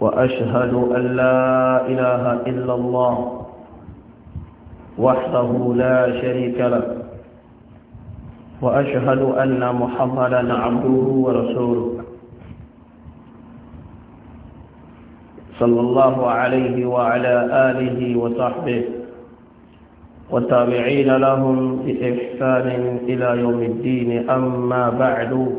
وأشهد أن لا إله إلا الله وحده لا شريك له وأشهد أن محمدا عبده ورسوله صلى الله عليه وعلى آله وصحبه والتابعين لهم بإحسان إلى يوم الدين أما بعد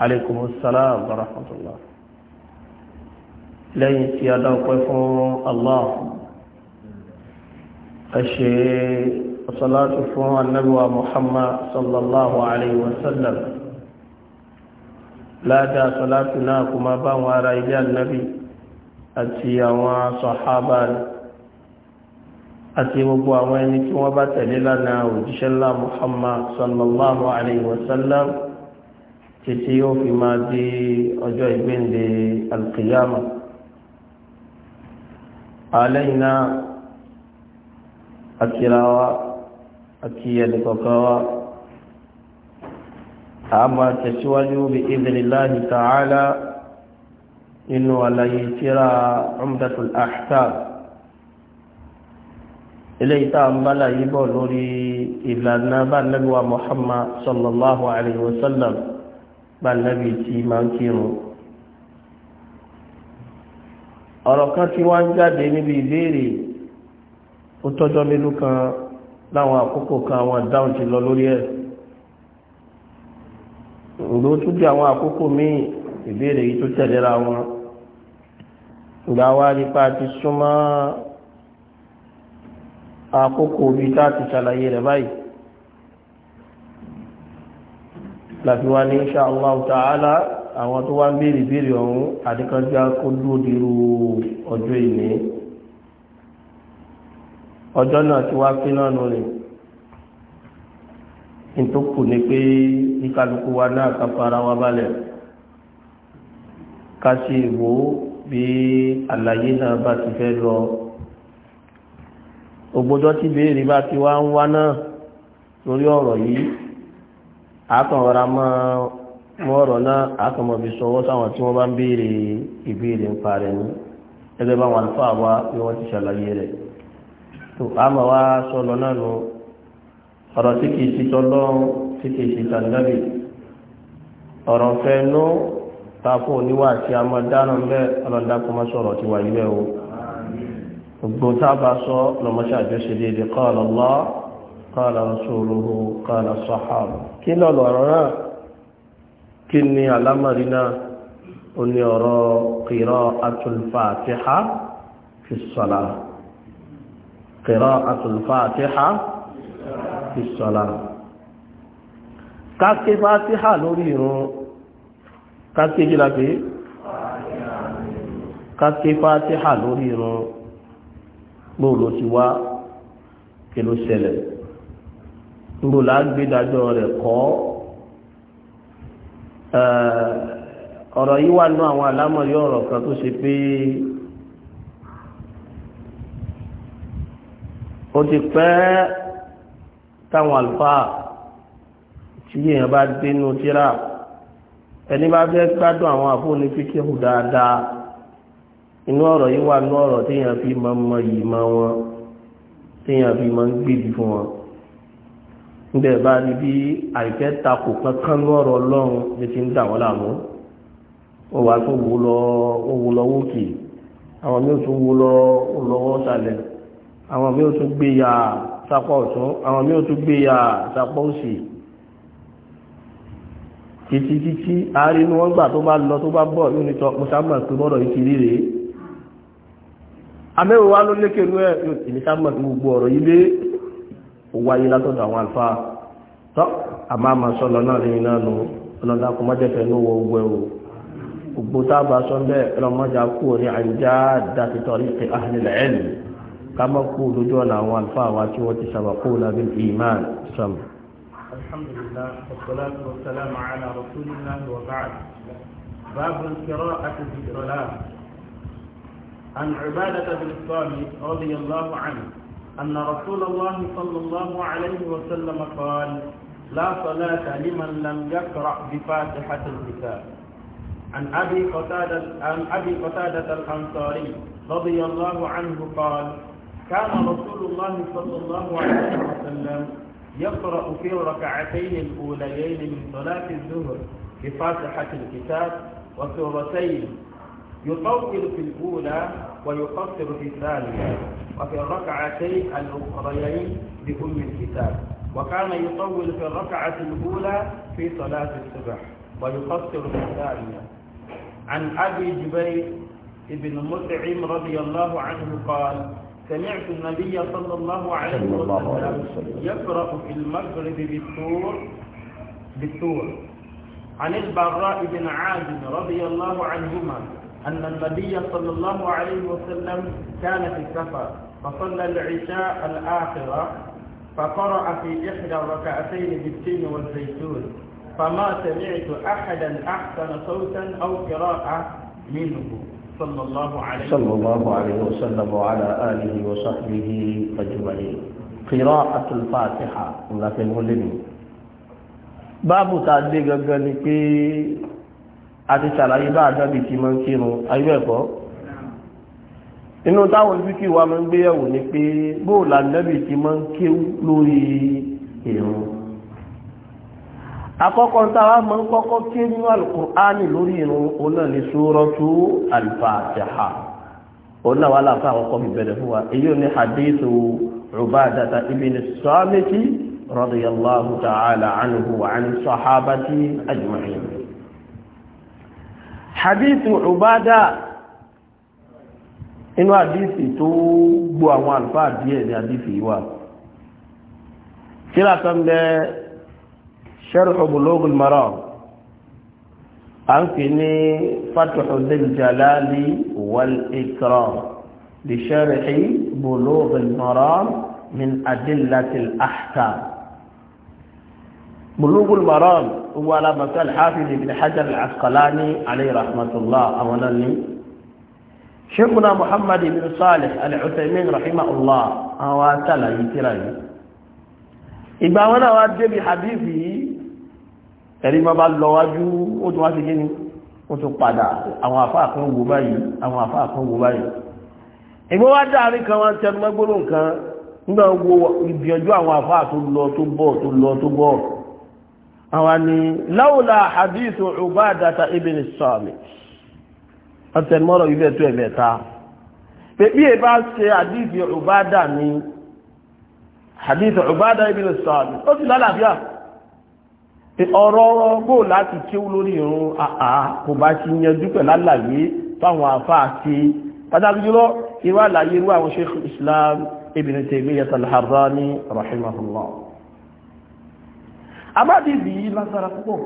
alaikumussalam wa rahmatullah lẹ́yìn tí a dápẹ́ fún allah a ṣe salatu fún annabuwa muhammad sallallahu alaihi wasallam láàdá salatu náà kuma bá wọn ara ilé annabi àti àwọn sọ̀hábà àti gbogbo àwọn ẹni tí wọ́n bá tẹ̀lé lánàá òjíṣẹ́ muhammad sallallahu alaihi wasallam títí yóò fi máa di ọjọ́ ìgbéǹde alkiyama àlẹ́yìn náà akirawa akiyẹnìkọ̀kọ́wa a máa tẹ̀síwájú bí idhnillahi ta'ala nínú àlàyé tíra umdatul ahkam ilé ìta àmbálà yíbọ̀ lórí ìlànà bá nẹ́gbà muhammad sallallahu alaihi wasallam gbàlẹ́bí tí máa ń kírun ọ̀rọ̀ kan tí wọ́n ń jáde níbi ìbéèrè ó tọ́jọ́ mélòó kan láwọn àkókò kan àwọn àdáhùn ti lọ lórí ẹ̀ ìgbó tún di àwọn àkókò míì ìbéèrè yìí tó tẹ̀léra wọn ìgbà wa nípa ti súnmọ́ àkókò bíi tá a ti ṣàlàyé rẹ̀ báyìí láti wá ní insha Allah ta'ala àwọn tó wá ń béèrè béèrè ọ̀hún àdékọ́já kó dúró dirú ọjọ́ ìní ọjọ́ náà ti wá pín náà nù rìn nítòkù ni pé kíkálukú wa náà ká fara wa balẹ̀ ká sì wò bí àlàyé náà bá ti fẹ́ lọ ògbójọ́ tí béèrè bá ti wá ń wá náà lórí ọ̀rọ̀ yìí àkànrọra máa mọ́ọ̀rọ̀ náà àkànmọ̀bí sọwọ́ sáwọn tí wọ́n bá ń béèrè ìbéèrè ń parẹ́ ní ẹgbẹ́ bá wọn fà wá bí wọ́n ti ṣàlàyé rẹ̀ tó àmọ́ wá sọ̀lọ́ náà nù ọ̀rọ̀ tí kìí ṣe tọ́lọ́ tí kìí ṣe ọ̀rọ̀ fẹ́ nú tí a o sọ lọ́mọṣẹ́ àjọṣe déédéé قال رسوله قال الصحابة كن الوراء كني على مرنا أن يرى قراءة الفاتحة في الصلاة قراءة الفاتحة في الصلاة كاكي فاتحة نريد كاكي جلبي كاكي فاتحة نريد بولو سوا كيلو سلم ńgbò lágbèdájọ́ rẹ̀ kọ́ ọ̀rọ̀ yìí wà nú àwọn àlámọ̀rí ọ̀rọ̀ kan tó ṣe pé ó ti pẹ́ táwọn àlùfáà tí èèyàn bá dénú tíra ẹni bá fẹ́ gbádùn àwọn àfóònù fíkẹ́hù dáadáa inú ọ̀rọ̀ yìí wà nú ọ̀rọ̀ téèyàn fi máa mọ yìí máa wọn téèyàn fi máa ń gbèdì fún wọn níbẹ̀ bá rí bí àìfẹ́ takò kankan lọ́rọ̀ ọlọ́run bí ti ń dà wọ́n láàmú ó wà tó wò lọ ó wò lọ wókè àwọn mí ò tún wò lọ ó lọ́wọ́ sàlẹ̀ àwọn mí ò tún gbé ya sapọ̀ ọ̀tún àwọn mí ò tún gbé ya sapọ̀ òsì títí títí àárín inú wọn gbà tó bá lọ tó bá bọ̀ ní tọ́ ó wáyé látọ̀dọ̀ àwọn àlùfà tọ́ àmọ́ àmọ́ sọlọ náà lẹ́yìn náà nù ọlọ́dà kò má jẹ́fẹ́ ní owó ogun ẹ̀wò ògbó tábà sọ bẹ́ẹ̀ ọlọ́mọdé kú ní àyíjá dàtí tọ́rí pé àhìnlẹ̀ ẹ̀ lù ká má kú lójú ọ̀nà àwọn àlùfà wa tí wọ́n ti sábà kú lábẹ́ ìmáà sọ̀rọ̀. الحمد لله والصلاة والسلام على رسول الله وبعد باب القراءة في الظلام عن عبادة بن الصامت رضي أن رسول الله صلى الله عليه وسلم قال لا صلاة لمن لم يقرأ بفاتحة الكتاب عن أبي قتادة عن أبي قتادة الأنصاري رضي الله عنه قال كان رسول الله صلى الله عليه وسلم يقرأ في الركعتين الأوليين من صلاة الظهر بفاتحة الكتاب وسورتين يطول في الأولى ويقصر في الثانية وفي الركعتين الأخريين بأم الكتاب وكان يطول في الركعة الأولى في صلاة الصبح ويقصر في الثانية عن أبي جبير بن مطعم رضي الله عنه قال سمعت النبي صلى الله عليه وسلم يقرأ في المغرب بالطور بالطور عن البراء بن عازم رضي الله عنهما أن النبي صلى الله عليه وسلم كان في السفر فصلى العشاء الآخرة فقرأ في إحدى ركعتين بالتين والزيتون فما سمعت أحدا أحسن صوتا أو قراءة منه صلى الله عليه صلى الله عليه وسلم وعلى آله وصحبه أجمعين قراءة الفاتحة الله في المؤلمين باب تعدي قلقل àti ṣàlàyé bá àdábì tí máa ń kírun ayúbẹ̀kọ́ inú táwọn fíkì wa máa ń gbéyàwó ni pé bóòlù àdábì tí máa ń kéwú lórí ìrun àkọ́kọ́ táwa máa ń kọ́kọ́ ké nínú alukur'ani lórí ìrun ọ̀nà ní sórọ́tú alifatiha ọ̀nà wà àwọn kọ́ bẹ̀rẹ̀ fún wa èyí ò ní hadithu Ubadata ibn Samiti radiyallahu ta'ala anhu wa an sahabati ajma'in hadithu ubada inú hadithi tó gbọ́ àwọn àlùfáà díẹ̀ ní hadithi yìí wà kí látọ́ bẹ sharh bulugh al-maram a ń pè ní fathu dhil jalali wal ikram li sharh bulugh al min adillati al-ahkam bulugul maram gbogbo alamasa alhafiz ibn hajar al-asqalani alayhi rahmatullah àwọn náà ni sheikhuna muhammad ibn salih al-uthaymin rahimahullah àwọn atala yìí tírà yìí ìgbà wọn náà wá débi hadithi yìí ẹ̀rí bá bá lọ wájú ó tún wá sí kí ni ó tún padà àwọn àfáà kan wò báyìí àwọn àfáà kan wò báyìí ìgbó wá dáàrí kan wọn tẹnu mọ́gbóló nǹkan nígbà wo ìgbìyànjú àwọn àfáà tó lọ tó bọ̀ tó lọ tó bọ̀ àwọn ni láwùlà hadithu Ubadata ibn Samit ọ̀tẹ̀mọ́rọ̀ ibẹ̀ tó ẹ̀mẹ́ta pé bí ẹ bá ṣe hadithu Ubada ni hadithu Ubada ibn Samit ó sì lálàáfíà ọ̀rọ̀ ọ̀rọ̀ gbò láti kíw lórí irun àà kò bá ti yanjú pẹ̀lú àlàyé fáwọn àfáà ti pàtàkì jùlọ ìwà àlàyé irú àwọn Sheikh Islam Ibn Taymiyyah al-Harrani rahimahullah àbádìbì yìí lágbára púpọ̀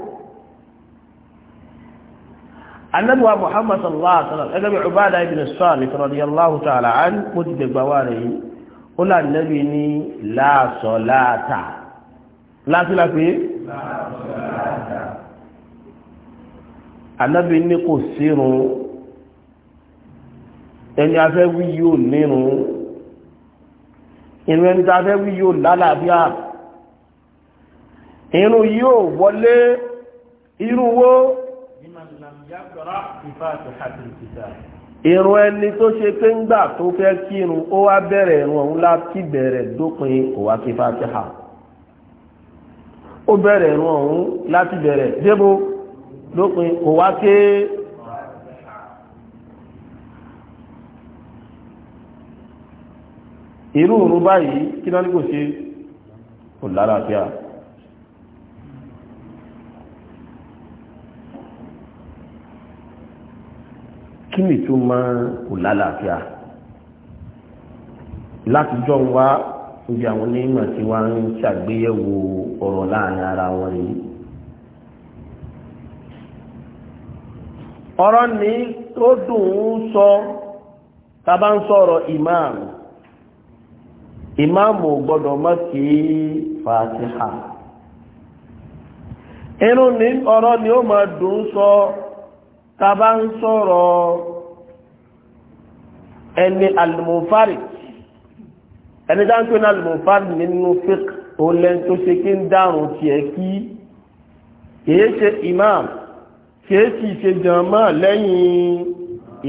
annabuwa muhammad sallallahu alaihi wasallam ẹgbẹ́ bí ubada ibn sani radiyallahu ta'ala an mo ti gbẹ̀gbà wà rẹ̀ yìí ó là nẹ́bí ní la salata lásìlápé annabi ní kò sírun ẹni afẹ́ wí yóò nírun ìrìn ẹni tá wí yóò lálàáfíà irun yóò wọlé irun wo irun ẹni tó ṣe pé ń gbà tó fẹ́ kí irun ó wá bẹ̀rẹ̀ irun ọ̀hún láti bẹ̀rẹ̀ dópin kò wá kí fàtíhà ó bẹ̀rẹ̀ irun ọ̀hún láti bẹ̀rẹ̀ débò dópin kò ké irú òun báyìí kí náà ní kò ṣe kò lálàáfíà kí ni tó máa kò lálàáfíà látijọ́ wá níbi àwọn onímọ̀ tí wọ́n ń ṣàgbéyẹ̀wò ọ̀rọ̀ láàrin ara wọn rèé ọ̀rọ̀ ni tó dùn ún sọ tàbá ń sọ̀rọ̀ ìmáàmù ìmáàmù gbọ́dọ̀ má kí fàtíhà inú ní ọ̀rọ̀ ni ó máa dùn ún sọ tàbá ń sọ̀rọ̀ ẹni alùmọ̀fárì ẹni dáńtó ní alùmọ̀fárì nínú fíkì olẹ́n tó ṣe kí ń dárùn tí ẹ kí kìí ṣe imam kìí sì ṣe jàmá lẹ́yìn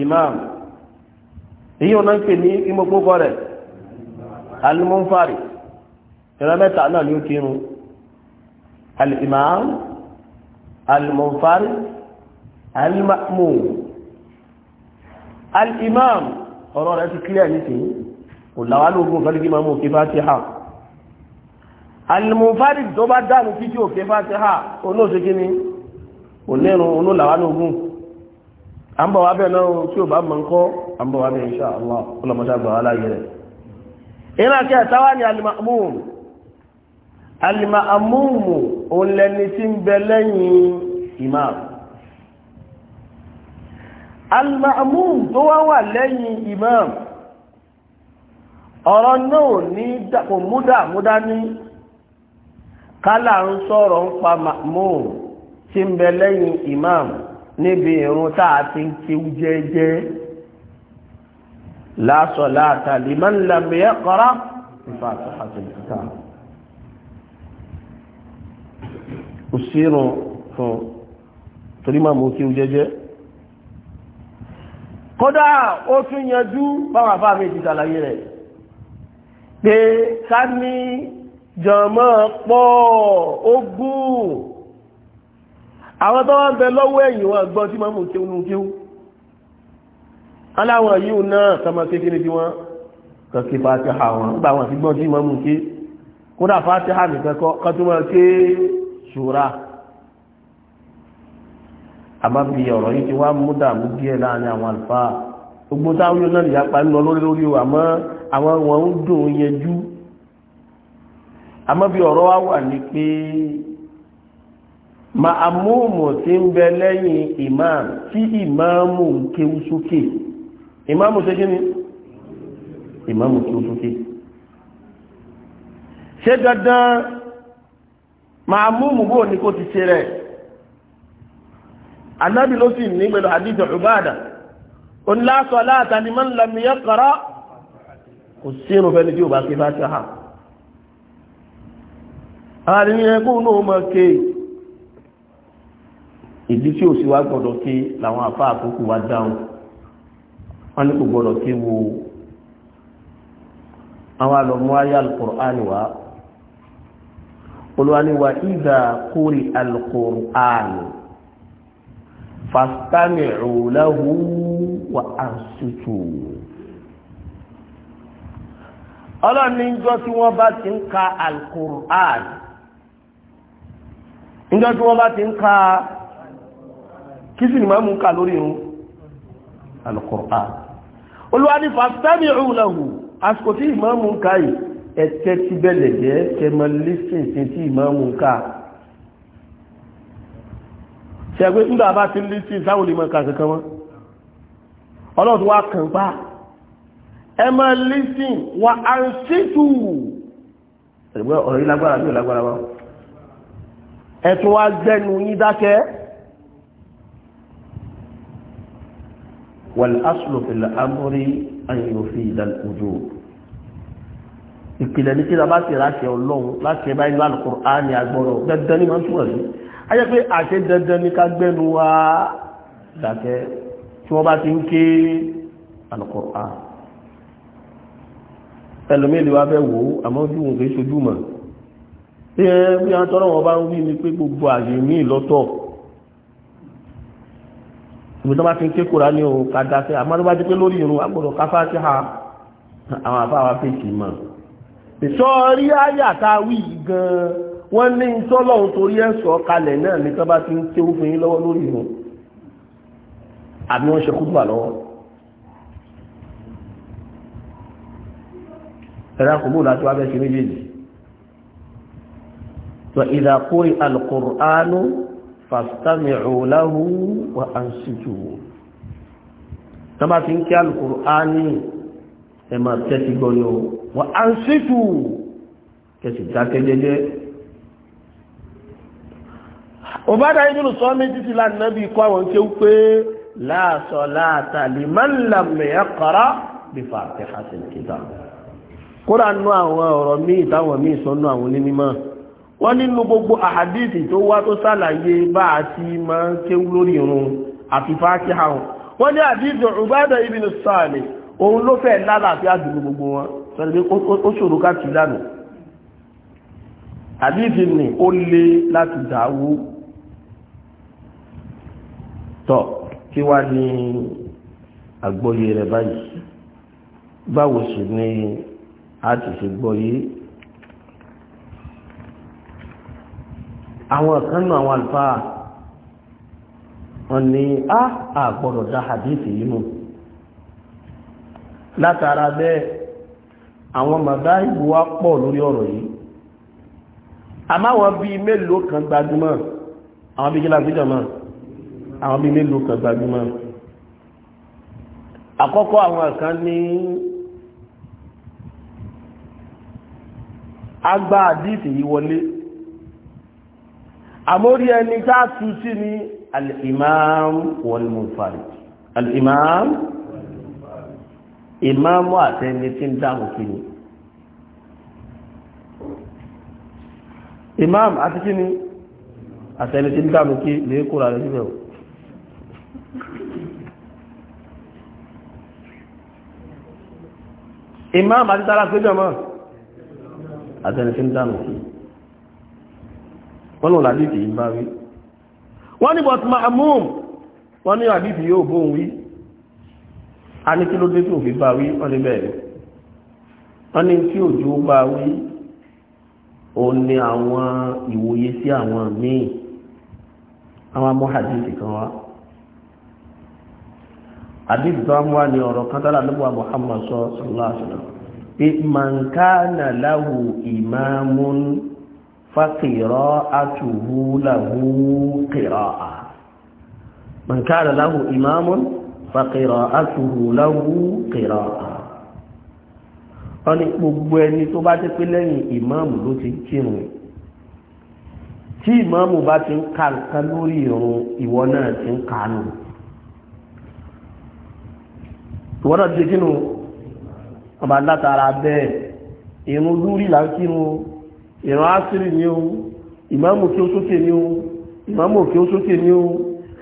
imam èyí ọ̀nà ń pè ní ìmọ̀pọ̀pọ̀ rẹ̀ alùmọ̀fárì ìran náà ni ó kírun alìmọ̀ al-ma'mum al-imam ọ̀rọ̀ rẹ̀ ti clear nísìnyí kò láwá lóògùn kan kí mamu òkè fatiha al-munfarid tó bá dànù títí òkè fatiha onóòsè kí ni onírun onólàwá lóògùn à ń bọ̀ wá bẹ́ẹ̀ náà tí ò bá mọ̀ ń kọ́ à ń bọ̀ wá bẹ́ẹ̀ insha Allah ọlọ́mọdé àgbà wá rẹ̀ ìrìn àti ẹ̀sáwá ni al-ma'mum òun lẹni tí ń bẹ lẹ́yìn imam al-ma'mum tó wá wà lẹ́yìn imam ọ̀rọ̀ náà ní kò múdà múdà ní kálà ń sọ̀rọ̀ ń pa ma'mum tí ń bẹ lẹ́yìn imam níbi ìrun táà ti ń kíw jẹ́jẹ́ la salata liman lam yaqra bi fatihatil kitab kò sírun fún torí màmú kíw jẹ́jẹ́ kódà ó tún yanjú báwọn afáàmì ti ṣàlàyé rẹ̀ pé ká ní jọ̀mọ́ pọ̀ ogún àwọn tó wọ́n bẹ lọ́wọ́ ẹ̀yìn wọn gbọ́ tí mọ́mù kí ounú kí ó aláwọn yíò náà sọmọ kékeré tí wọ́n kọ̀kí fàtíhà wọn gbà wọn ti gbọ́ tí mọ́mù kí kódà fàtíhà nìkan kọ́ tó mọ́ ké ṣùra àmá fi ọ̀rọ̀ yìí ti wá mú dàmú díẹ̀ láàrin àwọn àlùfáà gbogbo táwọn yóò náà lè yapa ń lọ lórí lórí o àmọ́ àwọn wọn ń dùn yẹjú àmọ́ bí ọ̀rọ̀ wá wà ní pé màmúùmù tí ń bẹ lẹ́yìn imam tí ìmáàmù ń kéwú sókè ìmáàmù ṣe kí ni ìmáàmù kéwú sókè ṣé dandan màmúùmù bò ní kó ti ṣe rẹ̀ anábì ló sì ní pẹ̀lú hadith Ubada ó ní la salata liman lam yaqra kò sínú fẹ́ni tí ò bá ké Fatiha àárín ẹkùn náà mọ̀ ké ìdí tí ò sí wá gbọ́dọ̀ ké làwọn àfa àwọn àlọ́mú ayé al-Qur'an wá olùwàníwà ìdá kórè al-Qur'an fastami'u lahu wa ansitu ọlọ́ni ńjọ́ tí wọ́n bá ti ń ka al-Qur'an ńjọ́ tí wọ́n bá ti ń ka kí sì ni máa mú ká lórí irun al-Qur'an olúwa ní fastami'u tí ìmáàmù ń ka yìí ẹ̀tẹ́ ti bẹ̀lẹ̀ jẹ́ kẹmọ lísìn sí tí ìmáàmù ń ka ṣẹ̀gbé nígbà bá ti lé sí ìsáwò lè mọ̀ kà kankan mọ́ ọlọ́run wá kàn pa ẹ máa lé sí wa à ń ṣètù ẹ̀gbẹ́ ọ̀rọ̀ yìí lágbára ní ìlágbára wa ẹ tún wá gbẹnu yín dákẹ́ wal aslu fil amri an yufida al wujub ìpìlẹ̀ ní kí la bá ti ráṣẹ ọlọ́run láti ẹ ìlú Al-Qur'ani àgbọ̀rọ̀ ní máa ń túmọ̀ sí ajẹ́ pé àṣẹ dandan ní ká gbẹ́nu wa dàkẹ́ tí wọ́n bá ti ń ké Al-Qur'an ẹlòmílì wa bẹ́ wò àmọ́ ojú wọn kìí ṣojú mọ̀ tí ẹ bí a tọ́rọ wọn bá ń wí ni pé gbogbo àyè ní ìlọ́tọ̀ ìbùdó bá ti ń ké kóra ní òun ká àmọ́ bá ti pé lórí irun agbọ́dọ̀ káfá sí ha àwọn àbáwá fèsì mọ̀ ìṣọ́ rí àyà tá gan-an wọ́n ní tọ́lọ́hún torí ẹ̀sọ́ kalẹ̀ náà ní tọ́ba ti ń kéwú fún yín lọ́wọ́ lórí ìhun àbí wọ́n ṣe kúdùbà lọ́wọ́ ẹ̀rọ àkùnbó láti wá bẹ́ẹ̀ ṣe méjèèjì wa idha quri al-Qur'anu fastami'u lahu wa ansitu ń kí al-Qur'ani tẹ́tí gbọ́ ni o kẹsì dákẹ́ òbádà ibùdó sọ́ọ́mí títí lánàbí kọ́ àwọn kéwú pé láàṣọ láàtà liman lam yaqra bí fatihatil kitab kódà nú àwọn ọ̀rọ̀ míì táwọn míì sọ nú àwọn onímọ̀ wọ́n nínú gbogbo àhàdìsì tó wá tó sàlàyé bá a ti máa ń kéwú lórí irun àti fatiha wọ́n ní àdìsì òbádà ibùdó sọ́ọ̀lì òun ló fẹ́ lálàáfíà dùn gbogbo wọn sọ́ni ó ṣòro ká ti ni ó lé láti dàáwó tọ́ kí wá ní àgbọ́yé rẹ̀ báyìí báwo sì ni a ti ṣe gbọ́yé àwọn kan nù àwọn àlùfáà wọn ni a àgbọ́dọ̀ dá hadith yìí mú látara bẹ́ẹ̀ àwọn màbá ìbò wá pọ̀ lórí ọ̀rọ̀ yìí àmáwọn bíi mélòó kan gbajúmọ̀ àwọn bíi kí lágbíjọ àwọn bíi mélòó kan gbajúmọ̀ àkọ́kọ́ àwọn kan ní agbá àdíìtì yìí wọlé àmórí ẹni tá a sí ní al-imam wal-munfarid al-imam ìmáàmù àtẹni tí ń dáhùn kí ni imam àti kí ni àtẹni tí ń dáhùn kí lè kóra rẹ̀ síbẹ̀ imam àti tara péjọ mọ́ àtẹnifí ń dánù sí wọ́n lọ́la dìtì yìí bá wí wọ́n ní bọ̀t ma'amum wọ́n ní àdìtì yóò bóhun wí a ní kí ló dé tí ò fi bá wí wọ́n ní bẹ́ẹ̀ wọ́n ní tí òjò bá wí ó ní àwọn ìwòye sí àwọn míì àwọn amóhàdìtì kan wá àdìbò tó wá ní ọ̀rọ̀ kátàlá nígbà Muhammad sọ sallallahu alaihi wasallam pé mànkánà láwù ìmáàmún fàkìrọ́ àtùhù láwù kìrọ́ à mànkánà láwù ìmáàmún fàkìrọ́ àtùhù láwù kìrọ́ à wọ́n ní gbogbo ẹni tó bá ti pé lẹ́yìn ìmáàmù ló ti kírun tí ìmáàmù bá ti ń ka nǹkan lórí ìrun ìwọ náà ti ń kanu ìwọ́n náà ti ṣe kínú ọba látara bẹ́ẹ̀ ìrun lúrí là ń kínú ásírì ni ó ìmáàmù kí ó sókè ni ó ìmáàmù kí ó sókè ni ó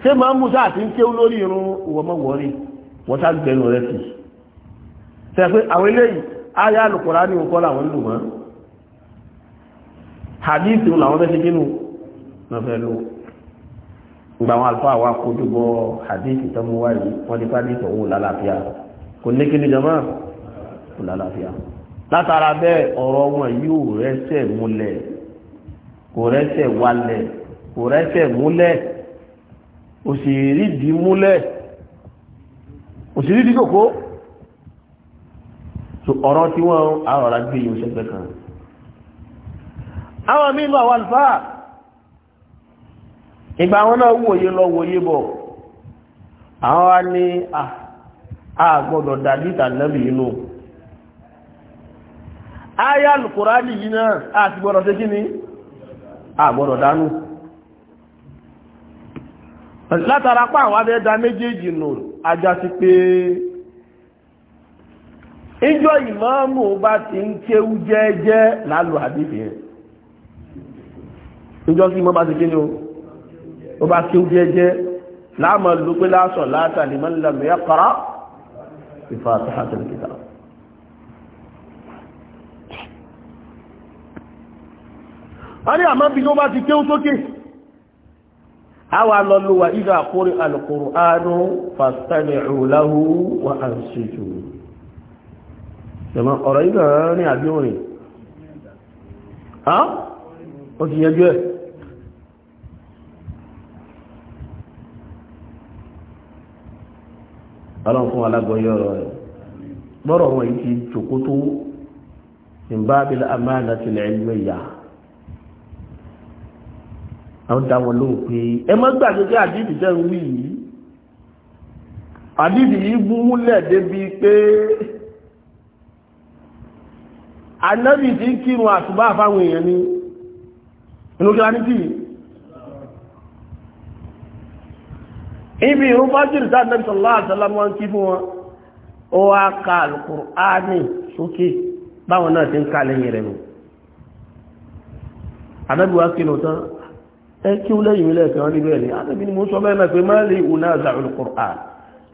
ṣé ìmáàmù sáà ti ń kéwú lórí ìrun ìwọ́n mọ̀ wọ́rí wọ́n sá gbẹnu rẹ̀ sí ṣe pé àwọn eléyìí ayé alùpùpù ní nǹkan làwọn ń lò hadith làwọn fẹ́ ṣe kínú wọ́n fẹ́ lò gbogbo wa kó dùbọ̀ hadith tó mú wáyé wọ́n ti fá kò ní kí ni jọmọ́ kò lálàáfíà látara bẹ́ẹ̀ ọ̀rọ̀ wọn yóò rẹ́sẹ̀ múlẹ̀ kò rẹ́sẹ̀ wálẹ̀ kò rẹ́sẹ̀ múlẹ̀ òsìrí di múlẹ̀ òsìrí di kòkó so ọ̀rọ̀ tí wọ́n àrọ̀lá gbé yóò ṣẹ́gbẹ́ kan àwọn mímọ̀ àwọn àlùfáà ìgbà àwọn náà wòye lọ wòye bọ̀ àwọn wa ní à ah, a gbọ́dọ̀ dàbí yi inú ayá náà a ti kí ni a gbọ́dọ̀ dánú látara pa àwọn abẹ́dá méjèèjì nù ajá sí pé ìjọ ìmáàmù bá ti ń kéwú jẹ́ẹ́jẹ́ lálù àdìsí ẹ̀ ìjọ ti lásọ̀ yẹ́ بفاتحة الكتاب Ari àmá bí ló bá ti kéhùn sókè, a wà lọ ló wà ìdá àkórí al-Qur'anu fastami'u lahu wa ansitu. Ṣẹ̀mọ́ ọ̀rọ̀ ìgbà rẹ̀ ní àbí orin. Ha? Ó ti yẹjú ẹ̀. ọlọ́run fún alágbọ̀nyọ́ ọ̀rọ̀ rẹ̀ gbọ́rọ̀ wọn yìí ti jòkó tó ní bá bí amáàdá tilẹ̀ ẹgbẹ́ ìyá àwọn dá wọn lóhùn pé ẹ má gbàgbé pé àdìdì jẹ́ ń yìí àdìdì yìí múlẹ̀ débi pé anábì ti kírun àtúbà fáwọn èèyàn ni inú kí wá ní kí yìí ibi ìrún fájìrì tá àdébí sọ̀rọ̀ láàtàlámù wọn kí fún wọn ó wá ka alukur'ani sókè báwọn náà ti ń ka lẹ́yìn rẹ̀ nù àdébí wa kí ló tán ẹ kí ó lẹ́yìn mi lẹ́ẹ̀kan níbẹ̀ ni àdébí ni mo sọ bẹ́ẹ̀ náà pé má lè wù náà za alukur'an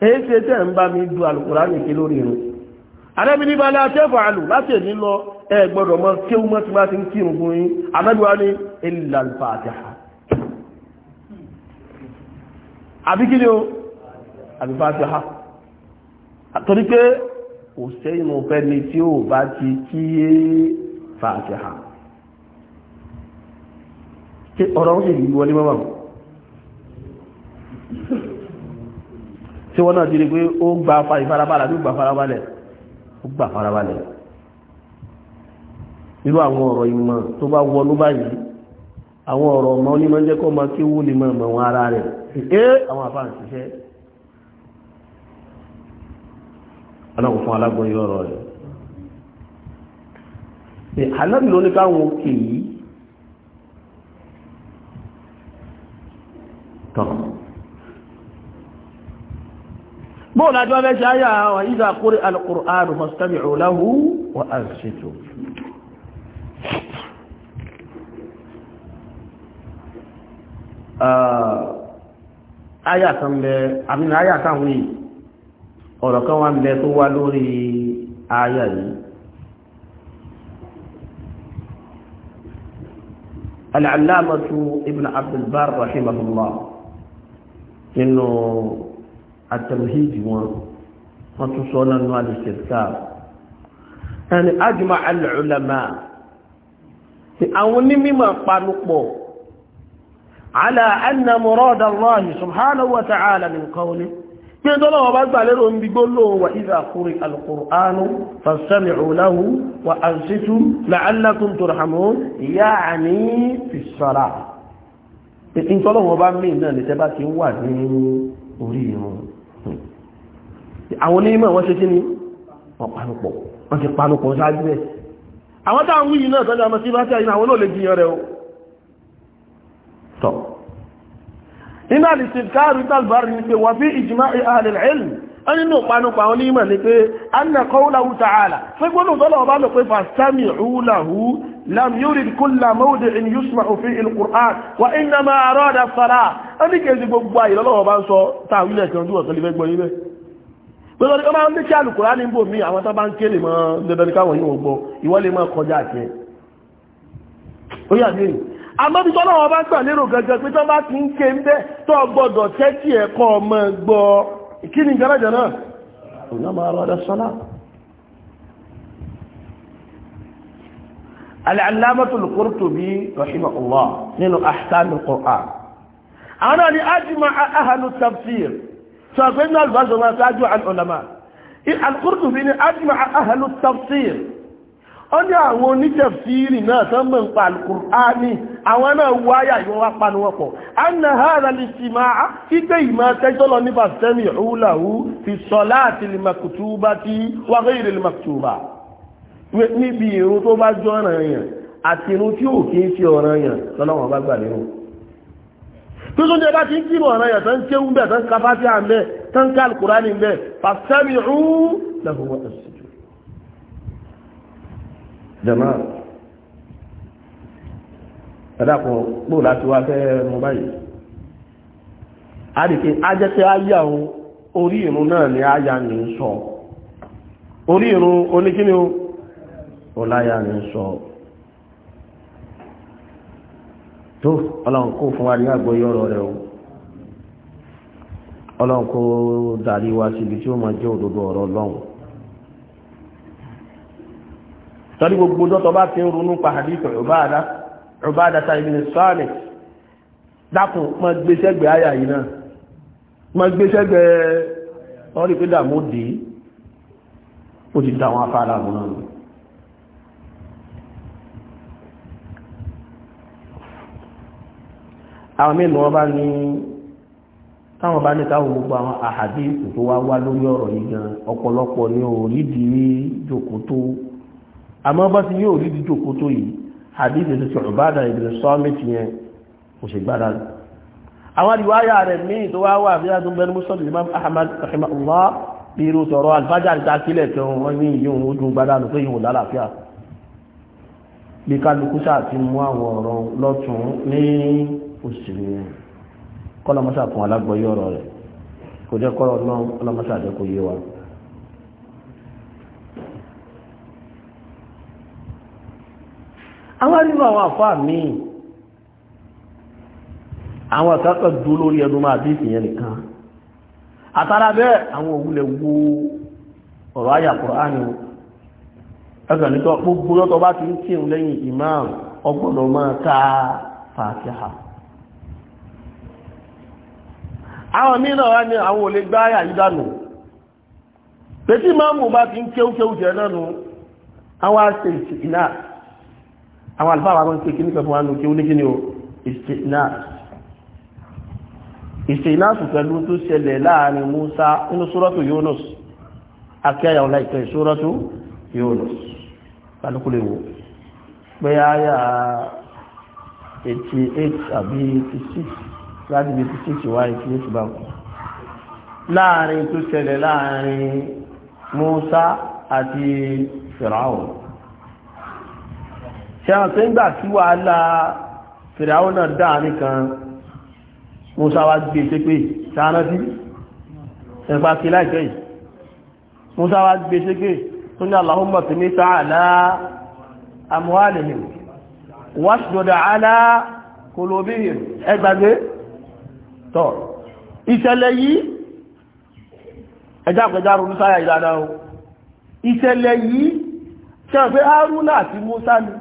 èyí ṣe tẹ́ ń bá mi du alukur'ani kí lórí irun àdébí ní balẹ̀ àtẹ́fà àlù láti èmi lọ ẹ gbọ́dọ̀ mọ kéwú mọ́ tí wọ́n ti ń kírun fún yín àdébí wa ní illa al àbí kí ni o àbí fàtíhà torí pé kò sẹ́yìn ọ̀fẹ́ ni tí ó bá ti kíyè fàtíhà tí ọ̀rọ̀ ó sì rí wọlé mọ́mọ́ tí wọ́n náà ti rí pé ó gba ìfarabalẹ̀ àbí gba farabalẹ̀ ó gba farabalẹ̀ irú àwọn ọ̀rọ̀ ìmọ̀ tó bá wọnú báyìí àwọn ọ̀rọ̀ ọmọ onímọ̀ jẹ́kọ́ ọmọ kí wú lè mọ̀ ara rẹ̀ ẹ̀ àwọn àfáà ń ṣiṣẹ́ aláwọ̀ fún alágbọ̀n yọ ọ̀rọ̀ rẹ̀ ṣe alábì ló òkè yìí tán bóò lájọ́ abẹ́ ṣe ayá àwọn ìdá kórí alkùránù fastami'u lahu wa ansitu Uh áyà kan bẹ àmìnà áyà táwọn yìí ọ̀rọ̀ kan wá bẹ tó wá lórí áyà yìí العلامة ابن عبد البر رحمه الله إنه التمهيد وتصول أنواع الاستذكار يعني أجمع العلماء àwọn onímọ̀ panupọ̀ على أن مراد الله سبحانه وتعالى من قوله يدلوا بذلهم بيقولوا وإذا قرئ القرآن فاستمعوا له وأنصتوا لعلكم ترحمون يعني في الصلاة إن تلوه بأمين لتباكي وادين أريهم àwọn onímọ̀ wọ́n ṣe kí ni wọ́n panupọ̀ wọ́n ti panupọ̀ sáájú ẹ̀ àwọn táwọn wíyìn náà tọ́jú àmọ́ sí bá sí àyínà àwọn olóòlè jiyàn rẹ̀ o tọ̀ nínú àdìsìkáàrù ìtàlùbárì ní pé wà fí ìjìmá ìhàlẹ̀ ìlú a nínú ìpanupà wọn ní ìmọ̀ ní pé anna kọ́wùláwù tààlà fẹ́gbónù tọ́lọ̀ ọba lọ pé fàstami ìhúláhù lam yurid kulla mawdi'in yusma'u fi il-qur'an wa inna ma arada as a ní kèsì gbogbo ayé àmọ́bí tọ́lọ́ wọn bá gbà lérò gẹ́gẹ́ pé tọ́ bá ti ń ké ń bẹ́ tọ́ gbọ́dọ̀ tẹ́tí ẹ̀kọ́ ọmọ gbọ́ kí ni náà ọ̀nà máa sọ́lá al-allamatul qurtubi rahimahullah ó ní àwọn onítẹ̀fìrì náà tán mọ̀ ń pa alkùnrání àwọn náà wú ayà yóò wá panu wọn pọ̀. a nà ha rà lè sì máa ìgbé ìmọ̀ tẹ́jọ́ ní bàtẹ́mì òwúlàwú fi sọ̀lá àti lèmàkùtùbá tí wáyé ìrè lèmàkùtùbá níbi ìrun tó bá jọ ọ̀ràn yẹn àti ìrun tí ò kí ń ṣe ọ̀ràn yẹn lọ́lọ́wọ́n bá gbà nínú. tó tó jẹ́ bá ti ń kírù ọ̀ràn yẹn tán jẹ̀mọ́ ẹ̀dàkùn pò láti wá fẹ́ mú báyìí àdìkí ajẹ́kẹ́ ayá orí ìrún náà ni ayá sọ orí ìrun oníkíní ọláyá ní sọ tó ọlọ́run kó fún wa ní rẹ̀ o ọlọ́run kó darí wa síbi tí ó jẹ́ ọ̀rọ̀ torí gbogbo dọ́tọ̀ bá ti ń ronú pa hadith Ubada Ubadata ibn Samit dákùn mọ́ gbéṣẹ́gbẹ̀ àyà yìí náà mọ́ gbéṣẹ́gbẹ̀ wọ́n rí pé dàmú dé ó ti dáwọn afárá àwọn náà àwọn mélòó wọn táwọn bá ní káwọn gbogbo àwọn àhàdí tó wá wá lórí ọ̀rọ̀ yìí ọ̀pọ̀lọpọ̀ ní orídìí jókòó tó àmọ́ bá ti yóò rí dídò kó tó yìí hadith ti sọ̀rọ̀ bá dà ìbìlẹ̀ sọ́mìtì yẹn kò sì gbára lọ àwọn àdìwáyà rẹ̀ míì tó wá wà fíjá tó bẹnu mọ́sọ̀lù imam ahmad rahimahullah bí irú sọ̀rọ̀ alifájà ti takílẹ̀ tó wọ́n ní ìyí òun ojú gbára lọ pé ìwò lálàáfíà bí kálukú sáà ti mú àwọn ọ̀rọ̀ lọ́tún ní òsì yẹn kọ́lọ́mọ́sà fún alágbọ̀yọ̀ ọ̀rọ̀ rẹ̀ kò jẹ́ kọ́lọ́ náà kọ́lọ́mọ́sà jẹ́ kó yé àwọn nínú àwọn àfáà míì àwọn àkàkọ̀ dúró lórí ẹnu máa bí ìfìyàn nìkan àtàrà bẹ́ẹ̀ àwọn òwúlẹ̀ wo ọ̀rọ̀ àyà Kùránì ẹgbẹ̀ nítọ́ gbogbo lọ́tọ́ bá ti ń kírun lẹ́yìn imam ọgbọ̀nà máa ká fàtíhà àwọn mìíràn wá ní àwọn olè gbá àyà yìí dànù pé tí máàmù bá ti ń kéúkéú jẹ náà nù àwọn àṣẹ ìsìnkú náà àwọn àlùfáà wa kan pé kí ní kẹfún wa nù kí ó ní kí ni o ìṣèlásù pẹ̀lú tó ṣẹlẹ̀ láàrin Musa inú sórọ́tù Yunus akẹ́yàwó láìpẹ́ sórọ́tù Yunus kálukúlé wo pé àyà 88 àbí 86 láti bí 86 wá ìfìyè ṣùgbọ́n láàrin tó ṣẹlẹ̀ láàrin Musa àti Fìràwọ̀ ṣẹ́wọ̀n tó ń gbà tí wàhálà fìràwọ́ náà dáa nìkan musa wá gbé ṣe pé sáánà sí ẹgbà sí láìpẹ́ yìí musa wá gbé ṣe pé tó ní Allahumma tó ní sáàlá amwalihim washdud ala qulubihim ẹgbàgbé tọ́ ìṣẹ̀lẹ̀ yìí ẹjá pé Haruna àti musa ni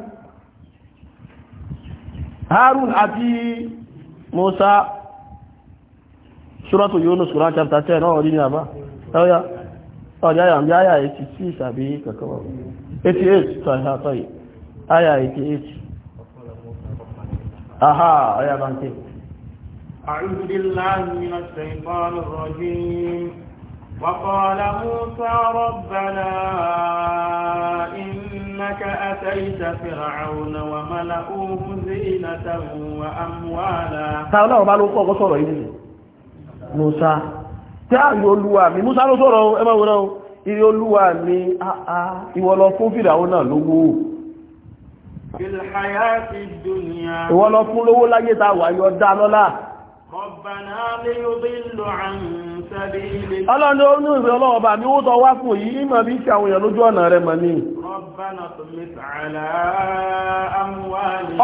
harun àti musa ṣúrọ́tù yunus chapter 10 náà rí ní àbá ẹ̀yà ọjọ́ àyà ní àyà 86 àbí kẹ̀kọ́ 88 àyà 88 bá ń وقال موسى ربنا إنك أتيت فرعون وملأوه زينة وأموالا táwọn náà bá ló kọ́ ọkọ́ sọ̀rọ̀ yìí Musa tí a yóò lúwà mi Musa ló sọ̀rọ̀ ẹmọ ìwọ̀n náà ìrì olúwa mi ìwọ lọ fún Fìràwọn náà lówó ìwọ lọ fún lówó láyé tá wà yọ dá lọ́lá Ọlọ́run ó ní ìfẹ́ ọlọ́wọ́ bá mi ó tọ wá fún yìí bí ṣe àwọn lójú ọ̀nà rẹ̀ mọ̀ ní.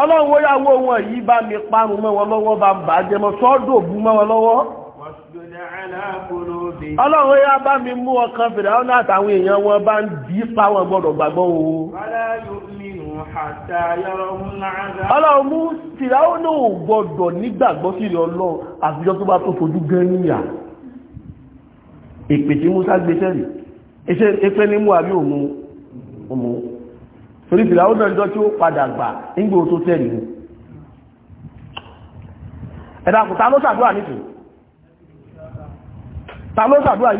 Ọlọ́run ó wọn yìí bá mi parun mọ́ wọn lọ́wọ́ bá bà jẹ sọ́dọ̀ bú mọ́ wọn lọ́wọ́. Ọlọ́run yá bá mi mú ọkàn fèrè àwọn àtàwọn èèyàn wọn bá ń dí ọlọ́run mú fìràwọ́ náà gbọ́dọ̀ nígbàgbọ́ sí ilẹ̀ ọlọ́run àfijọ́ tó bá tó fojú gẹ́ríyà èpè tí Músá gbéṣẹ́ rí èpè ní mú àbí òmú òmú torí fìràwọ́ náà jọ tí ó padà gbà nígbò tó tẹ́rì mú ẹ̀dàkùn ta ló ṣàdúrà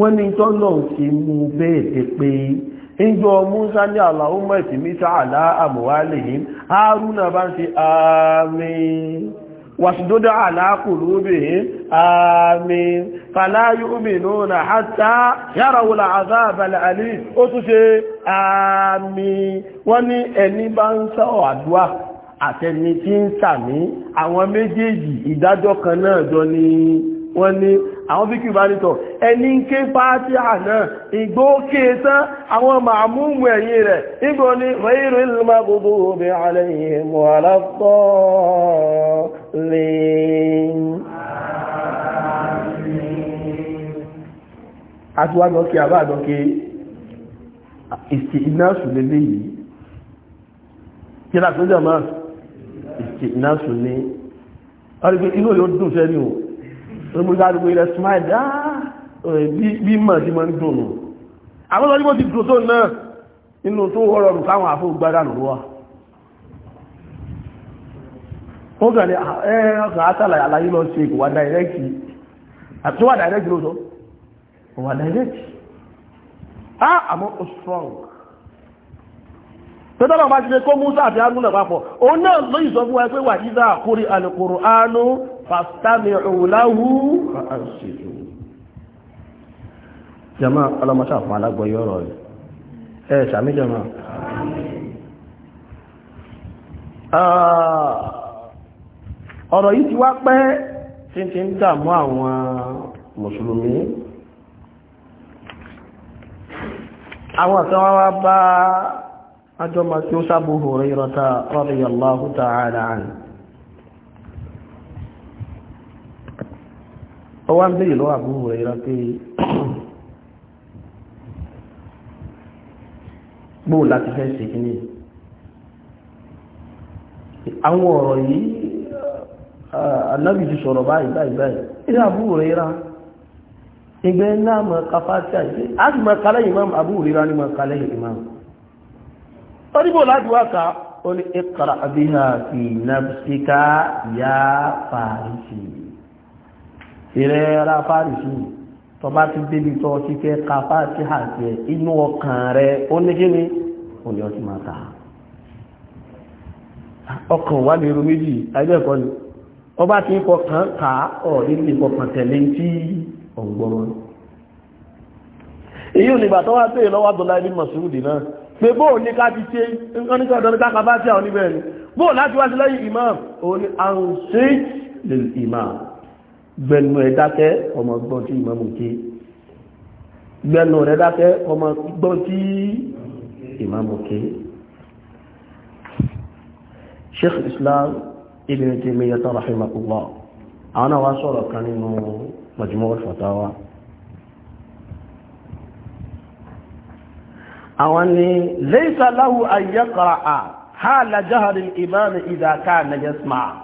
wọ́n ní tọ́lọ̀ ti mú bẹ́ẹ̀ pé ìjọ Musa ní Allahumma ìtìmísà àlá amwalihim Haruna bá ń ṣe àmín wàṣìdódá àlákùrú bèèrè àmín fàláyé òmìnira hátà yárawòlà àzáàbàlẹ̀ àlè ó tún ṣe àmín wọ́n ní ẹni bá ń sọ àdúwà àtẹni tí ń sàmí àwọn méjèèjì ìdájọ́ kan náà jọ ní wọ́n ní àwọn fíkì bá nítọ̀ ẹni ń ké fátíà náà ìgbókè tán àwọn màmúmù ẹ̀yìn rẹ̀ nígbò ní rẹ̀rẹ̀ ìlúmọ̀ gbogbo obì alẹ́yìn mọ̀ aláfọ́ lè àtúwádọ́kẹ́ àbádọ́kẹ́ ìsì iná sùlélé olùmúlùdárúgbò ilẹ̀ smile ah bí mọ̀ sí mọ̀ ń dùnù àwọn ọlọ́dún ti dùn náà nínú tó wọ́rọ̀ rù káwọn àfóògbádà nù wá ó gbà ní ah, ẹ̀ẹ́rọ̀kàn átàlà alayi lọ sí ìkòwà dàírẹ́kì àti wà dàírẹ́kì ló wà dàírẹ́kì àmọ́ ó strong tẹ́tọ́lọ̀ bá ti ṣe kó Musa àti Haruna papọ̀ òun náà lóyìn fàstàmìrù láhú fàáṣìtò jama ọlọmọsá fún alágbọ̀yọ́ ọ̀rọ̀ rẹ̀ ẹ sàmì jama ah, ọ̀rọ̀ ti ti àwọn mùsùlùmí àwọn kan wá bá ajọ́mọ̀ tí ó sábúhù rẹ̀ rọ̀ta radiyallahu ta'ala ọwá ń bèèrè lọ́wọ́ àbúrò rẹ̀ yíra pé gbóò láti fẹ́ ṣe kí ní àwọn ọ̀rọ̀ yìí bai sọ̀rọ̀ báyìí báyìí báyìí àbúrò rẹ̀ yíra ìgbẹ́ náà mọ̀ a ti mọ̀ kálẹ̀ imam àbúrò rẹ̀ ní mọ̀ imam ó ní ka fi nafsika ya farisi ìrẹ́ ara fáàrìsì tó bá ti débi tó ti fẹ́ ka fáàtì àti inú ọkàn rẹ ó ní kí ni ó ní ọtí máa ta ọkàn wà ní irú méjì ẹgbẹ́kọ́ ni wọ́n bá ti ń fọkàn ká ọ̀ nílé ìfọkàn tẹ̀lé tí ọ̀gbọ́n èyí ò nígbà tó wá pé lọ́wọ́ Abdullahi bin Mas'ud náà pé bóò ní ká ti ṣe nǹkan ní kọ̀dọ̀ ní ká kàbá sí àwọn oníbẹ̀ẹ́ni bóò láti wá sí lẹ́yìn imam òun ni àrùn sí lè imam gbẹnu ẹ dákẹ́ ọmọ gbọ́n tí ìmáàmù ké gbẹnu rẹ dákẹ́ ọmọ gbọ́n tí ìmáàmù ké sheikh islam ibn Taymiyyah rahimahullah àwọn náà wá sọ̀rọ̀ kan nínú Majmu' al-Fatawa àwọn ni laysa lahu an yaqra'a hala imam idha kana yasma'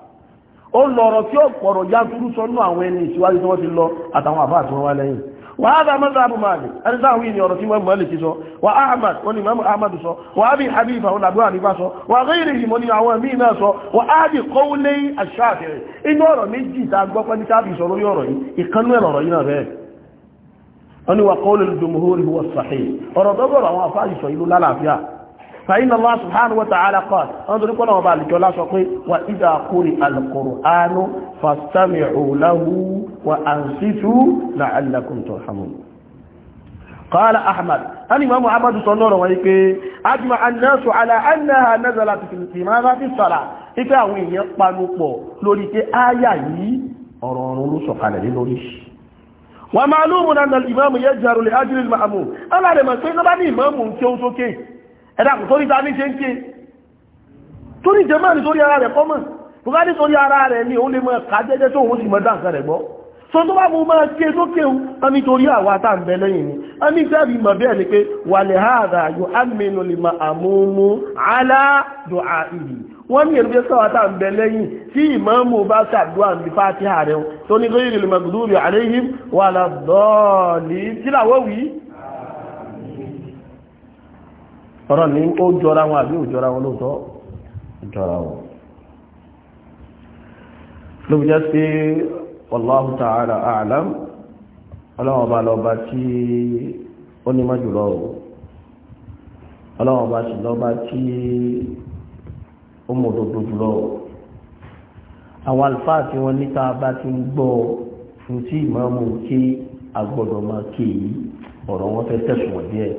ó lọ̀rọ̀ tí ó pọ̀rọ̀ já túrú sọ́nú àwọn ẹni ìṣíwájú tí wọ́n ti lọ àtàwọn àbá àti wọn wá lẹ́yìn wà á dá mọ́sá abu maali ẹni sáwọn ìní ọ̀rọ̀ tí wọ́n mọ́ lè ti sọ wà ahmad wọn ni mamu ahmad sọ wà abi habiba wọn làbúrò àdìbá sọ wà gẹ́rẹ́ ìhìmọ̀ ni àwọn míì náà sọ wà á di kọ́wó inú ọ̀rọ̀ méjì tá a gbọ́ pẹ́ ní sáàbì sọ lórí ọ̀rọ̀ yìí ìkanú ẹ̀rọ yìí náà bẹ́ẹ̀ wọ́n ni wà kọ́wó lè dùnmọ́ فإن الله سبحانه وتعالى قال انظر كل ما بالك ولا سوى وإذا قرئ القرآن فاستمعوا له وأنصتوا لعلكم ترحمون قال أحمد الإمام أحمد صلى الله عليه وسلم أجمع الناس على أنها نزلت في ماذا في الصلاة ipe àwọn èèyàn panu pọ̀ lórí pé ááyà yìí ọ̀rọ̀ ọ̀run ló sọ̀kalẹ̀ lé lórí wà máa lóòmù náà ìmáàmù ẹ̀dàkùn torí ta ní ṣe ń ké torí jẹ́ mẹ́rin torí ara rẹ̀ kọ́mọ̀ tó bá ní torí ara rẹ̀ ní òun lè mọ́ ẹ̀ka jẹ́jẹ́ tó òun sì mọ́ dáǹkà rẹ̀ gbọ́ so tó bá mú máa ké lókè ohun ẹni torí àwa tá ń bẹ lẹ́yìn ni ẹni tẹ́rì mọ̀ bẹ́ẹ̀ ni pé wà lè ha àdá yóò ní èrùgbé sọ́wọ́ tá ń bẹ lẹ́yìn ní fàtíhà ní lóyìn mọ̀ gbùdúrì ọ̀rọ̀ ni ó jọra wọn àbí ò jọra wọn lóòótọ́ jọra wọn ló fi jẹ́ sí wallahu ta'ala a'lam ọlọ́wọ́n ọba lọ́ba tí ó ní mọ́ jùlọ ọlọ́wọ́n ọba sì lọ́ba tí ó mọ̀ òdodo jùlọ àwọn àlùfáà tí wọ́n níta bá ti ń gbọ́ fún tí ìmọ̀ọ́mù kí agbọ́dọ̀ máa kí ọ̀rọ̀ wọn fẹ́ tẹ̀sùn díẹ̀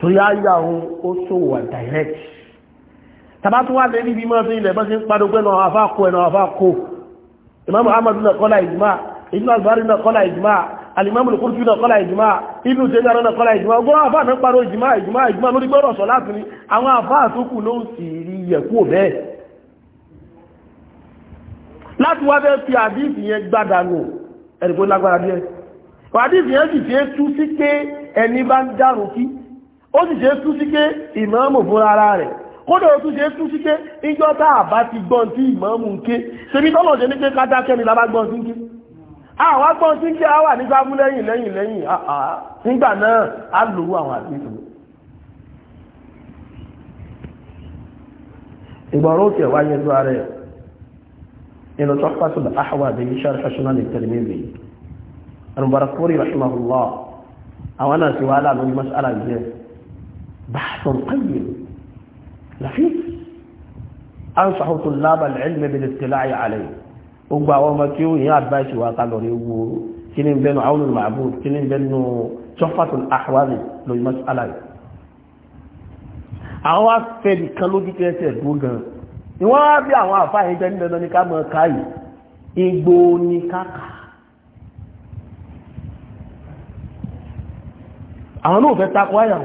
torí ayá ohun ó ṣòwò wà direct tàbá tó wà lé níbi mọ́ sí ilẹ̀ bọ́sí ń padò pé náà afá kó ẹ̀nà afá kó Imam Ahmad náà kọ́lá ìjìmá Ibn Al-Bari náà kọ́lá ìjìmá Al-Imam Al-Qurtubi náà kọ́lá ìjìmá Ibn Taymiyyah náà kọ́lá ìjìmá gbọ́n afá náà parọ́ ìjìmá ìjìmá ìjìmá lórí gbọ́rọ̀ sọ láti ní àwọn afá tó kù ló ń sì rí yẹ̀kú bẹ́ẹ̀ láti wá fẹ́ fi àdíìsì yẹn gbádànù ẹ̀rìkó lágbára díẹ̀ àdíìsì yẹn sì fi é tú sí pé ẹni bá ń dárò kí ó sì ṣe tú sí pé ìmáàmù fúnra ara rẹ̀ kódà ó tún ṣe tú sí pé ìjọ tá a bá ti gbọ́n tí ìmáàmù ń ké ṣebí tọ́lọ̀ ṣe ní pé kádákẹ́ ni lábá gbọ́n sí ń ké àwọn agbọ́n sí ń ké á wà ní sáfú lẹ́yìn lẹ́yìn lẹ́yìn nígbà náà á lòwú àwọn ìgbọ̀rọ̀ òkè wáyé بحث قيم لطيف أنصح طلاب العلم بالاطلاع عليه gbogbo àwọn ọmọ tí ó yẹn advice wa ká lọ rí wo kí ni bẹnu àwọn olùmọ̀bù kí ni bẹnu sọfàtún àwárí lórí masala yìí àwọn afẹ́bì kan lójú tí ẹsẹ̀ dúró gan ni wọ́n á bí àwọn àfáà yẹn jẹ́ ní dandan ní ká mọ̀ ká yìí igbó ní káka àwọn náà fẹ́ takọ àyàwó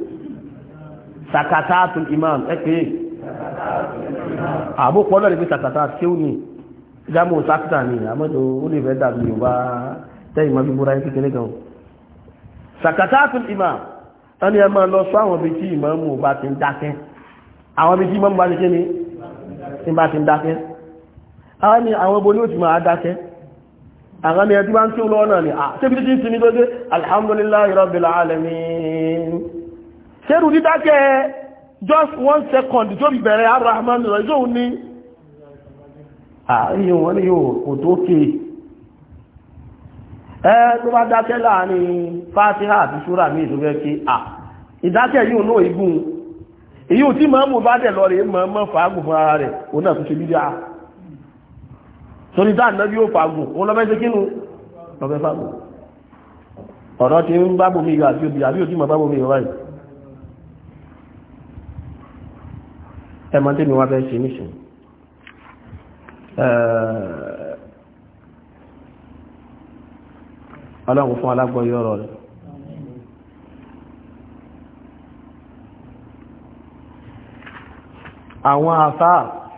sakataatu imam ẹ pé àbò pọ́nlọ́ ni pé sakataatu kéwù ni jamu sakita ni amadu olùfẹ́ dàbí yorùbá tẹ́yìn máa fi búra yín kékeré gan sakataatu imam ẹni ẹ máa lọ sọ àwọn ibi tí ìmáàmù bá ti ń dákẹ́ àwọn ibi tí ìmáàmù bá ti ké ní tí bá ti ń dákẹ́ àwọn ni àwọn ibo ní ó ti máa dákẹ́ àwọn ni ẹ ti bá ń tí ó lọ́wọ́ ni àti ṣerù dídákẹ́ just one second tó bí bẹ̀rẹ̀ arahman rẹ̀ yóò ní àárín wọn ni yóò kò tó kè ẹ tó bá dákẹ́ láàrin fátíhà àti ṣúra ní ìtòfẹ́ kí à ìdákẹ́ yóò náà igun èyí ò tí máa mú bá dẹ̀ lọ rẹ̀ máa mọ́ fàágùn fún ara rẹ̀ òun náà tó ṣe bídá torí dáà náà yóò fàágùn òun lọ́fẹ́ ṣe kínú lọ́fẹ́ fàágùn ọ̀rọ̀ ti ń bábòmí yọ àbí òbí àbí òtí máa bábòmí yọ báyìí ẹmọ tí mi wá ṣe níṣìn ọlọ́run fún alágbọ́yọ́ ọ̀rọ̀ rẹ̀ àwọn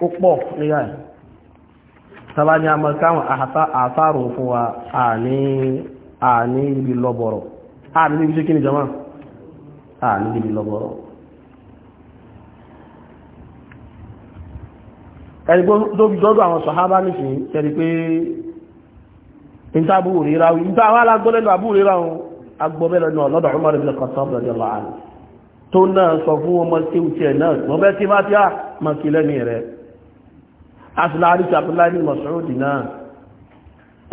ó pọ̀ níyà ẹ̀ ní káwọn fún wa àní ibi lọ́bọ̀rọ̀ àní ibi ṣe kí ni jọmọ́ àní ibi lọ́bọ̀rọ̀ ẹ̀rìgbó tó fi dọ́dọ̀ àwọn sọ̀hábá nìsìn tẹ́rì pé ìta àbúrò ríra wí ìta àwọn alágbọ́lẹ́nu àbúrò ríra wọn agbọ́bẹ̀rẹ̀ náà lọ́dọ̀ Umar ibn Khattab radiyallahu anhu tó náà sọ fún ọmọ tí ó tiẹ̀ náà wọ́n bẹ́ tí bá tí a mọ̀ sí lẹ́mí rẹ̀ asìláàrí sàbílá ní Mas'udi náà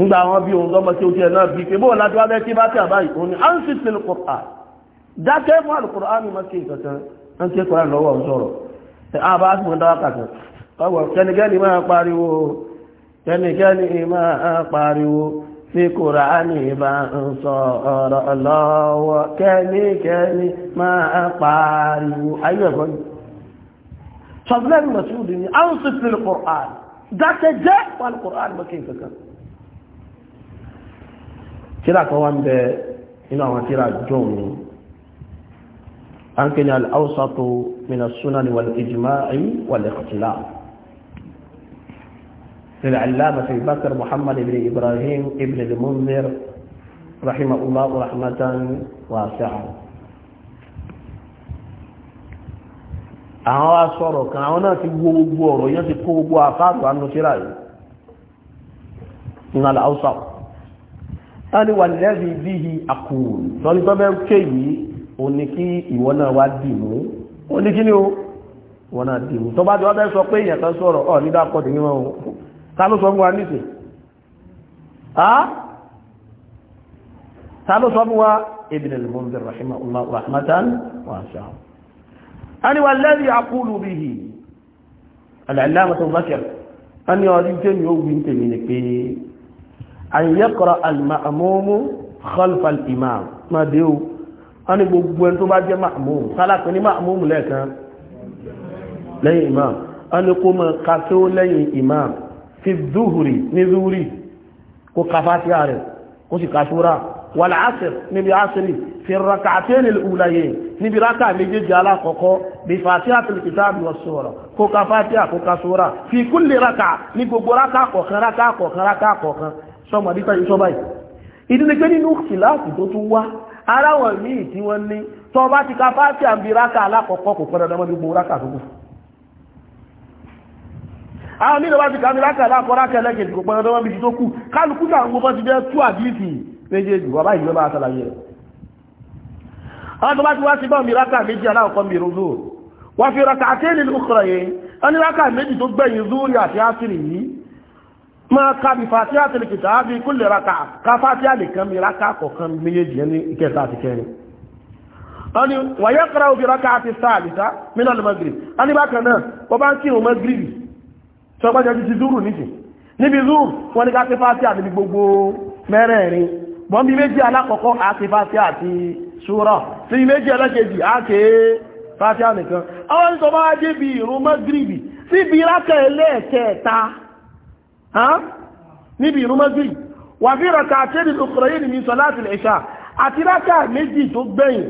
ńgbà wọn bí ohun ọmọ tí ó tiẹ̀ náà bí pé bóò láti wá bẹ́ tí bá tí a báyìí òun ni a ń sì sí Al-Qur'an dákẹ́ fún Al-Qur'an ní mọ́ ń tí kọ́ra lọ́wọ́ ń sọ̀rọ̀ ọwọ̀ kẹ́nikẹ́ni máa pariwo kẹ́nikẹ́ni máa pariwo fi Kùránì bá ń sọ ọ̀rọ̀ lọ́wọ́ kẹ́nikẹ́ni máa pariwo ayé ẹ̀kọ́ ni sọ̀bílẹ́ni mọ̀síwòdì ni a ń sì fi Kùrán dákẹ́ jẹ́ wọn Kùrán mọ́kẹ́ ìkankan wá ń bẹ inú àwọn tíra jọun ni a ń kẹ́ ni al-awsatu min as-sunan wal-ijma'i wal للعلامة أبي بكر محمد بن إبراهيم ابن المنذر رحمه الله رحمة واسعة àwọn asọ̀rọ̀ kan àwọn náà ti wo gbogbo ọ̀rọ̀ yẹn ti kó gbogbo àfáàrù anúṣírà yìí ní aláhúsá tàbí wà lẹ́bí bí i àkùrù tọ́ni tọ́bẹ̀ ké yìí o ní kí ìwọ náà wá dìmú o ní kí ni o wọ́n náà dìmú tọ́bá tí wọ́n fẹ́ sọ pé èèyàn kan sọ̀rọ̀ ọ̀ nídàkọ́ tèmi mọ́ ta ló sọ fún wa nìsìn ta ló sọ fún wa ibn al-munzir rahimahullah rahmatan wa sha'a ani wal ladhi aqulu bihi al-allamatu bakr ani ọdún tẹ́mi ó gbí tẹ́mi ni pé an yaqra al-ma'mumu khalfa al-imam ma dé o wọ́n ní gbogbo ẹni tó bá jẹ́ ma'mum sálákùn ní ma'mum lẹ́ẹ̀kan lẹ́yìn imam wọ́n ní kó mọ̀ ká lẹ́yìn imam fi zuhuri ní zuhuri kó ka fatiha rẹ̀ kó sì ka ṣúra wàlá asir níbi asiri fi rak'atayn al-ulayayn níbi rákà méjèèjì alákọ̀ọ́kọ́ bí fatiha til kitabi was sura kó ka fatiha kó ka ṣúra fi kulli rákà ní gbogbo rákà kọ̀ọ̀kan rákà kọ̀ọ̀kan rákà kọ̀ọ̀kan sọmọdítà yìí sọ́bàá yìí ìdílégé nínú kìláàsì tó tún wá aráwọ̀ míì tí wọ́n ní tọ́ bá ti ka fatiha bí rákà alákọ̀ọ́kọ́ kò pẹ́ dandan mọ́ gbogbo rákà tó kù àwọn mílò bá ti kàmí lákàlá àkọ́rákẹ́ lẹ́gẹ̀ẹ́ kò pẹ̀lú ọdọ́wọ́n bí i tó kú kálukú náà ń gbọ́ ti jẹ́ tú àdíìsì méjèèjì wà báyìí lọ́bàá àtàlàyé rẹ̀ àwọn tó bá ti wá sí bọ́ọ̀mì rákà méjì aláwọ̀kọ́ mi rúzó wà fi rákà àtẹ́lẹ̀ lókùnrin yìí wọ́n ní rákà méjì tó gbẹ̀yìn zúrí kìtà á fi kúlẹ̀ ká fàtí àlèkán mi rákà kọ̀ọ̀kan méjèèjì ẹni ìkẹta àti kẹrin ani wàyẹ́kọ̀rọ̀ òbí rákà àti sáà àlìsá mínà lè magrib ani bákan náà wọ́n bá ń kírun sọgbọ́jọ́ ti ti zúrù nìsì níbi zúrù wọ́n ní ká ti fásíà níbi gbogbo mẹ́rẹ̀ẹ̀rin wọ́n bí méjì alákọ̀ọ́kọ́ a ti fásíà àti ṣúra sí méjì ẹlẹ́kejì a ké fásíà nìkan àwọn ìsọ bá jẹ́ bí ìrún mọ́gírìbì síbi rákà ẹlẹ́ẹ̀kẹta níbi ìrún mọ́gírìbì wà fi rọ̀kà àtẹ́dì òkúrẹ́ yìí ní sọ láti lè ṣá àti rákà méjì tó gbẹ̀yìn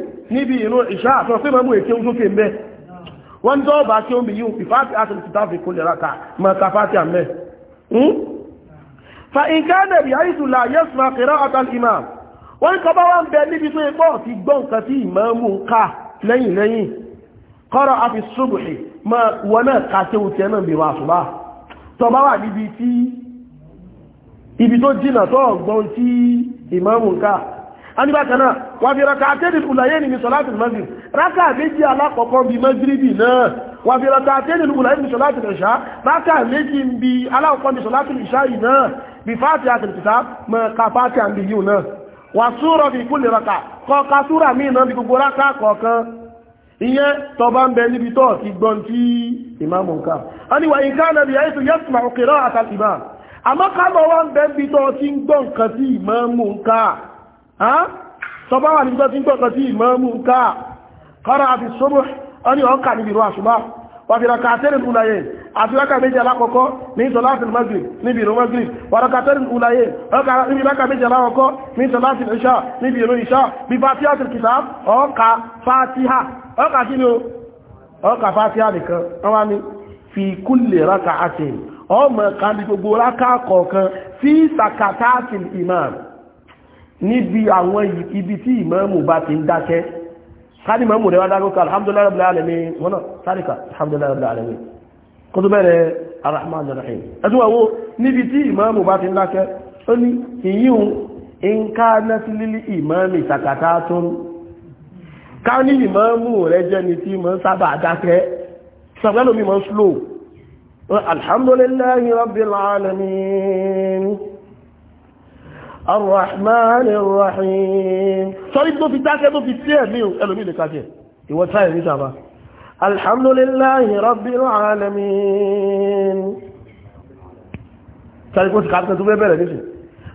sí mọ́mú èké ń wọ́n ń dọ́ọ̀bà kí ó ń bí yíò ìfáàtì àtàlù ti dáàbì kó lè ráka mọ̀ ká fáàtì àmẹ́ hmm? fa nǹkan ẹ̀bì àìsùlà yẹ́sùn àkẹrẹ àtàlù imam wọ́n kọ bá wọ́n bẹ níbi tó ipọ́ ti gbọ́ nǹkan tí ìmáàmù ń kà lẹ́yìn lẹ́yìn kọ́rọ̀ àfi ṣubùhì ma wọ́n náà ká tí ó tẹ́ náà bí wàásù aníbàkaná wà fi rọ̀kà àtẹ́lì ìlàyé ní sọ́látì mọ́sí rákà méjì alákọ̀ọ́kọ́ bí mọ́gírìbì náà wà fi rọ̀kà àtẹ́lì ìlàyé ní sọ́látì ìṣá rákà méjì bí alákọ̀ọ́kọ́ ní sọ́látì ìṣá yìí náà bí fàtí àtẹ̀lìtà mọ́ ka fàtí àmì yìí náà wà súrọ̀ bí kúlẹ̀ rọ̀kà kọ́ka súrà míì náà bí gbogbo rákà kọ̀ọ̀kan ìyẹn tó bá ń bẹ níbi tó ti gbọ́n tí ìmáàmù ń kà á ní wà ń ká nàbí àìsàn yẹ́sùn àkèrè àtàlìmá àmọ́ ká lọ wá ń bẹ ti gbọ́n nǹkan tí ìmáàmù ń sọba wà nígbà tí ń tọ́kọ̀ sí ìmọ̀ọ́mù ká kọ́ra àti sọ́bọ̀ ọni ọkà níbi ìrọ̀ àṣùbá wàfíra kàtẹ́rin ulaye àti rákà méjì alákọ̀ọ́kọ́ ní sọ́láàtì magrib níbi ìrọ̀ magrib wàrà kàtẹ́rin ulaye ọkà níbi rákà méjì fatiha fatiha fatiha fi gbogbo níbi àwọn ibi tí ìmáàmù bá ti ń dákẹ́ káàdì ìmáàmù rẹ̀ wá dákọ́kọ́ alhamdulillahi rabbil alamin wọ́nà sáríkà alhamdulillahi rabbil alamin kó tó bẹ̀rẹ̀ arahman rahim ẹ̀tún àwọn níbi tí ìmáàmù bá ti ń dákẹ́ ó ní ìyíhun in ká násílílì ìmáàmù ìsàkàtà arrahmanir rahim sọ́rí tó fi dákẹ́ tó fi tí ẹ̀mí ẹlòmí lè kájẹ̀ ìwọ̀ táyẹ̀ ní sàbá alhamdulillahi rabbil alamin sọ́rí kó ti káàkiri tó bẹ́ẹ̀ bẹ̀rẹ̀ níṣẹ́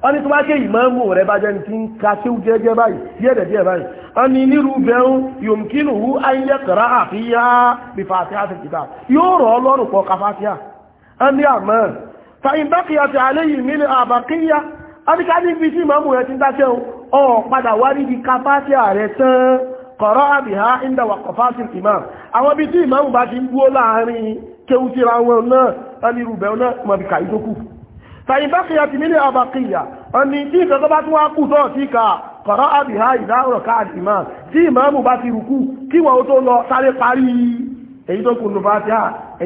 wọ́n ní tó bá ké ìmáàmù rẹ̀ bá jẹ́ ti ń ka tí ó jẹ́jẹ́ báyìí díẹ̀dẹ̀ díẹ̀ báyìí wọ́n ní nírú bẹ́ẹ̀ yomkinuhu ayẹ́kẹ̀rẹ́ àfíyá bí fàtíà yóò ọdíká ní ibi tí ìmọ̀mù rẹ̀ ti ń dáṣẹ́ ọ̀hún padà wá níbi káfáàtì ààrẹ tán kọ̀rọ̀ àbìhá ìndàwà kọ̀fáàtì ìmọ̀ àwọn ibi tí ìmọ̀mù bá ti ń dúó láàrin kéwú tí ra wọn náà ẹnirúbẹ̀ náà mọ̀bí kàí tó kù tàyí bá kìyà ti nílé ọba kìyà ọni tí ìfẹ́ tó bá tún wá kù tọ́ sí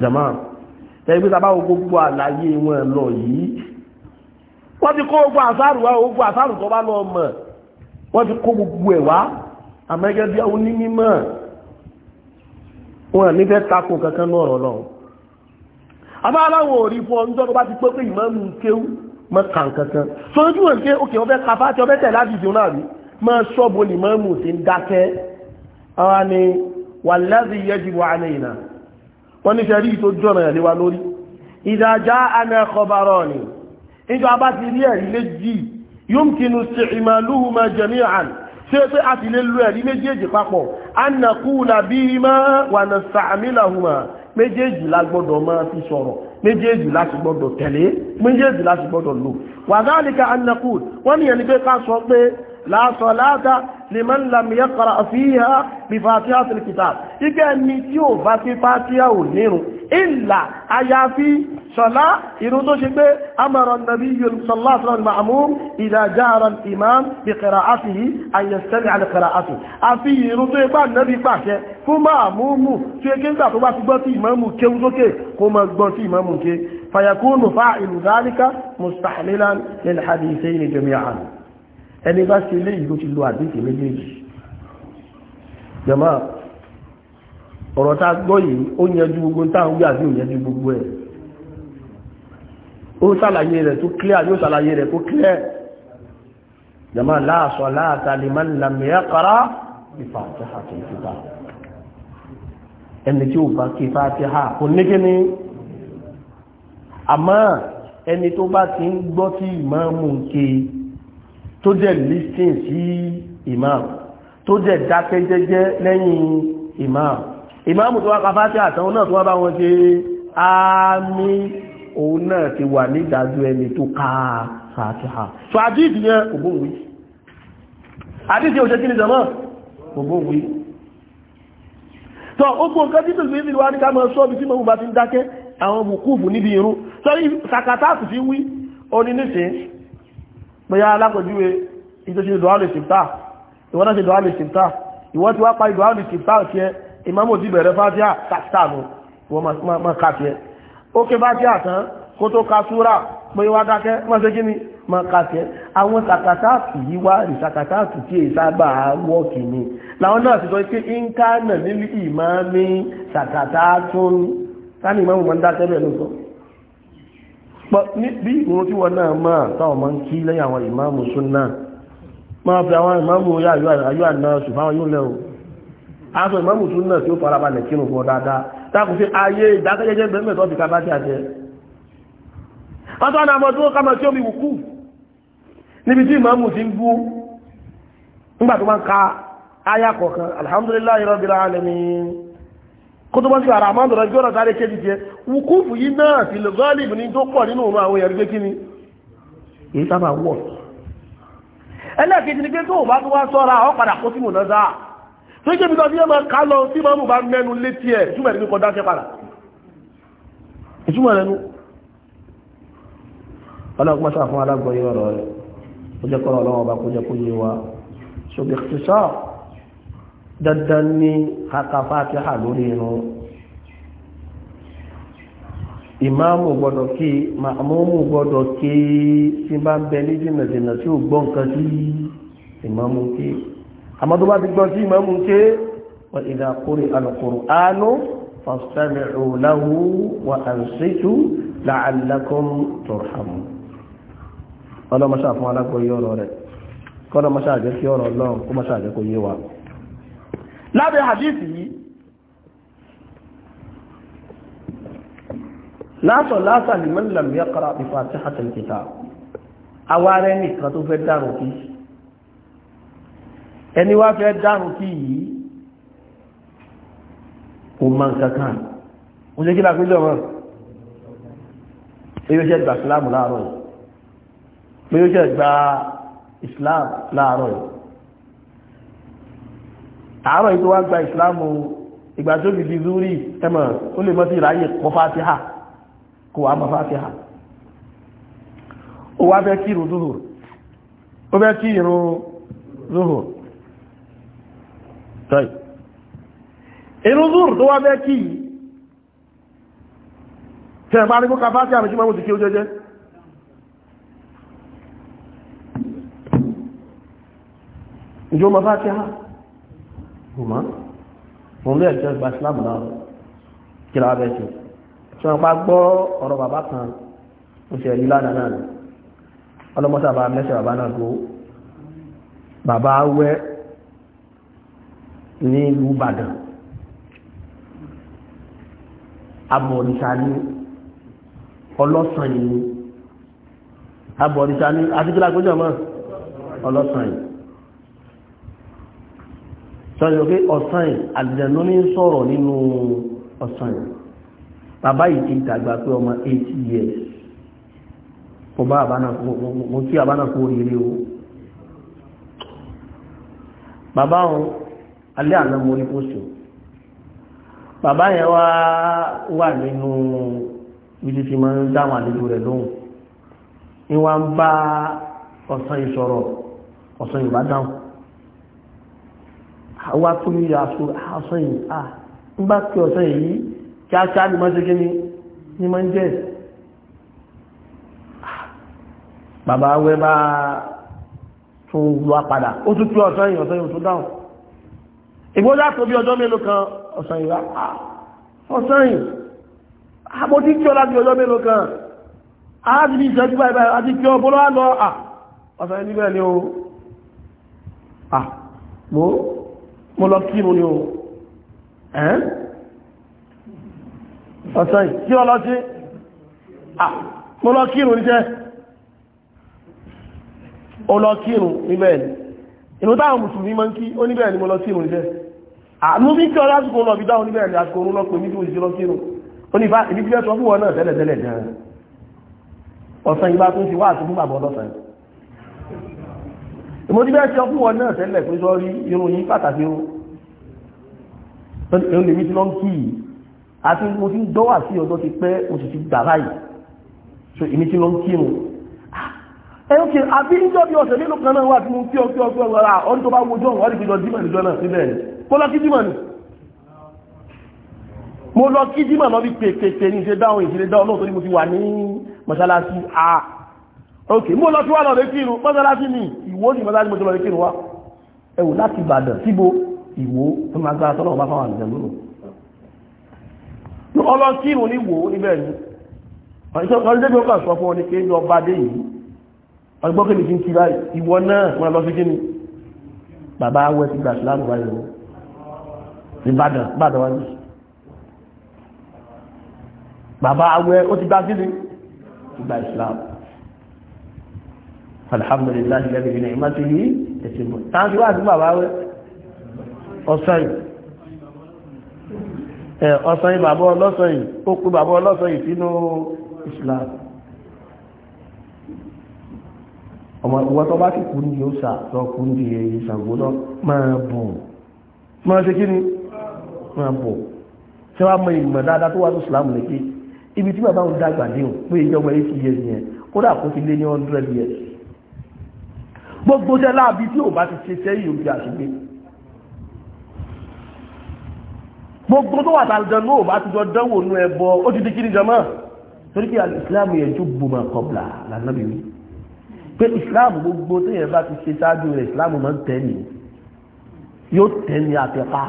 jama ẹgbẹ́ sábà gbogbo àlàyé wọn lọ yìí wọ́n ti kó gbogbo àsáàrù wá gbogbo àsáàrù tó bá lọ mọ̀ wọ́n ti kó gbogbo ẹ̀ wá àmẹ́gẹ́ bí onímọ̀ wọn ní fẹ́ tako kankan náà rọ̀ lọ́wọ́ abáláwọ̀ orí fún ọ nítorí bá ti pé pé ìmọ̀ ń kéwú mọ́ kàn kankan sojú wọn pé òkè ọbẹ̀ kafa àti ọbẹ̀ tẹ̀ láti ìdíwọ́n náà rí mọ́ ni mọ́ mú sí ń dákẹ́ àwọn ni wàlẹ́bí wọ́n ní sẹ́rí tó jọ̀nà ẹ̀ léwa lórí ìdájá àmì ẹ̀kọ́bàrọ̀ ni níjọ́ abá ti rí ẹ̀rí méjì yóò kínú sí ìmàlúhùmá jẹ̀mí àn tí ó pé a ti lè lo ẹ̀rí méjèèjì papọ̀ annakúna bí imá wà nà sàmìlàhùmá méjèèjì la gbọ́dọ̀ máa fi sọ̀rọ̀ la salata liman lam yaqra fiha bi fatihati alkitab ike ni tí ó bá fi fatiha ò nírun illa ayafi sọlá irun tó ṣe pé amara nabiyyu sallallahu alaihi wasallam ma'mum idha jara al-imam bi qira'atihi an yastami'a li qira'atihi àfi irun tó bá nabi pàṣẹ fún ma'mumu tí ó kéńgbà tó bá ti gbọ́ tí ìmáàmù kéwú sókè kó máa gbọ́ tí ìmáàmù ké fayakunu fa'ilu dhalika mustahlilan lil hadithayn jami'an ẹni bá ṣe léyìí ló ti lo àdíkì méjèèjì jàmá ọ̀rọ̀ tá gbọ́ yìí ó yanjú gbogbo táwọn wí àbí ò gbogbo ẹ̀ ó sàlàyé rẹ̀ tó clear yóò sàlàyé rẹ̀ tó clear jàmá la salata liman lam yaqra bi fatihatil kitab ẹni tí ó bá kí fatiha kò ní kí ni àmọ́ ẹni tó bá ti ń gbọ́ tí ìmáàmù ń ké tó dẹ̀ lísìn sí imam tó dẹ̀ dákẹ́ jẹ́jẹ́ imam imam tó wá kafáṣí àtàwọn náà tó wá bá wọn ṣe àmì òun náà ti wà ní ìdájọ́ ẹni tó ká fàtíhà so àdíjì yẹn ògbóhùn yìí àdíjì òṣè kí ni jọmọ́ ògbóhùn yìí tọ́ ogun nǹkan títò sí ìlú wa ní ká mọ́ sọ́ọ̀bì tí mọ́ bá ti ń dákẹ́ àwọn bùkúùbù níbi irun sọ́rí sàkátà sì fi wí oníníṣẹ́ bóyá alákòjúwe ìtòṣe ìdọ̀hálì sìptà ìwọ́n náà ṣe ìdọ̀hálì sìptà ìwọ́n ti wá pa ìdọ̀hálì sìptà ti ẹ ìmáàmù ti bẹ̀rẹ̀ fátíà kàtà nù wọ́n máa kà tiẹ̀ ó ké fátíà tán kó tó ka súrà pé wá dákẹ́ wọ́n ṣe kí ni máa kà tiẹ̀ àwọn sàkàtàtù yìí wá rí sàkàtàtù tí ìsábà wọ́ọ̀kì ni làwọn náà ti sọ pé íńkánà nílùú ìmáàmì sàkàtàtù ní sáni ìmáàmù máa ń bí ìgbòrò tí wọ́n náà máa táwọn máa ń kí lẹ́yìn àwọn ìmáàmù súnnà máa fi àwọn ìmáàmù ayọ́ àná ṣùgbọ́n yóò lẹ́wọ̀ aṣọ ìmáàmù súnnà tí ó farabalẹ̀ kírun fún ọ dáadáa táàkù sí ayé ìdákẹ́jẹ́jẹ́ bẹ́ẹ̀ tó fi ká bá ti àjẹ́ wọ́n tọ́ ọ̀nà ọmọdún kọmọ tí ó mi wùkú níbi tí ìmáàmù kó tó bá sí ara àmọ́ ọ̀rọ̀ ìjọ́rọ̀ sáré kéjì jẹ́ wùkúfù yìí náà sí lè gọ́ọ̀lìbù ní tó pọ̀ nínú àwọn èèyàn gbé kíni èyí sábà wọ̀ ẹlẹ́ẹ̀kejì ni pé tó bá tó wá sọ́ra ọ padà kó sí mọ̀nàdá tó jẹ́ bíkọ́ sí ẹ máa ká lọ sí mọ́mù bá mẹ́nu létí ẹ̀ ìtumọ̀ rẹ̀ ní kọ́ padà ìtumọ̀ rẹ̀ nu ọlọ́run máa sàfún alágbọ̀nyẹ ọ̀rọ̀ rẹ̀ kó jẹ́ kọ́ dandan ní kàkà fàtíhà lórí irun ìmáàmù gbọdọ̀ kí màmúmù gbọdọ̀ kí tí bá ń bẹ ní jìnnàjìnnà tí ó gbọ́ nǹkan sí ìmáàmù kí àmọ́ bá ti gbọ́ sí ìmáàmù kí wọ́n ìdá kórè al-Qur'anu fastami'u lahu wa ansitu la'allakum turhamun ọlọ́mọṣà fún alágbóyé ọ̀rọ̀ rẹ̀ kọ́lọ́mọṣà jẹ́ kí ọ̀rọ̀ ọlọ́run kó mọ́ṣà jẹ́ lábẹ́ hadith yìí látọ̀ látà liman lam yaqra bi fatihatil kitab awárẹ́ nìkan tó fẹ́ dárùn kí ẹni wá fẹ́ dárùn kí yìí kò mọ̀ nǹkankan ó jẹ́ kí lápé jọmọ́ àárọ̀ yìí tó wá gba ìsìláàmù ìgbà tó fi di zúrí ẹmọ̀ ó lè mọ́tí ìráyè kọ fátíhà kò wá mọ́ fátíhà ó wá fẹ́ kírun zuhur ó fẹ́ kírun zuhur tọ́ì inú zuhur tó wá fẹ́ kí tẹ̀ẹ̀bá ní kó ka fátíhà mọ́ kí ó kùmọ́ òun ló ẹ̀jọ́ ìgbà sílámù náà kí lọ́wọ́ bẹ́ẹ̀ ṣe tí wọ́n pa gbọ́ ọ̀rọ̀ bàbá kan ó ṣe ẹ̀yí lánàá náà ọlọ́mọ́sà bá mẹ́sẹ̀ bàbá náà tó bàbá wẹ́ ní ìlú Ìbàdàn abọ̀rìṣà ní ọlọ́sàn yìí abọ̀rìṣà ní àti kí mọ́ ọlọ́sàn yìí sọ́jọ́ pé ọ̀sán àdìdànú ní sọ̀rọ̀ nínú ọ̀sán bàbá yìí ti dàgbà pé ọmọ 80 years mo bá àbánà kó rere o bàbá òun alẹ́ àná mo rí pósù bàbá yẹn wá wà nínú ibi tí máa ń dáwọn àlejò rẹ̀ lóhùn ni wọ́n ń bá ọ̀sán ìṣọ̀rọ̀ ọ̀sán ìbádáhùn wá tó ní aṣọ yìí à ń bá pí ọ̀sán yìí kíákíá ni máa ṣe kí ni máa ń jẹ́ bàbá wẹ́ bá tún wá padà ó tún pí ọ̀sán yìí ọ̀sán yìí tó dáhùn ìgbóná tó bí ọjọ́ mélòó kan ọ̀sán yìí ọ̀sán yìí àbótí kí ọlá bí ọjọ́ mélòó kan àti bí ìṣẹ́jú báyìí àti kí ọbọ́lọ́ lọ ọ̀sán yìí níbẹ̀ ni ó mo lọ kí mo ní o ẹ́n ọ̀sán yìí kí ọlọ́ sí mo lọ kírun níṣẹ́ o lọ kírun níbẹ̀ ni ìlú táwọn mùsùlùmí máa ń kí ó níbẹ̀ ni mo lọ kírun níṣẹ́ àánú bí kí ọ lásìkò lọ bí dáhùn níbẹ̀ ni àsìkò orun lọ́pọ̀ níbi òṣìṣẹ́ lọ kírun ó ní ibi tí wọ́n sọ fún wọn náà tẹ́lẹ̀tẹ́lẹ̀ gan-an ọ̀sán yìí bá tún ti wá àtúntò bàbá ọlọ́sàn yìí mo ti bẹ́ẹ̀ ṣe ọkùn wọn náà tẹ́lẹ̀ pé sọ́rí irun yìí pàtàkì o ẹ̀rùn lèmi ti lọ ń kí yìí àti mo ti ń dọ́wà sí ọjọ́ ti pẹ́ mo sì ti gbà báyìí so èmi ti lọ ń kí irun ah! ẹ̀rùn kí àbí níjọ́ bí ọ̀sẹ̀ nínú kan náà wà tí mo ń kí ọkí ọkí ọkí ọ̀la ọdún tó bá wojú ọ̀hún wọ́n ti lọ ni mo lọ kí dímọ̀ ni mo lọ kí dímọ̀ lọ bí pèpèpè ní ṣe dáhùn ìṣẹ̀lẹ̀ dáhùn náà mo ti wà ní mọ́ṣáláṣí ah! Okay, mo ok mú lọ tí wà lọ lè kírun mọ́sálásí ní ìwó ní mọ́sálásí mọ́sálásí lọ lè kírun wá ẹwù láti ìbàdàn síbo ìwó tó máa gbára tọ́lọ̀ bá fáwọn àjẹ́ lónìí ọlọ kírun ní wò níbẹ̀ ni wo, débi ọkọ̀ sọ fún ọ ní pé ní ọba dé yìí ọgbọ́n kí ni kí n kí báyìí ìwọ náà wọn lọ sí kíni bàbá awẹ ti gbà sílámù báyìí lọ ìbàdàn ìbàdàn wáyé bàbá awẹ ó ti gbà sílé ìgbà ìsìlámù alhamdulillah lẹ́bí ní ìmọ́tí yìí tẹ̀sí mọ̀ tàbí wà ní bàbá wẹ́ ọ̀sọ̀yìn bàbá ọlọ́sọ̀yìn ó kú bàbá ọlọ́sọ̀yìn sínú Islam ọmọ ìwọ́n tó bá kí kú ní yóò sà lọ kú ní ìṣàgbó lọ máa bù máa ṣe kí ni máa bù tí wọ́n mọ ìmọ̀ dáadáa tó wà ní Islam lẹ́kí ibi tí bàbá ń dàgbà dé ò pé ìjọba 80 years yẹn kódà kó fi lé ní 100 years gbogbo jẹ́ láàbí tí ò bá ti ṣe sẹ́yìn òbí àṣìgbé gbogbo tó wà tàbí náà ò bá ti jọ dánwò nú ẹbọ ó ti di kí ní jọmọ́ torí pé islam yẹn jó gbogbo àkọbla lànàbí wí pé islam gbogbo tó yẹn bá ti ṣe ṣáájú rẹ̀ islam máa ń tẹ́ ni yóò tẹ́ ni àtẹ́pá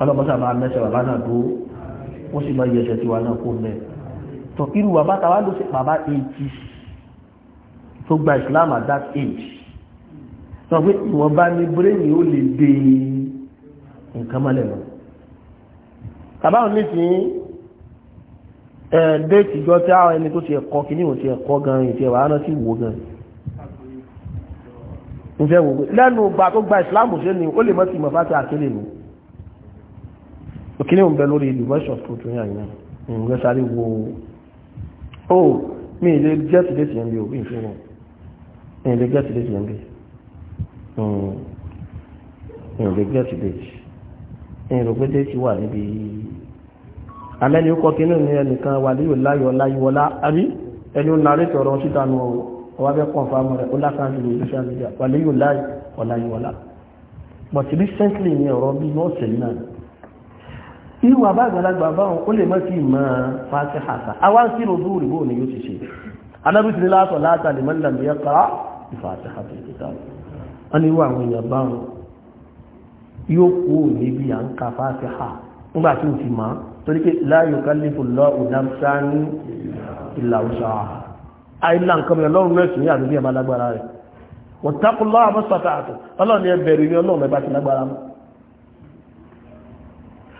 ọlọ́mọsá máa mẹ́sẹ̀ bàbá náà tó wọ́n sì máa yẹ ẹsẹ̀ tiwa náà kó mẹ́ tọ́ irú bàbá tàwa ló ṣe bàbá tó gba islam at that age sọ pé ìwọ̀n bá ní bírèmì ó lè dé nǹkan mọ́lẹ̀ lọ tàbáwọn nísìnyí déètì ìjọ tí àwọn ẹni tó ti ẹ̀kọ́ kìíní ò ti ẹ̀kọ́ gan ìtì ẹ̀wà aná sí wò gan ìfẹ́ wò pé lẹ́nu ìgbà tó gba islam ṣe ni ó lè mọ́ sí ìmọ̀ fásitì àkélè nù òkìní òun bẹ lórí divorce tó tún yà yàn ń gbé sáré wo ó oh, mi ìlé jẹ́ tìdé òbí ìfẹ́ wọn ẹ̀yìn lè gẹ́tì hmm. lè jẹun bí ẹ̀yìn lè gẹ́tì lè jì ẹ̀yìn rò pé dé ti wà níbi amẹ́ni ó kọ́ kínú ní ẹnìkan wà ní ìláyọ̀ láyíwọlá àbí ẹni ó narí tọ̀rọ̀ síta nù ọwọ́ abẹ́ kọ̀ǹfàmù rẹ̀ ó lákàntì lórí social media wà ní ìláyọ̀ láyíwọlá but recently ní ọ̀rọ̀ bí nọ́ọ̀sì náà irú àbágbàlagbà báwọn ó lè mọ́sí ìmọ̀ fásihàsà awáǹsí ròdúrì bóò ni yóò ti ṣe alábìsí látọ̀ látàlì mọ́lẹ̀ mẹ́yẹ́ kàá fàtàkì ìkìtà wọn ni wà àwọn èèyàn báwọn yóò kú níbi à ń ka fàtàkì nígbà tí ò fi máa torí pé la yukallifu Allahu nafsan illa wus'aha àìlà nǹkan mìíràn lọ́rùn mẹ́sìn ní àdúgbò ẹ̀bá lágbára rẹ̀ wattaqullaha masata'tum ọlọ́run ẹ bẹ̀rù ní ọlọ́run ẹ̀bá ti lágbára mọ́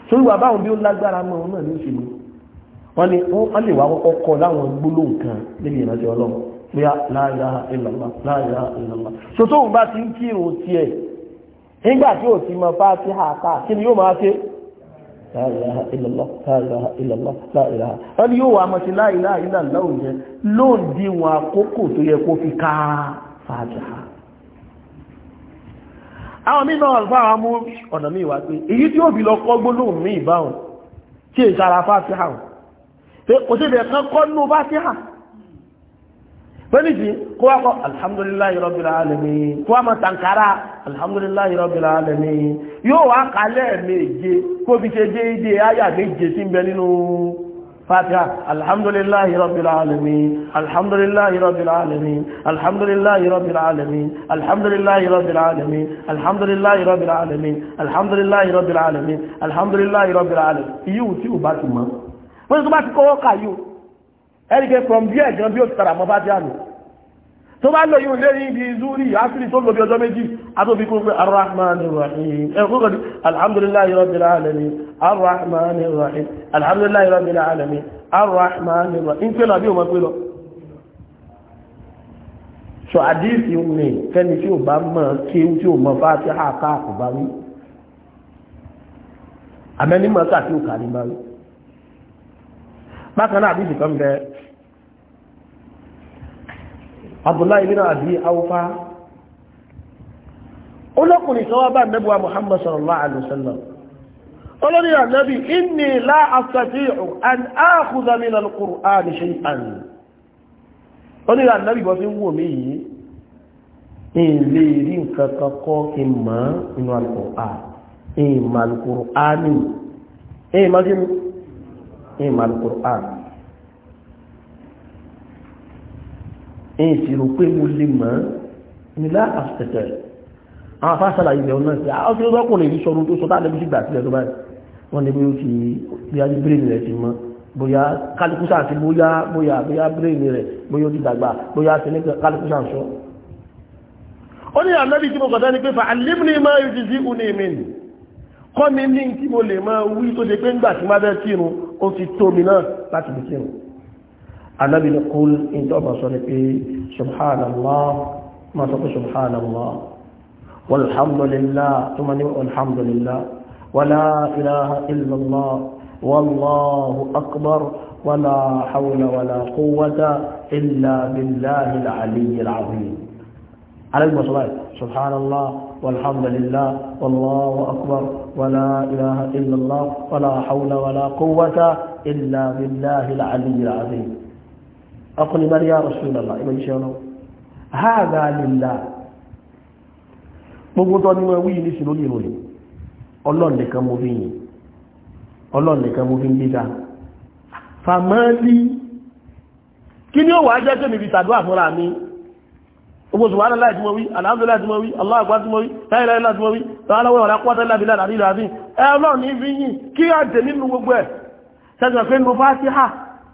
torí wà báwọn bí ó lágbára mọ́ òun náà ní òṣèlú wọ́n ni wọ́n lè wá kọ́kọ́ láwọn pé láàrá ìlàlá láàrá ìlàlá so tó ń bá ti ń kírun ti ẹ̀ nígbà tí ti mọ fátíhà kí ni yóò máa ṣe láàrá ìlàlá láàrá ìlàlá láàrá ẹni yóò wà mọ̀sí láàrá ìlàlá òjẹ lóòdì wọn àkókò tó yẹ kó fi ká fátíhà lọ fẹ́nìtì kó wá kọ́ alhamdulilayi rabbil alamin kó wá ma tankara alhamdulilayi rabbil alamin yóò wá kalẹ̀ méje kó fi ṣe déédéé ayà méje tí ń bẹ nínú fatiha alhamdulilayi rabbil alamin alhamdulilayi rabbil alamin alhamdulilayi rabbil alamin alhamdulilayi rabbil alamin alhamdulilayi rabbil alamin alhamdulilayi rabbil alamin alhamdulilayi rabbil alamin yóò tí o bá ti mọ̀ wọ́n ti tó bá ẹnìkẹ́ from there gan bí ó ti tara mọ́ bá dé àná tó bá lọ yóò lérí ibi zúrí àfírí tó lóbi ọjọ́ méjì àtòbí kó pé arrahmanirrahim ẹ̀kọ́ kan alhamdulillahi rabbil alamin arrahmanirrahim alhamdulillahi rabbil alamin arrahmanirrahim ń pè lọ àbí òun pè lọ. sọ àdíìsì mi fẹ́ni tí ò kan bẹ́ẹ̀ abdullahi bin abi awfa olókùnrin kan wá bá nẹ́bùwá muhammad sallallahu alaihi wasallam olórí ànábì inni la astati'u an akhudha min al-qur'an shay'an olórí ànábì bọ́ fi ń wò mí yìí ilé rí nǹkan kan kọ́ inú al-qur'an ẹ̀yìn sì rò pé mo lè mọ̀ nílá àfẹ́tẹ̀ àwọn afásàlà ilẹ̀ ọ̀nà sí àwọn tí ó rọ́kùnrin yìí sọ̀rọ̀ tó sọ tá àlẹ́bí sì gbà sílẹ̀ tó báyìí wọ́n ní bí ó ti bí a ní bírèmì rẹ̀ ti mọ́ bóyá kálíkúsà àti bóyá bóyá bóyá bírèmì rẹ̀ bóyá ó ti dàgbà bóyá sí ní kálíkúsà sọ. ó ní ànábì tí mo kọ̀tá ni pé fa àlébùnì máa yóò ti sí uni mi nì kọ́ mi ní tí mo lè anábì ní kúl ní tó bá sọ ní pé subhanallah ma sọ pé subhanallah walhamdulillah tó ma ní alhamdulillah wala ilaha illallah wallahu akbar wala hawla wala quwwata illa billahi al-ali al-azim alábì mọ̀ subhanallah والحمد لله والله أكبر ولا إله إلا الله ولا حول ولا قوة إلا بالله العلي ọkùnrin bá yá Rasulullah ìmọ̀ ìṣẹ́ ọlọ́wọ́ hadha lillah gbogbo tó ní wọ́n wí ní sí lórí ìròyìn Ọlọ́run nìkan mo fi yìn Ọlọ́run nìkan mo fi ń gbéga fàmọ́lì kí ni ó wà á jẹ́ tó níbi tàdúrà fúnra mi gbogbo sùn wàhálà láti mọ́ wí alhamdulillah láti mọ́ wí Allah akbar tí mọ́ wí táyìlá láti mọ́ wí tààlà wọ́n ọ̀rá pọ́tẹ́ láti láti láti ẹ̀ Ọlọ́run ní fi yìn kí á tẹ̀mí nu gbogbo ẹ̀ sẹ́sìn pé nu Fatiha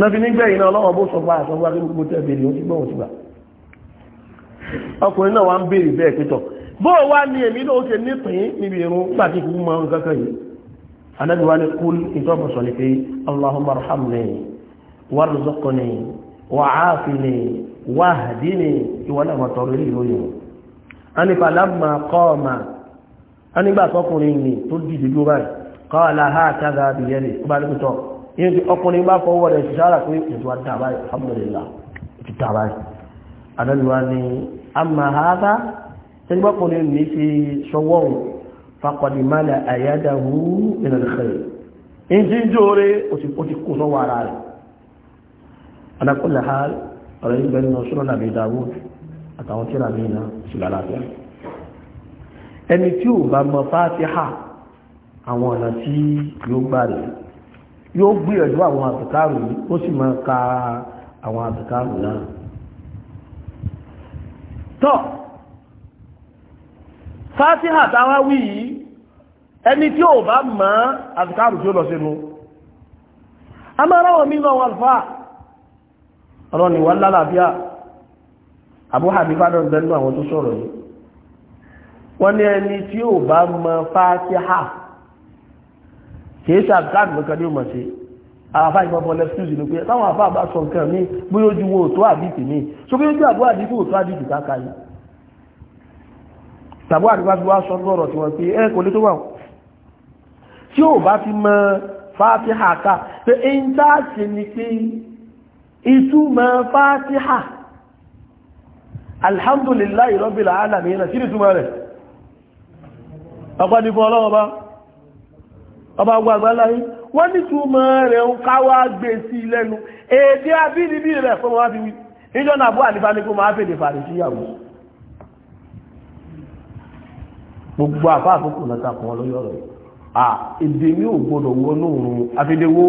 na fi nígbẹ̀yìn náà ọlọ́wọ́ bó sọpá àsọgbá kí gbogbo tẹ́ bèèrè ó ti gbọ́wọ́ sígbà ọkùnrin náà wá ń bèèrè bẹ́ẹ̀ pẹ́tọ̀ bó wá ní èmi náà ó ṣe nípìn níbi irun pàtí kú mọ́ nǹkan yìí anábì wá ní kún ìtọ́bọ̀sọ̀ ní pé allahumma arhamni warzuqni wa'afini yẹn ti ọkùnrin bá fọwọ́ rẹ̀ ṣiṣára pé ètò àtàbáyé alhamdulillah ti tàbáyé adọ́lùwà ni a máa ha bá tẹ́gbọ́kùnrin ní fi ṣọwọ́rùn fakọ̀dìmálà àyádáwú ìrìnlẹ̀ in ti jóore ó ti kó sọ́wọ́ ara rẹ̀ alákùnlẹ̀ ha ọ̀rọ̀ ìgbẹ́ nínú ṣúrọ̀ nàbí dáwọ́ àtàwọn tíra mi náà sì lálàáfíà ẹni tí ò bá mọ fátíhà àwọn ọ̀nà tí yóò gbà rẹ̀ yóò gbìyànjú àwọn àtìkáàrù yìí ó sì máa ka àwọn àtìkáàrù náà tọ́ fásíhà táwá wí yìí ẹni tí ò bá mọ̀ àtìkáàrù tí ó lọ sínú a máa ráwọ̀ mí lọ wọn fà ọ̀rọ̀ ni wà lálàáfíà Abu Hanifa náà bẹ́ẹ̀ nú àwọn tó sọ̀rọ̀ yìí wọ́n ní ẹni tí ò bá mọ̀ fásíhà kìí ṣe àbúkàdù lọ́kàn ní ọmọ ṣe àfá ìgbọ́bọ̀ lẹ́fúsì ní pé táwọn àfá àbá sọ nǹkan ní bóyá ojú wo òtó àdìtì ní so bí ojú àbúrò àdìtì òtó àdìtì káka yìí tàbí àdìbá ti wá sọ lọ́rọ̀ tí wọ́n pé ẹ kò lè tó wà tí ò bá ti mọ fátíhà ká pé ń tá ṣe ni pé ìtumọ̀ fátíhà alhamdulillahi rabbil alamin sí ìtumọ̀ rẹ̀ ọ̀pọ̀ ní fún ọlọ́wọ́ bá ọba ogun àgbáláyé wọ́n ní túmọ̀ rẹ̀ ń káwá gbé sí lẹ́nu èdè abínibí rẹ̀ fún wọn fi wí níjọ́ náà bó àdìbá ní kó máa fèdè fàrí síyàwó gbogbo àfáà tó kù lọ́ta kan lórí ọ̀rọ̀ yìí à èdè ní ò gbọdọ̀ wọnú òun afẹ́dẹ́wó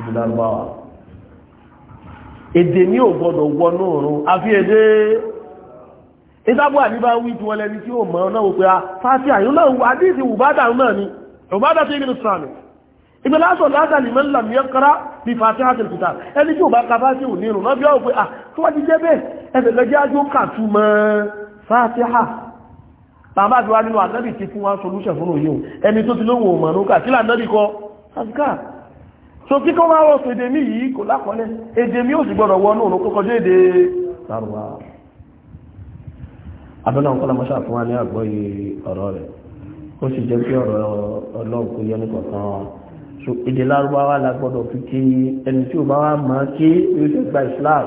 ìdílágbáwà èdè ní ò gbọdọ̀ wọnú òun afẹ́dẹ́ ìdábò àdìbá wí tí wọ́n lẹ́ni tí ó mọ̀ náà wò pé a ah, fásitì àyún náà wà ní ìsìn wùbádà náà ni ọ̀bádà tí ìbìnú sàmì ìgbẹ̀ lásọ̀ látà ní mẹ́lá mẹ́kọ́rá bí fàtí àti ìkùtà ẹni tí ò bá kàfà sí ò nírùn lọ́bí ọ̀pẹ́ à tó wá ti jẹ́ bẹ́ẹ̀ ẹsẹ̀ lẹ́jẹ́ ájú kàtú mọ́ fàtíhà bàbá ti wá nínú ànábì ti fún wa solúṣẹ̀ fún òyìn ẹni tó ti lóhùn òmà lókà sílà ànábì kọ sàtíkà so kí kọ́ máa rọ̀sọ̀ èdè mi yìí kò lákọlẹ̀ èdè mi ò sì gbọ́dọ̀ wọ náà kó kọjú èdè sàrùwà abẹ́nà ọ̀kọ́lá mọ́ṣà fún wa ní àgbọ́yé ọ̀rọ̀ rẹ̀ ó sì jẹ́ pé ọ̀rọ̀ ọlọ́run kò yẹ nìkan kan so èdè lárúbáwá la gbọ́dọ̀ fi kí ẹni tí ò bá wá mọ̀ ọ́n kí yóò ṣe gba islam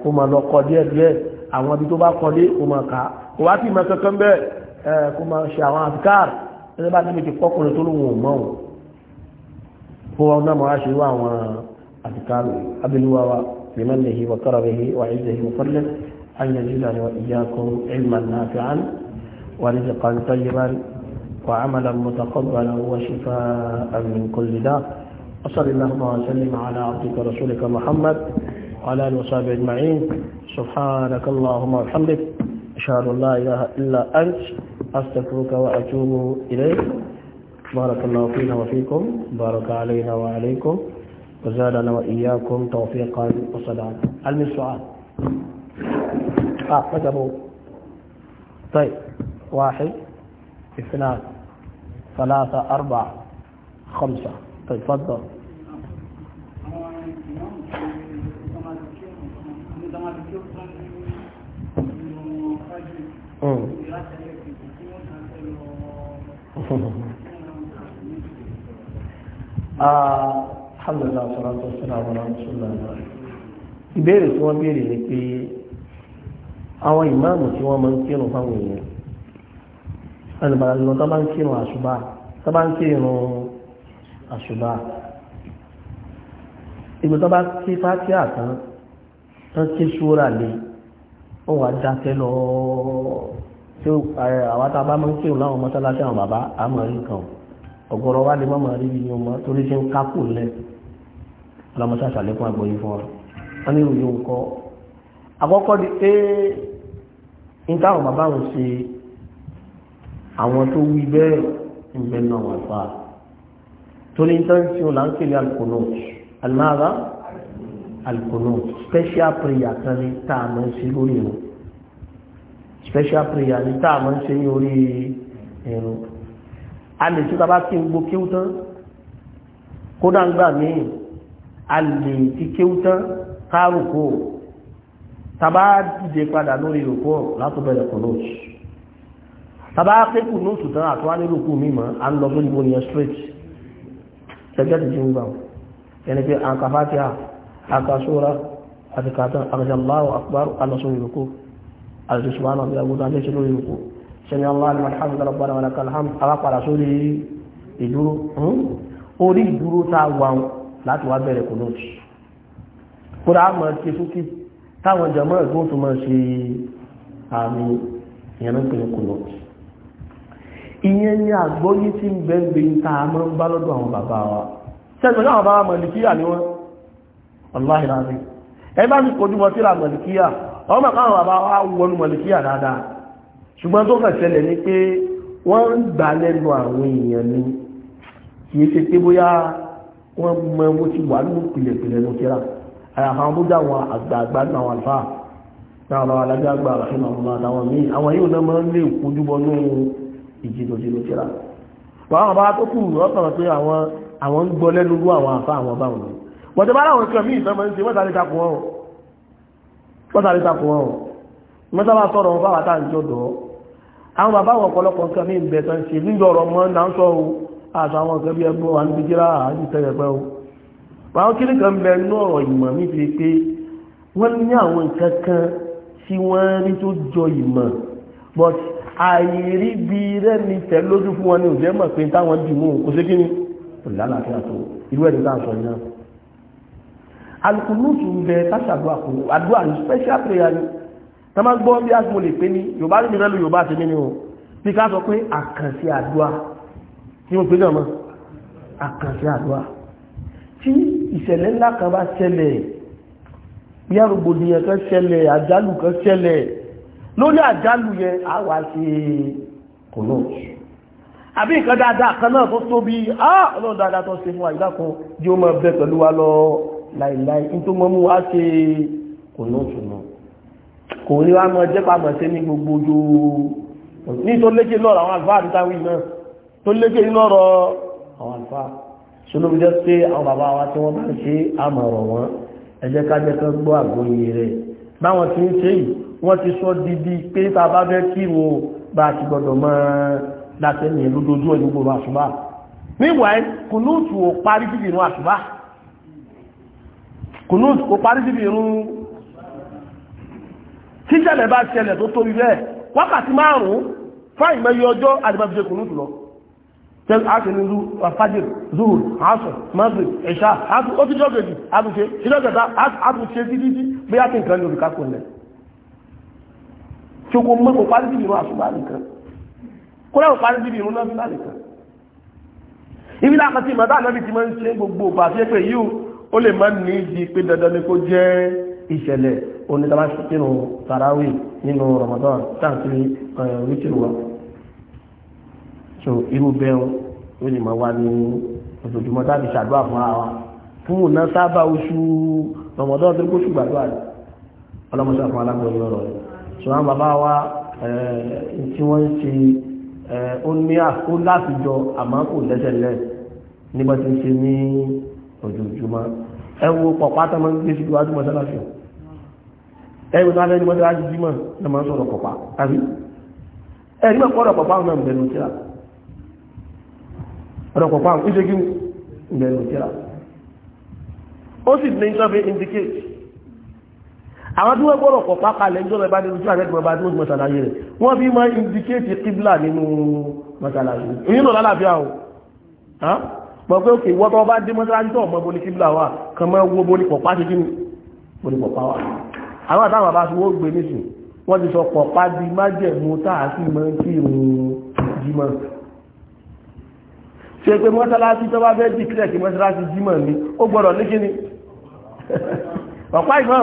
kó máa lọ kọ díẹ̀ díẹ̀ àwọn ibi tó bá kọ dé kó máa kà á kó wá sí ìmọ̀ kankan bẹ́ẹ̀ kó máa ṣe àwọn àfikàr ẹni bá níbi tí kọkùnrin tó lóun ò mọ̀ ọ́n kó wọn náà máa ṣe wá àwọn àfikàr abiluwawa wa karabihi wa izzihi wa fadlihi an yazidani wa iyyakum ilman nafi'an وعملا متقبلا وشفاء من كل داء وصل اللهم وسلم على عبدك ورسولك محمد وعلى اله وصحبه اجمعين سبحانك اللهم وبحمدك اشهد ان لا اله الا انت استغفرك واتوب اليك بارك الله فينا وفيكم بارك علينا وعليكم وزادنا واياكم توفيقا وصلاة علم السؤال اه طيب واحد اثنان ثلاثة أربعة خمسة تفضل alhamdulilah sọ̀rọ̀ tó sọ̀rọ̀ àwọn ọ̀ṣunlá ìbéèrè tí wọ́n béèrè ni pé àwọn ìmáàmù tí wọ́n máa ń kírun fáwọn èèyàn ẹlùbàrà lọ tó bá ń kírun àṣùbà tó bá ń kírun àṣùbà ìgbò tó bá kí fátíà tán tán kí súra lè ó wà dákẹ́ lọ tí àwọn tá a bá máa ń kírun láwọn mọ́sálásí àwọn bàbá àmọ́ kan ọ̀gọ̀rọ̀ wá lè mọ́mọ́ rí ni ọmọ torí ṣe ń kákò lẹ̀ ọlọ́mọṣáṣà lẹ́kún àgbọ̀yé fún ọ wọ́n ní ìròyìn nǹkan àkọ́kọ́ di pé ní táwọn bàbá wọn ṣe àwọn tó wí bẹ́ẹ̀ ń bẹ náà wà fà torí ń tán tí ó là ń kéde alkonot alára alkonot special prayer kan ní tá a máa ṣe lórí ìrun special prayer ní tá a máa ń ṣe ní orí ìrun a lè tí bàbá kí n gbó kéwú tán kódà ń gbà míì a lè ti kéwú tán káàrùkù tàbá dìde padà lórí ìrùkù látọ̀bẹ̀rẹ̀ konot tàbá kékù ní oṣù tán àtúwá nílò kú mi mọ́ à ń lọ lórí ìbòyàn straight ṣẹjẹ́ ti jẹun gbà ẹni pé àǹkàfàtíà àkàṣọ́ra àti kàtàn àkàṣàláwò àkùbárò alọ́sùn ìrùkú àti ṣùgbọ́n àti àgbọ̀dá ní ìṣẹ́lú ìrùkú ṣẹni aláàlú alhamdu rabbana wa lakal hamd alápàdà sórí ìdúró hmm? orí ìdúró tá a wà pè é kò ìyẹn ni àgbọ́yé tí ń bẹ́ẹ̀bẹ̀ ń ta mọ́ ń bá lọ́dọ̀ àwọn bàbá wa ṣẹ́gbẹ̀ẹ́ àwọn bàbá mọ̀lìkíyà ni wọ́n aláìláàrí ẹ bá ti kojú mọ́ síra mọ̀lìkíyà ọmọ káwọn bàbá wa wọnú mọ̀lìkíyà dáadáa ṣùgbọ́n tó kàn ṣẹlẹ̀ ni pé wọ́n ń gbà lẹ́nu àwọn èèyàn ni kì í ṣe pé bóyá wọ́n mọ bó ti wà nínú pìlẹ̀pìlẹ̀ ló kíra àwọn bó dá àwọn àgbààgbà nínú ìjìnlẹ̀ òjìnlẹ̀ òjìnlẹ̀ àwọn bá tó kù ọkàn pé àwọn àwọn ń gbọ́ lẹ́nu rú àwọn àfá àwọn bá wọn wọ́n bá láwọn ìkan mí ìfẹ́mọ̀ ń ṣe wọ́n sáré takò wọn wọ́n sáré takò wọn wọ́n sábà sọ̀rọ̀ wọn báwa tá à ń jọ̀dọ̀ àwọn bàbá wọn ọ̀pọ̀lọpọ̀ nǹkan mí ìbẹ̀ tán ṣe níjọ ọ̀rọ̀ mọ́ náà ń sọ o àṣà àwọn nǹkan bí ẹgbọ́n wa níbi jíra àti tẹ̀yẹ̀pẹ́ o àwọn kí nìkan bẹ inú ọ̀rọ̀ ìmọ̀ mi ti pé wọ́n ní àwọn nǹkan kan tí wọ́n rí tó jọ ìmọ̀ but àìrí bí rẹ́ni tẹ̀ lójú fún wọn ní òjẹ́ mọ̀ pé táwọn dì mú kò sí kíni ìlàlàfíà tó irú ẹ̀dùn náà sọ iná alùpùpù ń bẹ káṣàdúrà kò àdúrà ní special prayer ni tọ́mọ gbọ́ bí aṣọ lè pé ní yorùbá ní ìrẹ́lú yorùbá àti ni o bí ká sọ pé àkànṣe àdúrà tí mo pè náà mọ́ àkànṣe àdúrà tí ìṣẹ̀lẹ̀ ńlá kan bá ṣẹlẹ̀ bí arúgbòdìyàn kan ṣẹlẹ̀ àjálù kan ṣẹlẹ̀ lórí àjálù yẹn àwà sí kòló àbí nǹkan dáadáa kan náà tó tóbi ọlọ́run dáadáa tó ṣe fún àyíká kan jí ó máa bẹ pẹ̀lú wa lọ láìláì nítorí mọ́ mú wá ṣe kòló ṣùnà kò ní wá mọ́ jẹ́pà mọ́ sí ní gbogbo ojú ní tó lékè náà àwọn àlùfáà àti táwí náà tó lékè náà àwọn àlùfáà ṣolóbi jẹ́ pé àwọn bàbá wa tí wọ́n bá ṣe àmọ̀ràn wọn ẹ ká jẹ́ ká gbọ́ àgbóyè rẹ̀ báwọn ti ń ṣe yìí wọ́n ti sọ dídí pé ta bá fẹ́ kírun bá ti gbọ́dọ̀ mọ́ látẹ́mì lódójú ọ̀yìn gbogbo àṣùbá meanwhile kùnúùtù ò parí síbi ìrún àṣùbá kùnúùtù ò parí síbi ìrún tíṣẹ̀lẹ̀ bá ṣẹlẹ̀ tó tóbi bẹ́ẹ̀ wákàtí márùn-ún fáì mẹ́yọ ọjọ́ àdìbàbíṣe kùnúùtù lọ tẹ́lú àṣìlú fàjìr zuhur asr maghrib ẹ̀ṣà ó ti jọ́gẹ̀ẹ́jì àtúnṣe ìjọ́gẹ̀ẹ́ta àtúnṣe títí bí á ti nǹkan lórí kákùnlẹ̀ tí ó kó mọ́ kò parí bíbí irun àṣùbà nìkan kó lẹ́wọ̀ parí bíbí irun náà fílà nìkan ibi láàpá tí màdá ànábì ti máa ń ṣe gbogbo ògbà fi pé yíò ó lè máa ní ìdí pé dandan ni kó jẹ́ ìṣẹ̀lẹ̀ onítàbá ṣètìrù nínú Ramadan táàkiri rítìrù wa so irú bẹ́ẹ̀ ó lè máa wá ní ojoojúmọ́ tàbí ṣàdúrà fún ara wa fún òun sábà oṣù Ramadan tó kó ṣùgbàdúrà ọlọ́mọṣà fún alágbọ̀n yọrọ rẹ̀ ṣùgbọ́n bàbá wa eh, tí wọ́n ṣe eh, ó ní àkó láti jọ àmọ́ kò lẹ́sẹ̀ lẹ́ nígbà tí ń ṣe ní ojoojúmọ́ ẹ wo pọ̀pá tó máa ń gbé síbi wájú mọ́sálásí ẹ wo náà lẹ́nu mọ́sálásí jímọ̀ ẹ máa ń sọ̀rọ̀ pọ̀pá àbí ẹ nígbà pọ̀rọ̀ pọ̀pá náà ń bẹnu síra ọ̀rọ̀ pọ̀pá ń ṣe kí ó sì ní sọ́fẹ́ indicate àwọn tí wọ́n gbọ́rọ̀ pọ̀ pápá lẹ́jọ́ ẹ̀bá nínú tí àrẹ́gbẹ̀ ọba tí ó mọ̀sàlàyé rẹ̀ wọ́n fi máa indikéètì kíblà nínú mọ̀sàlàyé èyí lọ lálàáfíà o mọ̀ pé òkè wọ́tọ́ bá dé mọ́sàlàyé tó ọmọ bóní kíblà wà kan máa wo bóní pọ̀pá ṣe kí ni bóní pọ̀pá wà àwọn àtàwọn àbá tí wọ́n gbé nísìn wọ́n ti sọ pọ̀pá di májẹ̀mú táàkì máa ń kírun jímọ̀ ṣe pé mọ́sàlàyé tó bá fẹ́ dìkírẹ̀ kí mọ́sàlàyé jímọ̀ ni ó gbọ́dọ̀ ní kí ni pọ̀pá ìmọ̀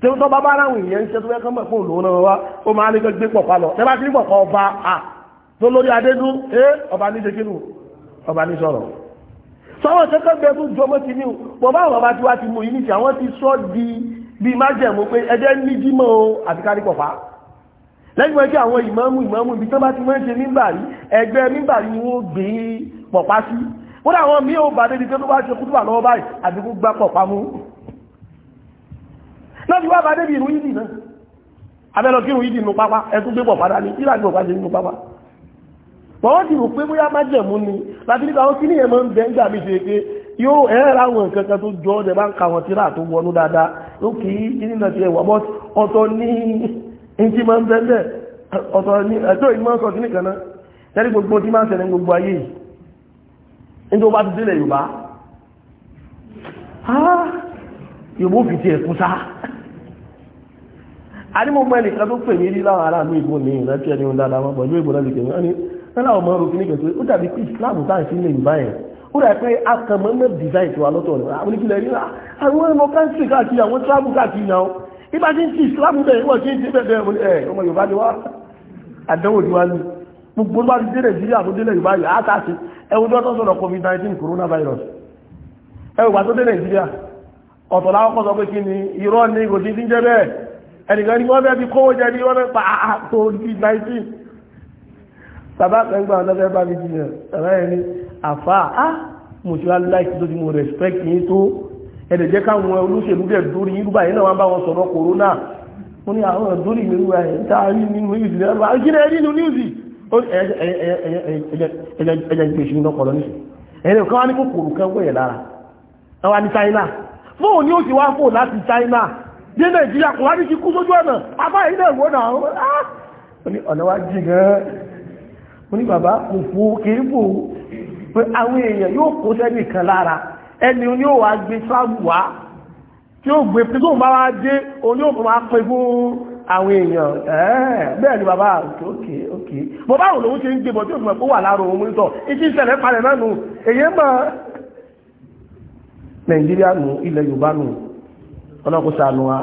tí ó bá bá ráhùn ìyẹn iṣẹ́ tó fẹ́kọ́ mọ̀ fún òlò náà wá ó máa ní gbé pọ̀pá lọ tẹ́bá sí pọ̀pá ọba à tó lórí adédú é ọba ní ṣekínú ọba ní sọ̀rọ̀ sọ́wọ́ kẹ́kẹ́ bẹ fún ju ọmọ ti ní o bá àwọn ọba tí wá ti mú yìí àwọn ti sọ di bí májẹ̀mú pé ẹjẹ́ ní jímọ̀ o àti kárí pọ̀pá lẹ́yìn wọn kí àwọn ìmáàmù ìmáàmù ibi tán bá ti wọ́n ṣe mímbàrí ẹgbẹ́ mímbàrí ni wọ́n gbé pọ̀pá sí wọ́n àwọn míì ò bá débi tó bá ṣe kútùbà lọ́wọ́ báyìí àti kó gbá pọ̀pá mú náà ti wá bá débi ìrún yìí náà abẹ́lọ kí ìrún yìí nù pápá ẹtún gbé pọ̀ padà ní kílà gbọ̀ pàṣẹ nínú pápá wọ́n wọ́n ti rò pé bóyá má jẹ̀mú ni láti nípa àwọn kíní yẹn máa ń bẹ ń gbà mí ṣe pé yóò ẹ̀rẹ́ àwọn nǹkan kan tó jọ ọ́dẹ̀ bá ń ka àwọn tíra tó wọnú dáadáa ó kì í kíní náà ti ẹ̀wọ̀ bọ́t ọ̀tọ̀ ní ẹjí máa ń bẹ́ bẹ́ẹ̀ ọ̀tọ̀ ní ẹ̀tọ́ ìmọ̀ sọ kíní kan náà tẹ́lẹ̀ gbogbo tí máa ń ṣẹlẹ̀ gbogbo ayé yìí nítorí bá ti délẹ̀ Yorùbá ah, Yorùbá fi ti ẹ̀kú sáà arímọ̀mọ́ ẹnìkan tó pè mí rí láwọn ará mi ìbò ní ìrántí ẹni ohun dáadáa wọn pẹ̀lú ìbò láti kẹ̀mí wọn ni lọ́la ọmọ ọrùn kìíní kẹ̀tọ́ ó dàbí pé Islam táà sí lè bá yẹn ó dàbí pé akànmọ́ náà design tiwa lọ́tọ̀ rẹ̀ àwọn oníkìlẹ̀ rí àwọn ọmọ káńtì káàkiri àwọn travel káàkiri náà ibà tí ń ti Islam bẹ́ẹ̀ wọ́n ti ń ti bẹ́ẹ̀ ẹ̀ ọmọ Yorùbá ni wá àdánwò ni wá ní gbogbo bá ti dé Nàìjíríà tó dé Yorùbá yìí á tàṣe ẹwọ́n tó sọ̀rọ̀ COVID-19 coronavirus ẹwọ́n tó dé Nàìjíríà ọ̀tọ̀ láwọn kọ́ pé kí ni irọ́ ni kò sí ń jẹ́ bẹ́ẹ̀ ẹnìkan ni wọ́n fẹ́ fi kówó jẹ ní wọ́n fẹ́ pa ní 19 bàbá kẹgbà ọlọ́fẹ́ bá mi jìnà bàbá yẹn ni á mo ti wá tó ti mo respect yín iruba wọn a ndụ ni dé nàìjíríà kò wá ní ti kú sójú ọ̀nà abá yìí náà wọ́n náà ah! ó ní ọ̀nà wá jì gan-an ó ní bàbá kò fò kìí fò pé àwọn èèyàn yóò kó sẹ́nì kan lára ẹni oní ò wá gbé sáàbù wá tí ó gbé pé tóun bá wá dé oní ò máa pè nàìjíríà nù ilẹ̀ yorùbá nù ọlọ́kùn sànù wa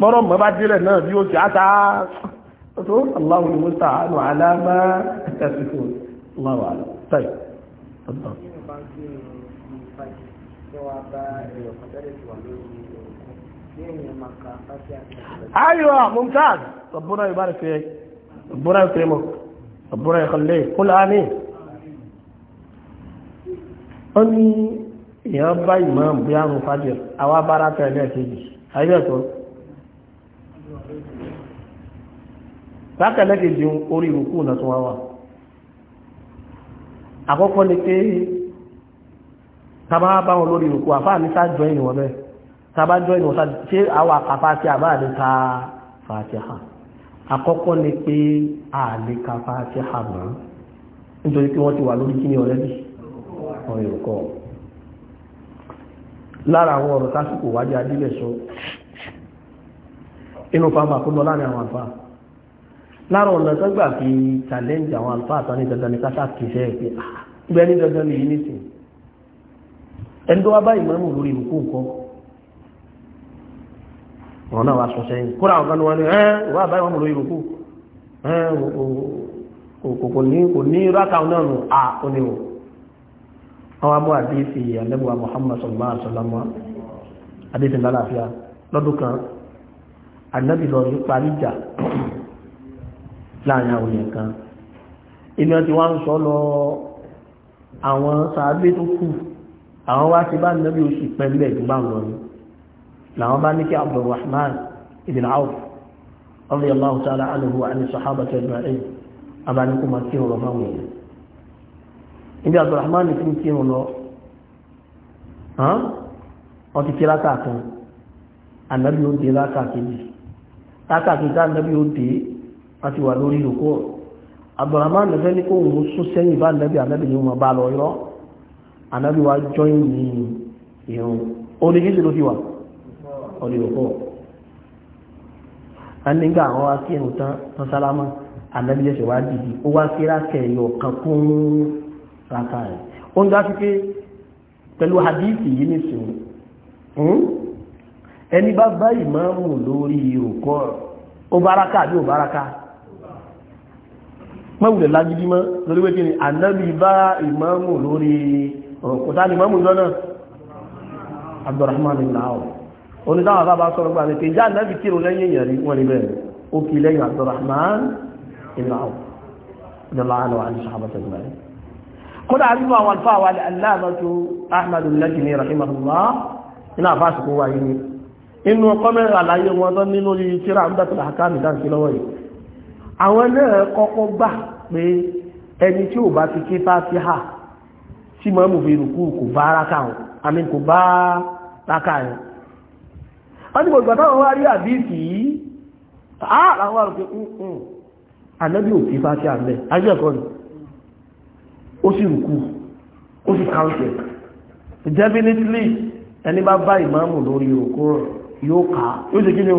mọ́rọ̀ mọ́ bá délẹ̀ náà bí ó ti àtà tó aláwọ̀ ni mo ta àánú àlámà ẹ̀sìnkú láwà tàì ọ̀dọ́ أيوة ممتاز ربنا يبارك فيك ربنا يكرمك ربنا يخليك قل آمين ó ní èèyàn bá ìmọ̀ bí àrùn fájẹ̀ àwa àyẹ́kọ́ lákàlẹ́kẹ̀ẹ́jì orí ìrùkú náà tún wá na àkọ́kọ́ ni pé tàbá bá lórí ìrùkú àfáà ní sáàjọ́ ìyìn wọn tàbá jọ ìyìn wọn àwọn àkàfà àbá àdé ta fàtíhà àkọ́kọ́ lára àwọn ọ̀rọ̀ tásìkò wájú adílẹ̀ sọ inú fáwọn àkójọ láàrin àwọn àlùfáà lára ọ̀nà tó gbà fi challenge àwọn àlùfáà tán ní dandan ní kásá kì í ṣe pé ah, gbẹ ní dandan ní yìí nìsín ẹni tó wá bá ìmọ̀ọ́mù lórí ìlú kó nǹkan wọn náà wá sọ sẹ́yìn kóra àwọn kan ní wọn ní ẹ wá bá ìmọ̀ọ́mù lórí ìlú kó ẹ kò ní rákà náà nù à ah, ó ní wọn àwọn amú àdífì àlẹ́bùwà Muhammad sallallahu alaihi wasallam àdífì lálàáfíà lọ́dún kan ànábì lọ ní parí ìjà láàrin àwọn èèyàn kan èmi ọtí wá ń sọ lọ àwọn sàábé tó kù àwọn wá ti bá ànábì oṣù pẹ́ńbẹ́ tó bá ń lọ ni làwọn bá ní kí Abdulrahman ibn Auf radiyallahu ibi abdulrahman ti ń kírun lọ wọ́n ti kí lákàtún ànábí ó dé lákàkejì lákàkejì ànábí ó dé wọ́n ti wà lórí ìlòkó abdulrahman lẹ́fẹ́ ní kóhùn ó sún sẹ́yìn bá ànábí ànábí ni wọ́n bá lọ yọ́ ànábí wa jọ́yìn ní ìrùn oníbíṣẹ́ ló fi wà orí ìlòkó nígbà àwọn wá ó wá rákà ẹ̀ ó ń dá sí pé pẹ̀lú hadithi yìí nìsín hmm? ẹni bá bá ìmáàmù lórí ìrùkọ́ ó báraka àbí ò báraka mọ́wùlẹ̀ lágídí mọ́ lórí wé kíni ànábì bá ìmáàmù lórí ọ̀kọ̀tá ni ìmáàmù lọ́nà Abdurrahman ìlàáwọ̀ onídáwà bá bá sọ́rọ̀ gbà ní pé já ànábì kírò lẹ́yìn èèyàn rí wọ́n bẹ́ẹ̀ ó kì lẹ́yìn Abdurrahman ìlàáwọ̀ kódà nínú àwọn alfa wa aláàmọ́tò ahmadu lẹ́jìnì rahimahullah iná àfáàsìkò wà yìí inú kọ́mẹ́rin àlàyé wọn tó nínú orí tíra àmúdàtàlà àkáàmì dáǹkì lọ́wọ́ yìí àwọn náà kọ́kọ́ gbà pé ẹni tí ò bá ti ké tí mọ́ mú fi rùkú kò bá mm, mm, ti ó sì rùkú ó sì káwùsẹ̀ definitely ẹni bá bá ìmáàmù lórí òkú rẹ̀ yóò ká yóò ṣe kí o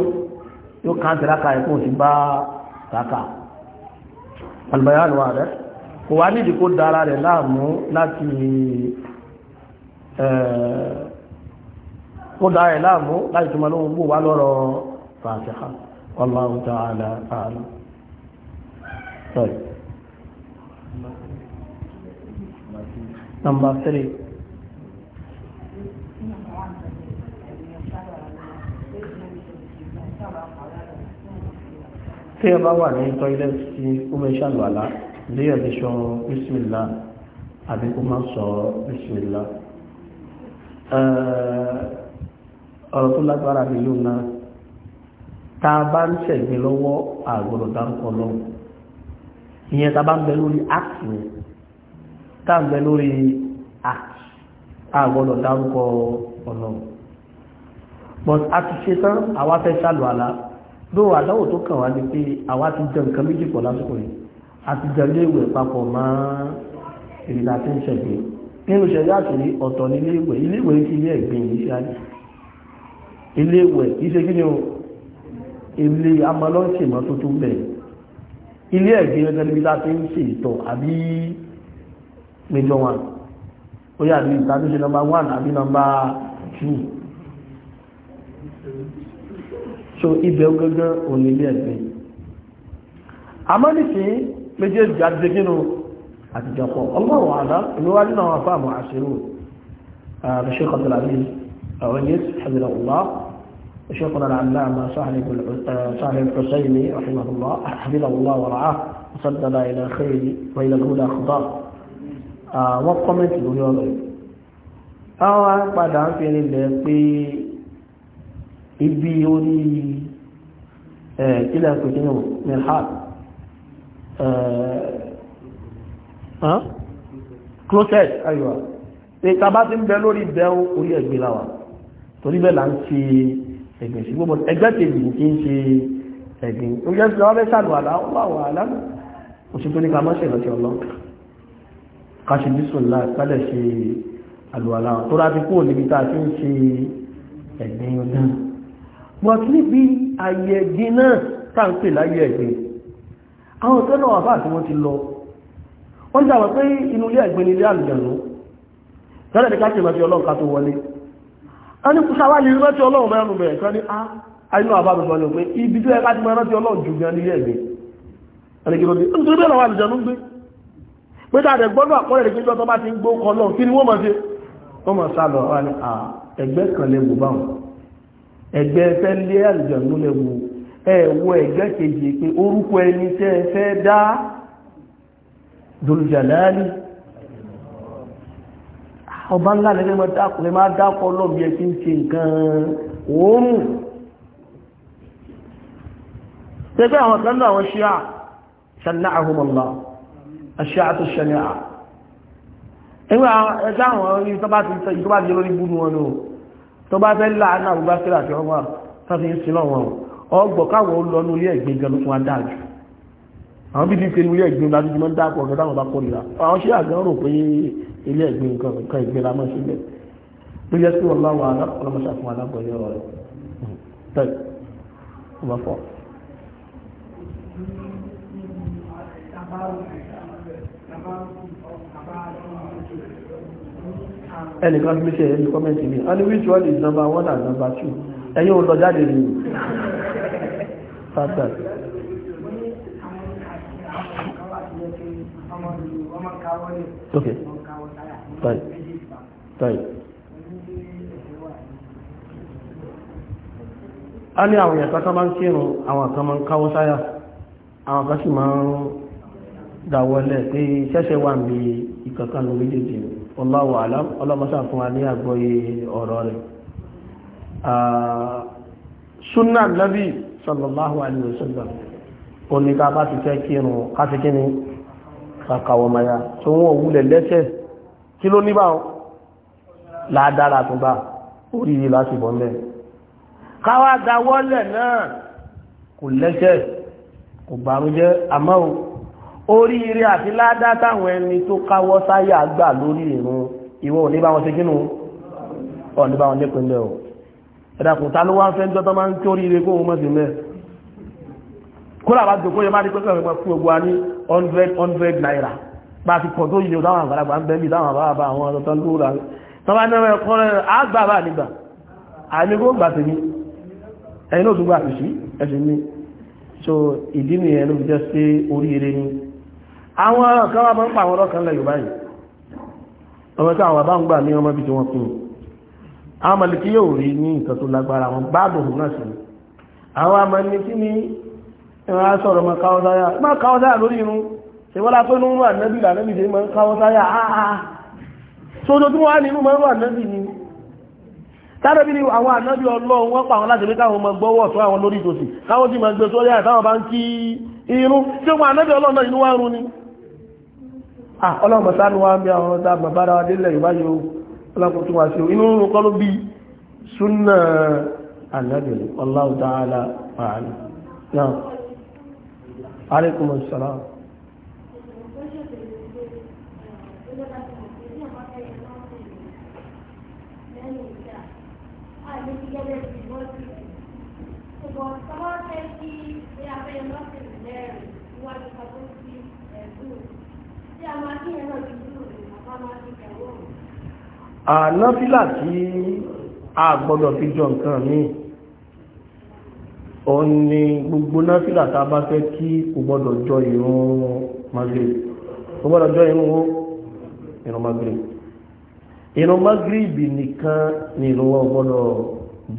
yóò ká tìráka ẹ̀kọ́ sí bá tàkà albayanu ààrẹ kò wá nídìí kó dára rẹ̀ láàmú láti kó dára rẹ̀ láàmú láti túnmọ̀ lóhun gbò wá lọ́rọ̀ Number three. tí ẹ bá wà ní toilet tí ó mẹ́ ṣàlùwàlá léyà lè sọ bísmìlá àbí kó má sọ bísmìlá ọ̀rọ̀ tó lágbára mi yóò náà tá a bá ń ṣẹ̀gbẹ́ lọ́wọ́ àgbọ̀dọ̀ dárúkọ lọ́wọ́ ìyẹn tá a bá ń bẹ lórí áàpù táàgbẹ́ lórí àgbọ́dọ̀ dárúkọ ọ̀nà but a ti ṣe tán àwa fẹ́ sálù àlá ló àdáwò tó kàn wá ní pé àwa ti jẹ nǹkan méjì pọ̀ lásìkò yìí a ti jẹ ilé ìwẹ̀ papọ̀ mọ́ ìrìnà tí ń ṣẹ̀gbẹ́ nínú ṣẹ̀dá àṣírí ọ̀tọ̀ ní ilé ìwẹ̀ ilé ìwẹ̀ ti ilé ẹ̀gbìn yìí ṣe àjẹ́ ilé ìwẹ̀ kìí ṣe kí ni o ilé amọlọ́ṣèmọ́ tó bẹ̀ ilé ẹ̀gbìn ẹgbẹ́ níbi tá ń ṣe ìtọ̀ àbí major one ó yà ní ìtàdó ṣe number one àbí number two so ibẹ̀ gángan òní ilé ẹ̀gbẹ́ àmọ́ nìsín méjèèjì àti jẹ́kínú àtijọ́pọ̀ ọlọ́run àdá ìlú wájú náà wọ́n fáàmù àṣírò الشيخ عبد العزيز عنيس حفظه الله وشيخنا العلامة رحمه الله حفظه الله ورعاه وسدد إلى خير. وإلى الهدى خضار àwọn kọ́mẹ̀tì lórí ọ̀rọ̀ yìí àwọn padà ń fi rinlẹ̀ pé ibi orí kílẹ̀ pẹ̀kínú mihad closet ayọ̀wà pé tàbá ti ń bẹ lórí bẹ́ẹ̀ orí ẹ̀gbẹ́ láwà torí bẹ́ẹ̀ là ń fi ẹ̀gbẹ̀ sí gbogbo ẹgbẹ́ tèmi kí ń ṣe ẹ̀gbìn ó sí ọ́rẹ́ sàlùwàlá wà wà òṣìṣẹ́ tó ní ká mọ́ ṣèrántí káṣe bísùnlá kálẹ̀ ṣe àlùwàlá tó rábí kúrò níbi tá a ti ń ṣe ẹ̀gbìn ọ̀nà but níbi ayé ẹ̀gbìn náà tá ń pè láyé ẹ̀gbìn àwọn tó náà àbá àti wọ́n ti lọ wọ́n jà wọ́n pé inú ilé ẹ̀gbìn ni ilé àlùjànú tẹ́lẹ̀ ní káṣe ìrántí ọlọ́run ká tó wọlé a ní kúṣà wá ní ìrántí ọlọ́run mẹ́rin bẹ̀rẹ̀ kan ní a inú àbá mi sọ pé ibi tó yẹ ká ti mọ ìrántí ọlọ́run jù gan nílé ẹ̀gbìn pé tàbí gbọ́dọ̀ àkọ́rẹ̀ rẹ̀ pínjọ́ tó bá ti ń gbó kọ́ lọ́n kí ni wọ́n mọ̀ sí wọ́n mọ̀ sá lọ wọ́n ni à ẹgbẹ́ kan lẹ́wù báwọn ẹgbẹ́ fẹ́ lé àlùjọ̀nú lẹ́wù ẹ̀wọ́ ẹgbẹ́ kejì pé orúkọ ẹni tẹ́ ẹ fẹ́ dá dolùjàláàlì ọba ńlá lẹ́gbẹ́ máa dákọ́ lọ́n bí ẹ ti ń ṣe nǹkan òórùn tẹ́gbẹ́ àwọn kan náà wọ́n ṣíà ṣàlá àhùmọ̀lá aṣáàtò ṣẹlẹ̀ à ẹgbẹ́ ẹgbẹ́ àwọn orí tó bá ti tọ́ ìjọba ti lórí búrú wọn ní o tó bá fẹ́ láàánú àbúgbá sílẹ̀ àti ọmọ tọ́sí ń sílọ̀ wọn ọgbọ̀ káwọn ó lọ nílé ẹ̀gbẹ́ gan fún adájú àwọn bíbí pé nílé ẹ̀gbẹ́ ńlá tó ti máa ń dáàpọ̀ ọ̀gá táwọn bá kọ́ nira àwọn ṣé àgbọn rò pé ilé ẹ̀gbẹ́ nǹkan ìgbẹ́ la Thank you ẹnìkan fi ṣe ẹni kọ́mẹ́ntì mi a ní which one is number one and number two ẹ̀yìn ò lọ jáde rí tata ok tai tai a ní àwọn ìyàtọ̀ kan máa ń kírun àwọn kan máa ń káwọ́ sáyà àwọn kan sì máa ń dáwọ́lẹ̀ pé ṣẹ́ṣẹ́ wà ní ìkankan lórí méjèèjì Allahu a'lam ọlọ́mọṣà fún wa ní àgbọ́yé ọ̀rọ̀ rẹ̀ sunna nabi sallallahu alayhi wa sallam ó ní ká bá ti fẹ́ kírun kásìkíní kàkàwọ̀mọ̀yà tó wọ́n wulẹ̀ lẹ́sẹ̀ kí ló ní báwọn ládára tó bá oríire láti bọ́ mẹ́rin káwá dáwọ́lẹ̀ náà kò lẹ́sẹ̀ kò bàrún àmọ́ oríire àti ládá táwọn ẹni tó káwọ́ sáyà gbà lórí ìrun ìwọ ò ní bá wọn ṣe kínú ọ̀ ní bá wọn nípínlẹ̀ ọ̀ ẹ̀dàkùn ta ló wá ń fẹ́ jọ́tọ́ máa ń kí oríire kóhun mọ́ sí mẹ́ kóra bá jòkó yẹ má ní pẹ́kẹ́ ọ̀rẹ́pẹ́ fún ogun a ní 100 100 naira bá ti pọ̀ tó yìí ní ọ̀dáwọn àgbàlagbà ń bẹ́ẹ̀bí táwọn àbábá àwọn ọ̀tọ̀ ń lóra tọ́wọ́ ní ọ̀rẹ́ kọ́ àgbà bá nígbà àmì kó gbà sí sí ẹ̀sìn ní so ìdí nìyẹn ló fi jẹ́ sí oríire ni àwọn kan wá bá ń pa àwọn ọlọ́kan lẹ Yorùbá yìí ọmọ tí àwọn bá ń gbà ní ọmọ bí tí wọ́n pín àwọn mọ̀lẹ́kí yóò rí ní nǹkan tó lágbára wọn gbádùn òun náà sí ni àwọn amọ̀lẹ́kí ní ìwọ̀n á sọ̀rọ̀ mọ́ káwọ́ sáyà má káwọ́ sáyà lórí irun ṣe wọ́n lápẹ́ nínú ànábì lànábì ṣe mọ́ káwọ́ sáyà áá sódò tí wọ́n á nínú mọ́ ànábì ni tábẹ́bí ni àwọn ànábì Ọlọ́run wọ́n pa àwọn láti rí káwọn ọmọ gbọ́wọ́ ń kí ni Ah, ọlọ́mọ sánú wá ń bí àwọn ọ̀dá bàbára wa délẹ̀ Yorùbá yóò ọlọ́kùn tó wá sí inú oorun ta'ala fàánù náà alaikum ànáfílà tí a gbọ́dọ̀ fi jọ nǹkan míì ó ní gbogbo náfílà tá a bá fẹ́ kí kò gbọ́dọ̀ jọ ìrun magrib kò gbọ́dọ̀ jọ ìrun ó ìrun magrib ìrun magrib nìkan ni ìrun wọn gbọ́dọ̀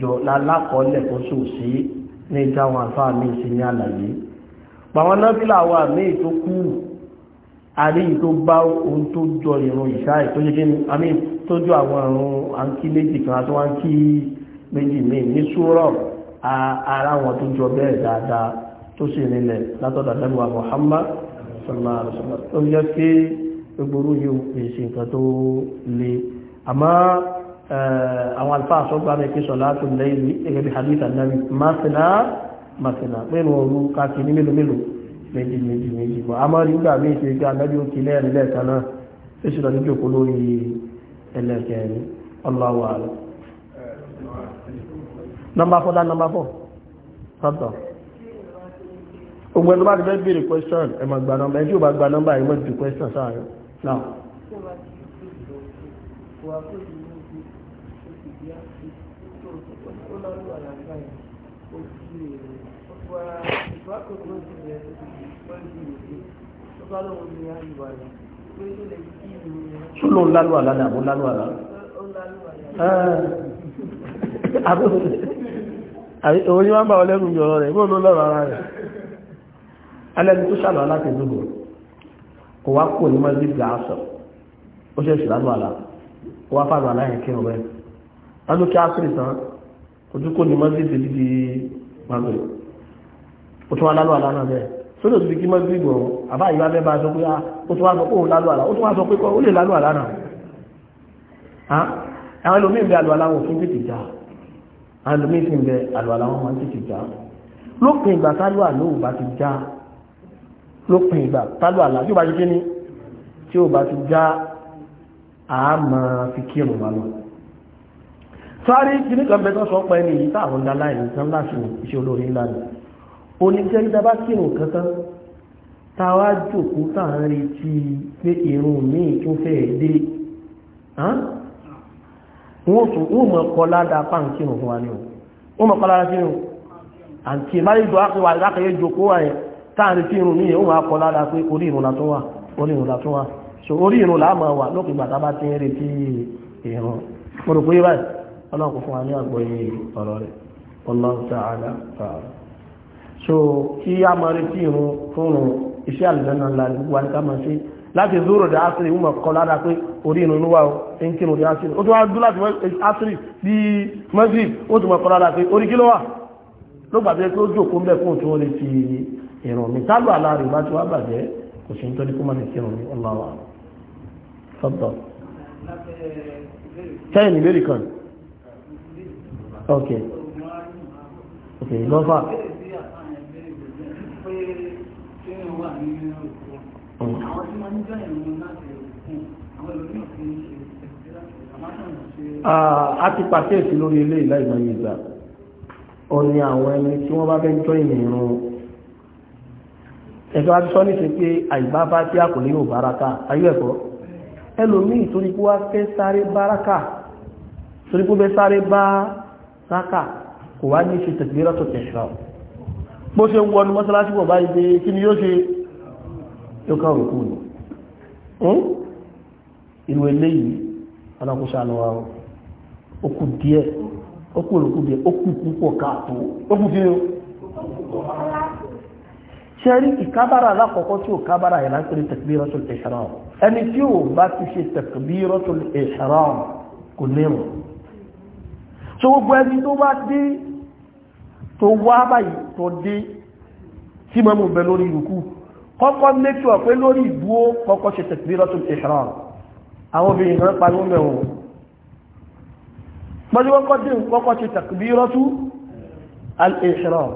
jọ lálákọọ́lẹ̀ kó sò sí ní ìjáwọn àfáà míì sí ní àlàyé pàwọn náfílà wà míì tó àríyìn tó bá ohun tó jọ ìrun ìṣáì tó jẹ́ kíni àmì tó jọ àwọn àrùn àǹkí méjì kan àti wọn kí méjì míì ní sùúrọ̀ ara wọn tó jọ bẹ́ẹ̀ dáadáa tó sì nílẹ̀ látọ̀dọ̀ àtẹ́gbà Muhammad sallallahu alaihi wasallam tó yẹ kí gbogbo yóò pèsè nǹkan tó le àmọ́ àwọn alfáà sọ́gbà rẹ̀ kí sọ̀lá tó lẹ́yìn gẹ́gẹ́ bí hadith annabi masina masina pẹ̀lú ọrú káàkiri mélòó mélòó méjì méjì méjì mọ́ a máa rí gbà míì ṣe pé anábì ó kí lẹ́ẹ̀rin lẹ́ẹ̀kan náà ó sì lọ níjòkó lórí ẹlẹ́kẹ̀ẹ́rin ọlọ́wọ́ àlọ́. nọmba fọ́ dá nọmba fọ́ sọ́tọ̀ ogun ẹni bá ti fẹ́ béèrè question ẹ máa gba nọmba ò bá gba nọmba ẹ máa ju question sáàrin náà. Súlò lálù àlàdà bó lálù àlà. Òun ni wọ́n bá ọlẹ́rù yọ̀rọ̀ rẹ̀, bó ló lọ́rọ̀ ara rẹ̀. Alẹ́ni tó ṣàlọ́ aláti dúró, kò wá kò ní mọ́ sí ìgbà àṣọ, ó ṣe ṣìlálù àlà, kò wá fàgbà láyẹ̀ kí ọ̀rẹ́. Lọ́dún kí á sì tán, ojú kò ní mọ́ sí ìdílé di màgbẹ̀. Ó tún wá lálù àlà náà bẹ́ẹ̀ sódò tó fi kí mọ́gbí gbọ̀ àbá ìwà bẹ́ bá sọ pé ah, ó tó wá sọ pé ó lálù àlá ó tó wá sọ pé ó lè lálù àlá náà àwọn ẹlòmíì bẹ àlù aláwọ̀ fún tètè já àwọn ẹlòmíì sì ń bẹ àlù aláwọ̀ máa ń tètè já lópin ìgbà tálù àlò ò bá ti já lópin ìgbà tálù àlá yóò bá ti kíní tí ò bá ti já a máa fi kírun wa lọ sáré kìnnìkan bẹ tó sọ pé ní ìta àwọn ọ̀dà láì ní sanláṣù iṣẹ́ oníṣẹ́ níta bá kírun kan tán tá a wá jòkó tá à ń retí pé irun míì tún fẹ́ẹ́ dé wọ́n mọ̀ kọ́ ládàá pàǹkìrùn fún wa ní o wọ́n mọ̀ kọ́ ládàá sínú àti ìmáyé ìjọ àpè wà lákàyè jòkó wà yẹn táàrin tí irun níyẹn ó máa kọ́ ládàá pé orí irun la tún wà orí irun la tún wà so orí irun là á máa wà lókè gbàtà bá ti ń retí irun mo rò pé báyìí ọlọ́run kò fún wa ní àgbọ̀yé ọ̀rọ̀ rẹ̀ ọlọ́run sáà so kí a máa retí irun fúnrun iṣẹ́ àlùjọ́nà ńlá gbogbo àníkàmọ̀ sí láti zúrò dé asiri wọ́n kọ́ lára pé orí irun níwá o ń kírun dé asiri ó tún wá dúró láti asiri bí magrib ó tún mọ̀ kọ́ lára pé orí kí ló wà ló gbàgbé pé ó jókòó ń bẹ̀ fún òtún orí ti irun mi tálù àlá wà nínú òkú hmm. àwọn tí wọ́n ń jọ ìrùn láti òkú àwọn ìlú náà fi ń ṣe a ti pàṣẹ́sì lórí ilé ìlàìmọ̀ yìí gbà ọ ni àwọn ẹni tí wọ́n bá fẹ́ jọ ìrìnrún ẹ̀sọ́ àti sọ́ní ṣe pé àìbá bá tí a kò ní ò báraka ayé ẹ̀kọ́ ẹlòmíì torí kó wá fẹ́ sáré báraka torí kó fẹ́ sáré bá kò wá ní ṣe tẹ̀gbẹ́rọ́tọ̀ tẹ̀ṣọ́ bó ṣe wọnú mọ́sálásí wọ̀ báyìí pé kí ni yóò ṣe yóò ká òkú ni ìlú hm? eléyìí alákòóṣà lọ́wọ́ ó kù díẹ̀ ó kù òkú díẹ̀ ó kù púpọ̀ káàtó ó kù kí ni ṣe rí ìkábára alákọ̀ọ́kọ́ tí ó kábára yẹn láti rí takbiratul ihram ẹni tí ó bá ti ṣe takbiratul ihram kò ní ìrùn so tó wá báyìí tó dé tí mọ́mù bẹ lórí ìrùkú kọ́kọ́ mẹ́tíwà pé lórí ìdúó kọ́kọ́ ṣe takbiratul ihram àwọn obìnrin kan parí ó mẹ́wọ̀n pọ́jú kọ́kọ́ dé kọ́kọ́ ṣe takbiratul ihram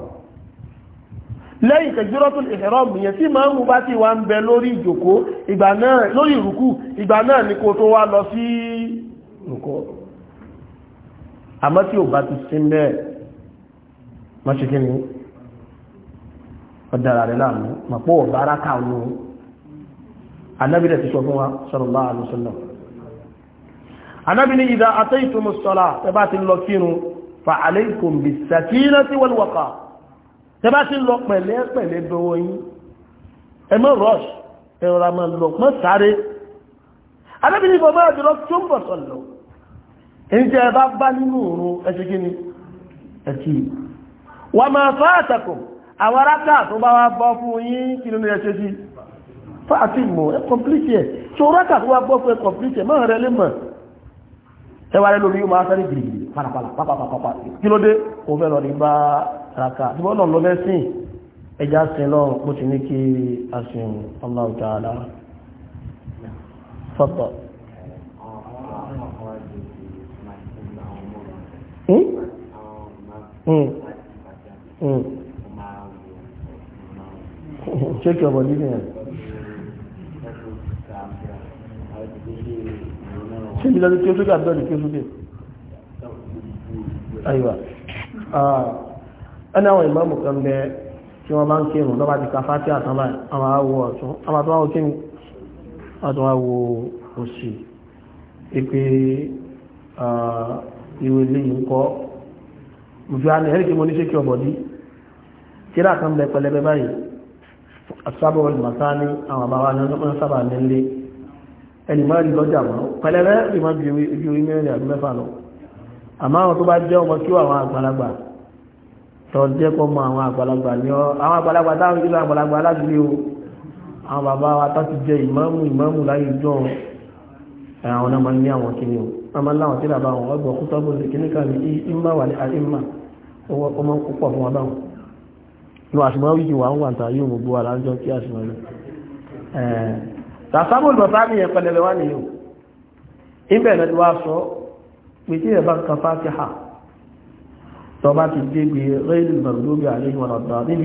lẹ́yìn takbiratul ihram yẹn tí mọ́mù bá ti wà ń bẹ lórí ìjòkó ìgbà náà lórí ìrùkú ìgbà mọ́ ṣe kí ni ọ̀dára rẹ̀ láàmú mọ̀pọ̀ ọ̀bára káwọn anábì rẹ̀ ti sọ fún wa sallallahu alaihi wasallam anábì ní idha ataytumus salah ẹbá ti lọ kírun fa alaykum bis sakinati wal waqa tẹ́bá ti lọ pẹ̀lẹ́ pẹ̀lẹ́ dọwọ́ yín ẹ má rush ẹ̀rọra máa lọ mọ́ sáré alábìnrin bọ̀ máa dúró bọ̀ sọ̀lọ̀ ẹ̀yìn tẹ́ ẹ bá bá nínú òun ẹ̀ṣẹ́ kí wà máa fàátàkùn àwọn arákà tó bá wá bọ́ fún yín kí ló ní ẹ̀ṣẹ́ sí fàátì mọ̀ ẹ kọ̀mplìtì ẹ̀ tó rákà tó wá bọ́ fún ẹ kọ̀mplìtì ẹ̀ máa rẹ lè mọ̀ ẹ wà lórí yóò máa sẹ́rẹ̀ gìrìgìrì pàràpàrà pàpàpàpà kí ló dé kò fẹ́ lọ rí bá rákà tí Hmm. shake your body there ṣe ní lọ́dún tí ó sókè àbúrò tí ó sókè àyíwá ah. ẹni àwọn ìmáàmù kan bẹ tí wọ́n bá ń kírun lọ́bàá ti kàfá tí àtàbà àwọn awọ ọ̀tún àwọn àtàbà ó kírun àtàbà wo òsì ìpé ìwé lè ń kọ́ mùsùlùmí ẹ̀rí kí mo ní ṣe kí ọ̀bọ̀dí Kira kan bẹ pẹlẹbẹ báyìí asábọ̀ olùmọ̀sá ní àwọn àbáwá ní ọjọ́ sábà nílé ẹni máa rí lọ́jà mọ́ pẹlẹbẹ ìmọ̀ ju orí mẹ́rin àbí mẹ́fà lọ àmọ́ àwọn tó bá jẹ́ ọmọ kí àwọn àgbàlagbà tó jẹ́ kọ́ mọ àwọn àgbàlagbà ní ọ àwọn àgbàlagbà táwọn ìlú àgbàlagbà aládùúgbò o àwọn bàbá wa tó ti jẹ ìmáàmù ìmáàmù láyé jọ àwọn náà máa ń ní àwọn kìnìún wọn máa ń láwọn tíra bá wọn ọgbọ̀n kútọ́bù kìnìkan ní ìmáwà ní àìmá ọmọ púpọ̀ fún wọn báwọn ní àṣìmọ́ wíjì wà ń wà tàà yóò gbogbo alájọ́ kí àṣìmọ́ ní tàṣàbòlù bàbá mi yẹn pẹlẹbẹ wà nìyàn ibẹ̀ náà ti wá sọ pé tí ẹ̀bá kan fátíhà tó bá ti dégbé níbi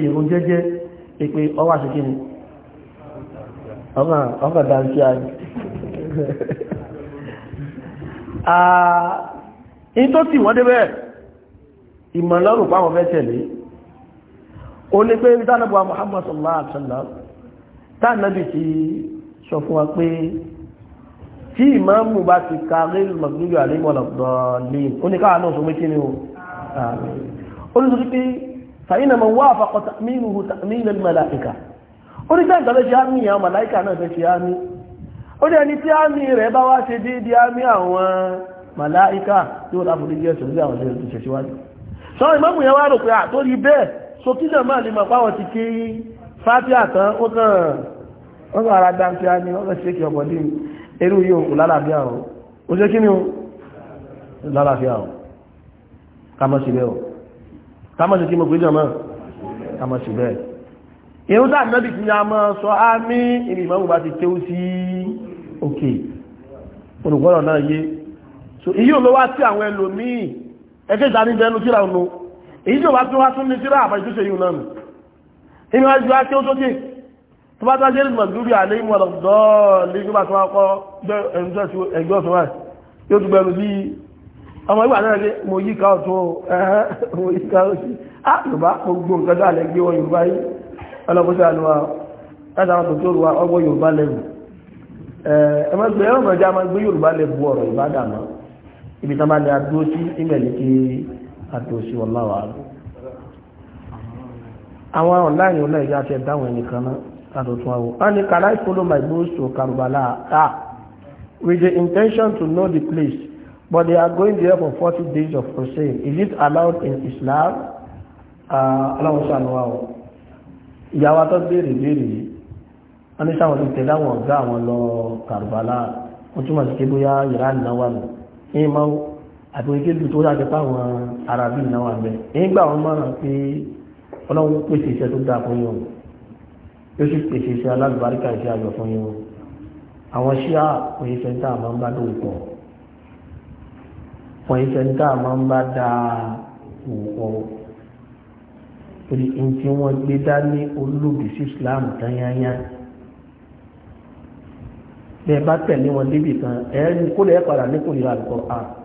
ìrún jẹ́jẹ́ pé ni dáńtí tó wọ́n débẹ̀ ìmọ̀lọ́rùn o ní pé ìdánàbùwà Muhammad sallallahu alaihi wasallam tánàbì ti sọ fún wa pé tí ìmáàmù bá ti ka rẹ́lù mọ̀gbìlì àríwọ̀lọ̀dọ̀lẹ́ o ní káà náà sọ mé kí ni o o ní sọ pé fàyínà mọ̀ wá àfàkọta mílùú tàmílẹ̀ mẹ́láìkà o ní sáà ìtàlẹ́ ṣe á ní àwọn mẹ́láìkà náà fẹ́ ṣe á ní ó ní ẹni tí á ní rẹ̀ bá wá ṣe déédéé so kí náà máa lè mọ̀ páwọn ti kí fáti àtán ó kàn wọ́n kàn ara gbáǹfíà ni wọ́n kàn ṣe kí ọmọdé eré yóò kò lálàáfíà o ó ṣe kí ni o lálàáfíà o ká mọ̀ sí bẹ́ẹ̀ o ká mọ̀ sí kí mo gbé jọmọ́ ká mọ̀ sí bẹ́ẹ̀ irun tá ànábì tí a mọ́ sọ ámì ìrìn ìmọ̀ bá ti kéwú kíra ọ̀nà èyí tí ó bá tún wá tún ní síra àmà ìtúnṣe yìí náà nù inú ẹjọ́ á kí ó sókè tó bá tán jẹ́rìí mọ̀dúrí àlẹ́ ìmọ̀ dọ́ọ̀lì nígbà tó wá kọ́ ẹgbẹ́ ọ̀sán wáyé yóò tún gbẹ̀rù sí ọmọ ìgbà náà pé mo yíká ọ̀tún mo yíká ọ̀sí á ah, yorùbá mo gbọ́ nǹkan tó àlẹ́ gbé wọn yorùbá yìí ọlọ́kọ́sí àlùwà láti àwọn tòótọ́ rùwà ọgbọ́ yorùbá lẹ́bù ẹ̀ẹ́mọ́gbé ẹ̀rọ mọ̀já máa gbé yorùbá lẹ́bù ọ̀rọ̀ ìbádàmọ́ ibi tán bá ní adúró sí ìmẹ̀lì kiri àtòsí ọláwà rẹ̀ àwọn ọ̀láyìn ọlá ìyá àti ẹ̀dáwọn ẹnìkan náà àtòtún àwọn a ní can I follow my boots to Karbala ah with the intention to know the place but they are going there for forty days of crusade is it allowed in Islam aláwọ̀ ah, sànúwà ọ̀ ìyàwó tó béèrè béèrè yìí wọ́n ní sáwọn olùtẹ̀lé àwọn ọ̀gá àwọn lọ Karbala wọ́n túmọ̀ sí pé bóyá ìrànlọ́wọ́ nù ní ìmọ̀ àtòríkè lù tó dájọ́ táwọn arábí náà wà bẹ́ẹ̀ nígbà wọn mọ̀ràn pé ọlọ́run pèsè iṣẹ́ tó dáa fún yín yóò sì pèsè iṣẹ́ alágbàríkà iṣẹ́ àjọ fún yín àwọn ṣíà òye sẹ́ńtà máa ń bá dòwò pọ̀ òye sẹ́ńtà máa ń bá dáa òwò torí ẹni tí wọ́n gbé dání olóògbé sí islam tanyanya bẹ́ẹ̀ bá tẹ̀lé wọn débi kan ẹ̀ẹ́dì kó lè padà ní kò lè ra àlùkò àrùn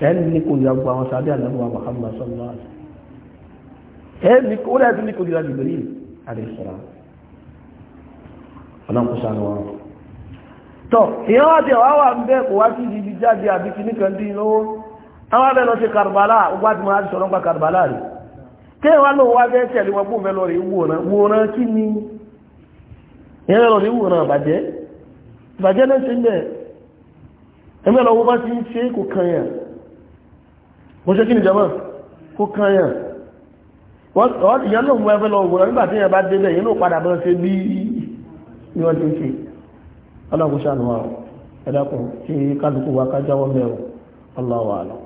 ẹni ní kò yà gbọ́ àwọn sábẹ́ àlẹ́bọ̀ àwọn Muhammad sallallahu alaihi wasallam ẹni kò rẹ̀ tún ní kò yà jìbìrì àdìsọ́ra ọlọ́nkùsà ni wọ́n tọ́ ìyẹn wá ti ọ̀wá wà ń bẹ́ kò wá sí ibi jáde àbí kìíní kan dín lọ́wọ́ àwọn abẹ́ lọ sí Karbala ọgbà tí wọ́n á sọ̀rọ̀ nípa Karbala rẹ̀ kí wọ́n lọ wá bẹ́ tẹ̀lé wọn gbóhùn lọ rẹ̀ wòran wòran kí mo ṣe kí ni jama kó kányàn wọ́n ìyá náà mú ẹfẹ́ lọ wòrán nígbà tí yẹn bá débẹ̀ yẹn ló padà bọ́ ṣe bí ní wọ́n ti ń ṣe ọlọ́run ṣàánú wa ẹ̀dàkùn tí kálukú wa ká jáwọ́ mẹ́rù ọlọ́wà lọ.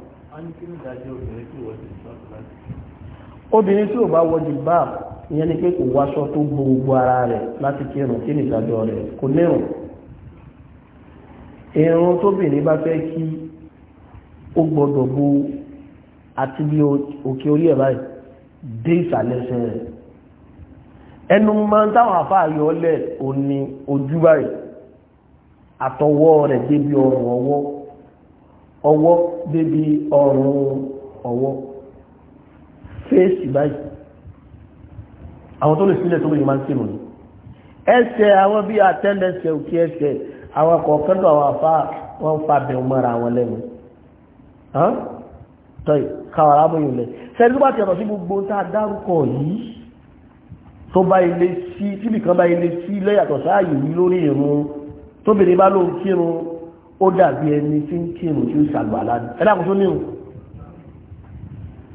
obìnrin tí ò bá wọ jìlbáà ìyẹn ni pé kò wáṣọ tó gbogbo ara rẹ̀ láti kírun kí ni ìdájọ́ rẹ̀ kò fẹ́ kí ó gbọ́dọ̀ bo àti bí òkè orí ẹ̀ báyìí dé ìsàlẹ̀ṣẹ̀ rẹ̀ ẹnu máa ń táwọn àfáà yọ lẹ̀ òní ojú báyìí àtọwọ́ rẹ̀ débi ọrùn ọwọ́ ọwọ́ débi ọrùn ọwọ́ fèsì báyìí àwọn tó lè sílẹ̀ tó lè máa ń sínú ní ẹsẹ̀ àwọn bí àtẹ́lẹsẹ̀ òkè ẹsẹ̀ àwọn kọ̀ọ̀kẹ́dọ̀ àwọn àfáà wọ́n ń fa bẹ̀rù mọ́ra àwọn lẹ́nu tọ́yì káwàrá mú ìlẹ̀ sẹ́ni tó bá ti ọ̀tọ̀ sí gbogbo tá a dárúkọ yìí tó bá ilé sí tíbì kan bá ilé sí lẹ́yàtọ̀ sáàyè yìí lórí ìrun tó bèrè bá lóun kírun ó dàbí ẹni tí ń kírun tí ó ṣàgbàlá ẹ̀dàkùn tó níhùn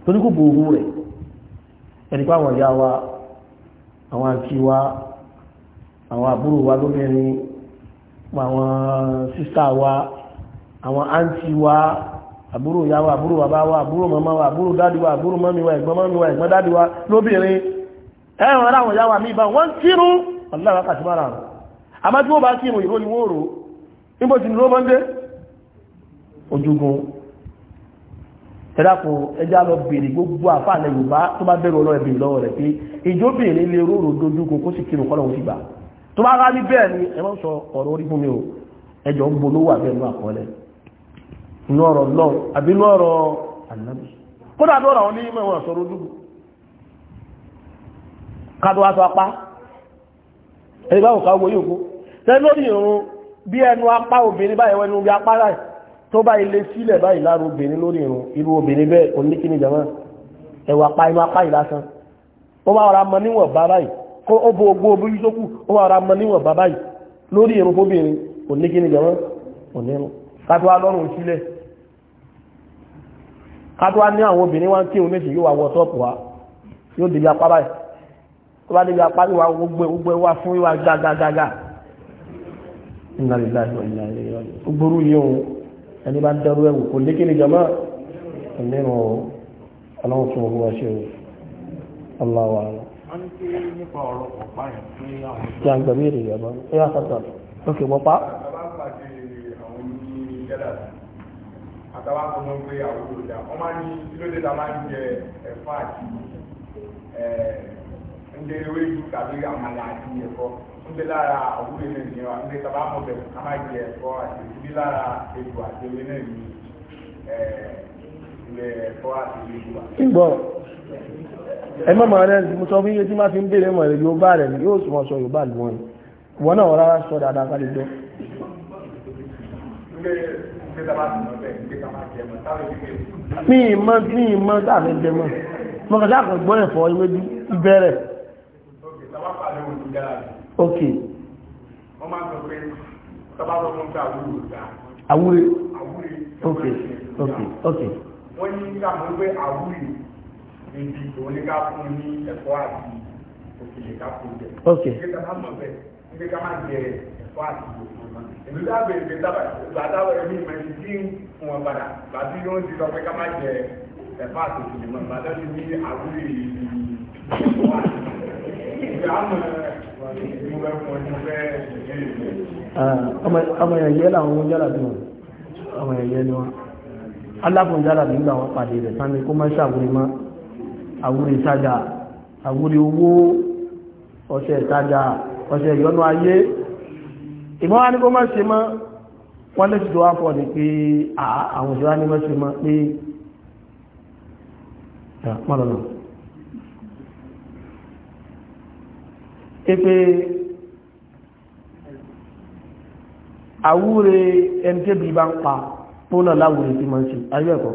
torí kò gbòòrò rẹ̀ ẹni pé àwọn ìyá wa àwọn àti wa àwọn àbúrò wa lóbìnrin àwọn sísá wa àwọn àǹtí wa àbúrò ìyá wa àbúrò bàbá wa àbúrò màmá wa àbúrò dádì wa àbúrò mọ́mí wa ẹ̀gbọ́n mọ́mí wa ẹ̀gbọ́n dádì wa lóbìnrin ẹ̀rọ àwọn ìyá wa mi wọ́n kírun ọ̀lá ni wọ́n rò níbo ti ní ló mọ́ ń dé ojúgun ẹ̀dàkùn ẹjá lọ bèèrè gbogbo àfáàlẹ̀ Yorùbá tó bá bẹ̀rù ọlọ́ ẹ̀bẹ̀ lọ́wọ́ rẹ̀ pé ìjóbìnrin lè róró dojúgun kó sì kírun kọ́lọ̀ òsì gbà tó bá ni ẹ má sọ ọ̀rọ̀ orí fún mi o inú ọ̀rọ̀ lọ́wọ́ àbí inú ọ̀rọ̀ ànábì kódà tó ọ̀rọ̀ àwọn onímọ̀ ìwọ̀n sọ̀rọ̀ ojúbù kádọ́ wá sọ apá ẹni báwò ká owó yòókù tẹ́ lórí ìrún bí ẹnu apá obìnrin báyìí wọ́n ẹnu bí apá láì tó bá ilé sílẹ̀ báyìí láàrú obìnrin lórí ìrún irú obìnrin bẹ́ẹ̀ oníkíní jàmá ẹ̀wọ̀ apá inú apá yìí lásán lórí ìrún fóbìnrin lọ́rùn sílẹ̀ kátó wá ní àwọn obìnrin wá ń kí òun méjì yóò wá wọ tọ́pù wa yóò débi apá báyìí tó bá débi apá yóò wá gbogbo wá fún yóò wá gágágágá gbogbo yìí òun ẹni bá dẹrú ẹwù kò lékè ní jama ẹnìrò ọlọ́run tún ọgbọ́n ṣe o aláwa rẹ̀. wọ́n ní pé nípa ọ̀rọ̀ ọ̀pá yẹn pé àwọn. kí a yà sọ́tọ̀ lókè mọ́pá. àtàwọn akọmọ pé àwọn olùdá wọn máa ní kílódé tá a máa ń jẹ ẹ̀fọ́ àti ǹjẹ ewé ju tàbí àmàlà àti ẹ̀fọ́ ǹjẹ lára àwúrò náà ní wa mọ bẹ máa jẹ ẹ̀fọ́ àti ìdílé lára àti ewé náà ní ẹ̀fọ́ àti wa. ẹ má máa mo sọ fún iye tí mi ìmọ̀ mi ìmọ̀ dáàfẹ́ jẹmọ̀ mọ́kànlá àkọ̀gbọ́n ẹ̀fọ́ ìwédú ìbẹ̀rẹ̀ ok àwúre ok ok ok wọ́n ní ká mọ̀ pé àwúre níbi òun ní ká fún ní ẹ̀fọ́ àti òkèlè ká fún jẹ ok ní ká má jẹ wá ìlú dábẹ̀ ìgbé gbàdáwọ̀ ẹ̀mí ìmọ̀ẹ́sì tí ń wọn padà bàbí yóò ti sọ pé ká má jẹ ẹ̀fọ́ àtòkù nìmọ̀ bàbá ti ní àwúrí ìwà ìgbàmọ̀ ìmúbẹ̀ fún ọdún bẹ́ẹ̀ ọmọ ẹ̀yẹ làwọn yára bí wọn ọmọ ẹ̀yẹ ni wọn alákùn yára bí nígbà wọn pàdé rẹ̀ sani kó má ṣàwúrí mọ́ àwúrí ìtajà àwúrí owó ọṣẹ ìtajà ọṣẹ ìyọnu ayé ìmọ̀ wa ní kó má ṣe mọ́ wọ́n lè ṣùgbọ́n afọ ni pé àwọn ìjọba ní má ṣe mọ́ pé mọ́lọ́lọ́ pé àwúre ẹni tẹ́bi bá ń pa tó náà láwúre tí máa ń ayé ẹ̀kọ́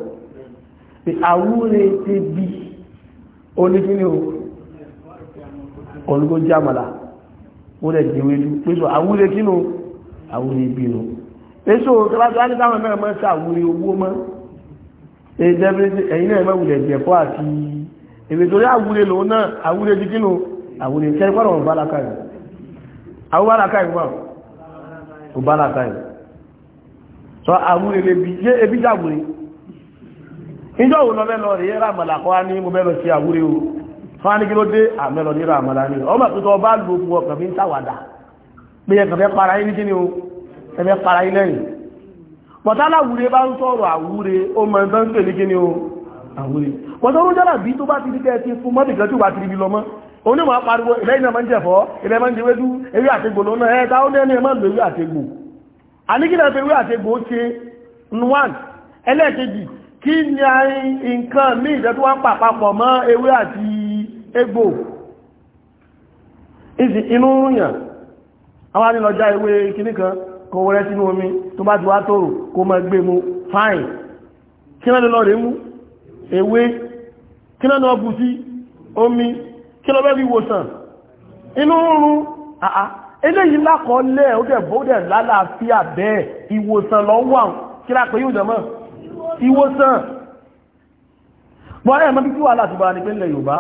pé àwúre tẹ́bi oníkíní olùgbò ó rẹ̀ jẹ́wédú pẹ́sọ àwúre kínú àwúre bínú pẹ́sọ tọ́lájú alẹ́bàwọn náà mọ́ sí àwúre owó mọ́ ẹ̀yìn náà mọ́ wùlẹ̀ jẹ̀kọ́ àti èmì torí àwúre lòun náà àwúre ti kínú àwúre kẹ́rìkọ́rọ̀ ọ̀bálàkàyìn àwúbálàkàyìn wà ọ̀bálàkàyìn sọ àwúre lè bí yé ebí jàwúre ìjọ́ òun lọ bẹ́ lọ rèé rà mọ̀làkọ́ á ní mo bẹ́ lọ sí àwúre o fún àníkí ló dé àmẹ́lọ nírò àmàlà ní ọmọ ìpínlẹ̀ ọba lò fún ọkàn fi ń tàwàdà pé ẹ kẹfẹ́ para yín kí o ẹfẹ́ para yín lẹ́yìn pọ̀tálà wúre bá ń sọ̀rọ̀ àwúre ó mọ ẹgbẹ́ pè ní o àwúre pọ̀tálà jọ́là bí tó bá ti dikẹ́ ti fún mọ́tì kan tí wà ti rí lọ mọ́ onímọ̀ apariwo ilẹ̀ iná máa ń jẹ̀fọ́ ilẹ̀ máa ń jẹ wédú ewé àtegbò lọ́nà ẹ̀ ta ó egbò ìsì inú yàn àwọn ànílọ́já ewé kìíní kan kò wọ́rẹ́ sínú omi tó bá ti wá tóòrò kó mọ́ gbé mu fine kí náà lọ rẹ̀ mú ewé kí náà lọ sí omi kí lọ bẹ́ bí wòsàn inú rúrun àà eléyìí lákọọ́lẹ̀ ó dẹ̀ bó dẹ̀ lálàáfíà bẹ́ẹ̀ ìwòsàn lọ wà kí lápẹ́ yóò jẹ́ mọ́ ìwòsàn bọ́ọ̀rẹ́ mọ́ bí kí wà láti bá ní pé ilẹ̀ Yorùbá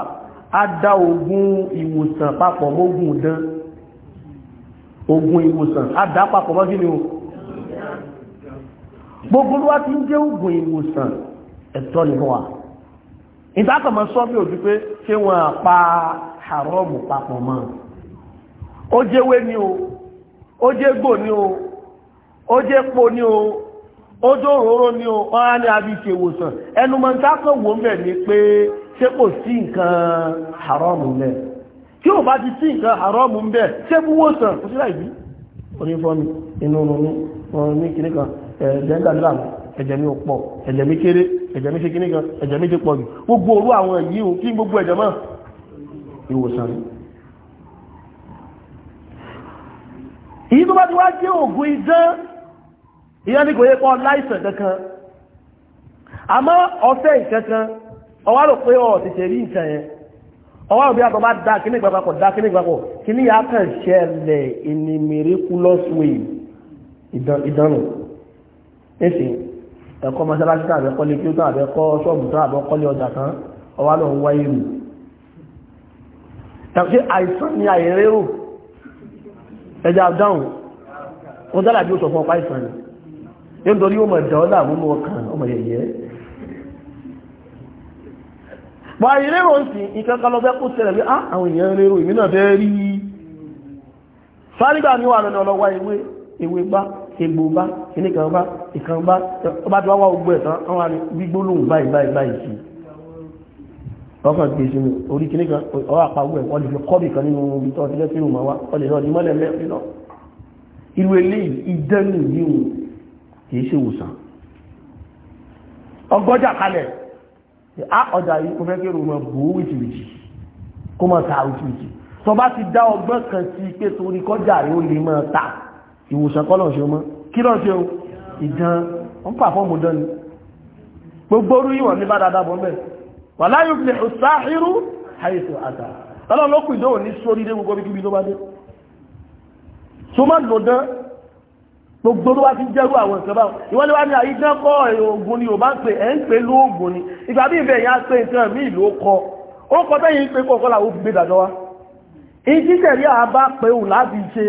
a dá ogun ìwòsàn papọ̀ dán ogun ìwòsàn a dá papọ̀ mọ́ gínú gbogbo wá ti ń jẹ́ ogun ìwòsàn ẹ̀tọ́ nínú wa ìdákọ̀mọ́ sọ bí pa haramu papọ̀ mọ́ o ó jẹ́ gbò o ó jẹ́ po o ó ṣé kò sí nǹkan haramu ń bẹ o ò bá ti sí nǹkan haramu ń bẹ ṣé fún wòsàn kò sí láì bí orí fọ́mi inú omi orin ní kìnnì kan ẹ̀jẹ̀ ń dàdúrà mọ́ ẹ̀jẹ̀ mi ò pọ̀ ẹ̀jẹ̀ mi kéré ẹ̀jẹ̀ mi ṣe kìnnì kan ẹ̀jẹ̀ mi ti pọ̀ jù gbogbo orú àwọn èyí ò kí gbogbo ẹ̀jẹ̀ mọ́ ìwòsàn ni èyí tó bá ti wá jẹ́ ògùn idán kò yẹ kọ́ láìsàn kankan àmọ́ ọ̀fẹ́ ìkankan ọwá rò pé ọ̀ tètè rí nǹkan yẹn ọwá rò bí àtọ́ bá dá kíní ìgbà papọ̀ dá kíní ìgbà pọ̀ kíní yà á kàn miraculous way ìdánù èsì ẹ̀kọ́ mọ́sálásí tàbí ẹ̀kọ́ lè kí ó tán àbẹ́ kọ́ ṣọ́ọ̀bù tán àbẹ́ kọ́lé ọjà kan ọwá lọ ń wá èrò tàbí àìsàn ni àìrérò ẹja dáhùn ó dára bí ó sọ fún ọpá ìsàn ni nítorí ó mọ̀ ẹ̀dá ọ́ láàmú ọkàn ọmọ yẹ̀yẹ́ bọ́ ayé lérò ń sìn ìkankan lọ fẹ́ kó tẹ̀lẹ̀ bí ah, àwọn èèyàn lérò èmi náà fẹ́ rí fárígbà ní wà lọ́nà ọlọ́wà ewé ewé bá egbò bá ìníkan bá ìkan bá ọba tí wọ́n wá ogbó ẹ̀tàn àwọn àni gbígbólóhùn báyìí báyìí báyìí sí ọkàn gbé sínú orí kìíní kan ọwọ́ àpawọ́ ẹ̀ wọ́n lè fi kọ́bì kan nínú ibi tó ti lẹ́sìn ìrùmọ̀ wá wọ́n lè lọ́ọ́ di mọ́lẹ̀ mẹ́rin náà irú eléyìí ìdẹ́nu yìí kìí ṣe wòsàn ọgọ́jà kalẹ̀ á ọjà yìí kò fẹ́ kí ròmọ̀ bò ó wìtìwìtì kó mọ̀ ta wìtìwìtì tó bá ti dá ọgbọ́n kan sí pé torí kọjá yìí ó lè mọ̀ ta ìwòsàn kọ́ lọ́ọ̀ṣẹ́ mọ́ kí lọ́ọ̀ṣẹ́ o ìdán ń pàfọ́ọ̀mù dán ni gbogbo orú yíwọ̀n ní bá dáadáa bọ́ mẹ́rin wà láyé fi ọ̀sáhírú àìsàn àtà ọlọ́lọ́kùn ìdánwò ní sórí dé gbogbo bí kíbi tó gbogbo ló wá ti jẹ́rú àwọn nǹkan báwọn ìwọ́n ló wá ní àyíká kọ́ oògùn ni ò bá ń pè ẹ́ ń pè lóògùn ni ìgbà bí ìbẹ̀ yẹn á pé nǹkan míì ló kọ ó kọ tẹ́yìn ń pè kọ́ kọ́lá òfin gbé dàjọ́ wa ìdí sẹ̀rí àbá pé òun láti ṣe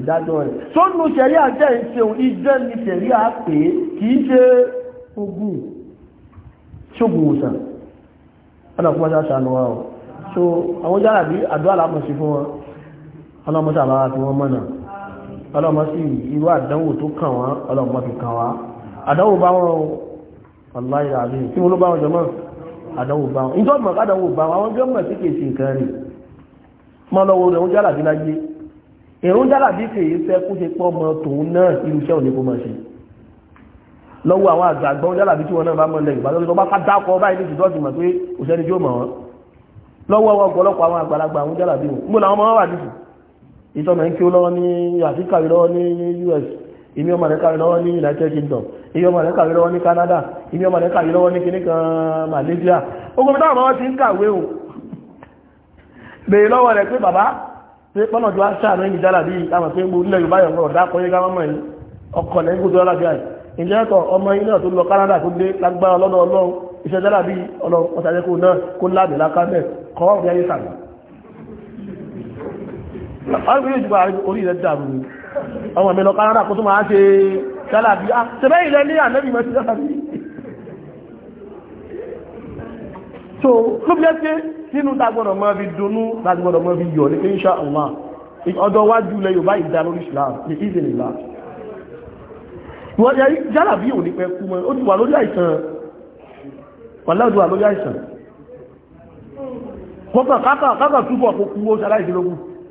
ìdájọ́ rẹ̀ sónú sẹ̀rí àjẹ́ ìṣeun ìjẹ́ ni sẹ̀rí àpè kì í ṣe ogun ṣógun òsàn ọ̀nà fún ọjọ́ ṣàánú wa ọ̀ so àwọn yára ọlọ́mọ sí irú àdánwò tó kàn wọ́n ọlọ́mọ fi kàn wá àdánwò bá wọn ọláyà àbí tí mo ló bá wọn jọmọ àdánwò bá wọn ìjọba àdánwò bá wọn àwọn gọ́ọ̀mọ̀ sí kèsì nǹkan rẹ̀ mọ́ lọ́wọ́ rẹ̀ ń jálàbí láyé èrún jálàbí kèyí fẹ́ kó ṣe pọ́ ọmọ tòun náà irúṣẹ́ òní kó máa ṣe lọ́wọ́ àwọn àgbàgbọ́n jálàbí tí wọn náà bá mọ́ lẹ́yìn ìbálòpọ̀ tó bá ká dákọ̀ báyìí ní ìtìjọ́ ìmọ̀ pé òṣèlú tí ó mọ̀ wọn lọ́wọ́ ọ̀pọ̀lọpọ̀ àwọn àgbàlagbà àwọn jálàbí wọn mo làwọn ọmọ wọn wà nísìnyí ìtọ́mọ̀ ń kí ó lọ́wọ́ ní àfíkà lọ́wọ́ ní US ìmí ọmọ rẹ̀ kàrí lọ́wọ́ ní United Kingdom ìmí ọmọ rẹ̀ kàrí lọ́wọ́ ní Canada ìmí ọmọ rẹ̀ kàrí lọ́wọ́ ní kìíní kan Malaysia ogun táwọn ọmọ ti ń kàwé o bèèrè lọ́wọ́ rẹ̀ pé bàbá pé pọ́nà ju aṣáà ní ìjálà bí àwọn pé gbogbo ilẹ̀ Yorùbá yọ̀ngọ̀ ọ̀dà kọ́ yẹ́gá mọ́mọ́ yìí ọkọ̀ lẹ́yìn gbogbo ọlá bí Canada tó dé lágbára ọlọ́dọ̀ Ọlọ́run iṣẹ́ jálà bí ọlọ́run ọ̀sàjẹ́kù náà kó láàbì lákàbẹ̀ ọdún ìjùgbà orí rẹ̀ dàrú ọmọ mi lọ Canada kó tó máa ṣe jálàbí ah, ṣẹbẹ́ ilẹ̀ ní ànẹ́bì mẹ́sí jálàbí so ló bí ẹ́sẹ́ nínú dágbọ́dọ̀ mọ́ fi dunú dágbọ́dọ̀ mọ́ fi yọ̀ ní pé insha Allah ọjọ́ wájú lẹ yóò bá ìdá lórí Islam ní ìzìnlá jálàbí ò ní pẹ́ kú mọ́ ó ti wà lórí àìsàn pàlẹ́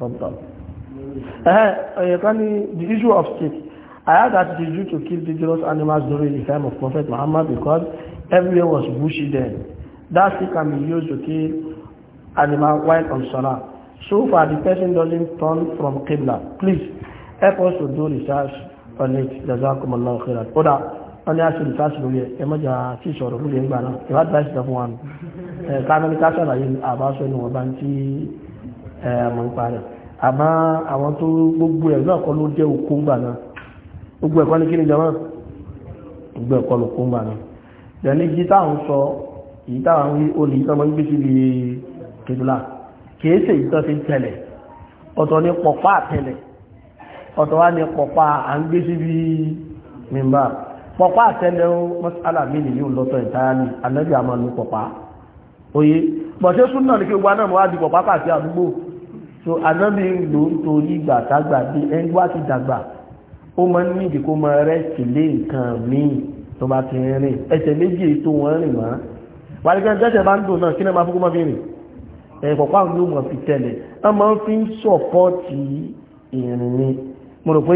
Tọ́tọ̀. Eh, kan ní the issue of stake. I had that the Jew to kill dangerous animals during the time of Prophet Muhammad because everywhere was bushy then. That stick can be used to kill animal while on Salah. So far the person doesn't turn from Qibla. Please help us to do research on it. Jazakum Allah khairan. Oda, wọ́n ní a research lórí ẹ̀ ẹmọ́jà tí ìṣọ̀rọ̀ lórí ẹ̀ ń gbà you Ìwádìí bá ṣe dẹ̀ fún wa. Ẹ̀ka ní ká àmọ́ ń parẹ̀ àmọ́ àwọn tó gbogbo ẹ̀ náà kọ́ ló jẹ́ oko ńgbà náà gbogbo ẹ̀kọ́ ní kí ni jọmọ́ gbogbo ẹ̀kọ́ ló kó ńgbà náà ìdẹ̀ni jí táwọn sọ èyí táwọn rí olè yìí tọ́mọ ń gbé sí ibi kìdùlà kìí ṣe ìtọ́ fi ń tẹ̀lẹ̀ ọ̀tọ̀ ní pọ̀pá àtẹ̀lẹ̀ ọ̀tọ̀ wá ní pọ̀pá à ń gbé sí ibi mímbà pọ̀pá àtẹ̀lẹ̀ ó mọ́sálà mi nìyí ò lọ́tọ̀ ìtayáni ní pọ̀pá so anábì ń lò ń torí ìgbà tágbà bí ẹngbà ti dàgbà ó máa ń nídìí kó máa rẹ́ẹ̀tì lé nǹkan míì tó bá ti rìn ẹsẹ̀ méjì tó wọ́n rìn wá wàlẹ́gbẹ́ jẹ́jẹ́ bá ń dùn náà kí náà máa fún kọ́mọ́ fi rìn ẹ̀kọ̀kọ́ àwọn yóò mọ̀ fi tẹ̀lẹ̀ wọ́n máa ń fi ń sọ̀pọ́ọ̀tì ìrìn ni mo rò pé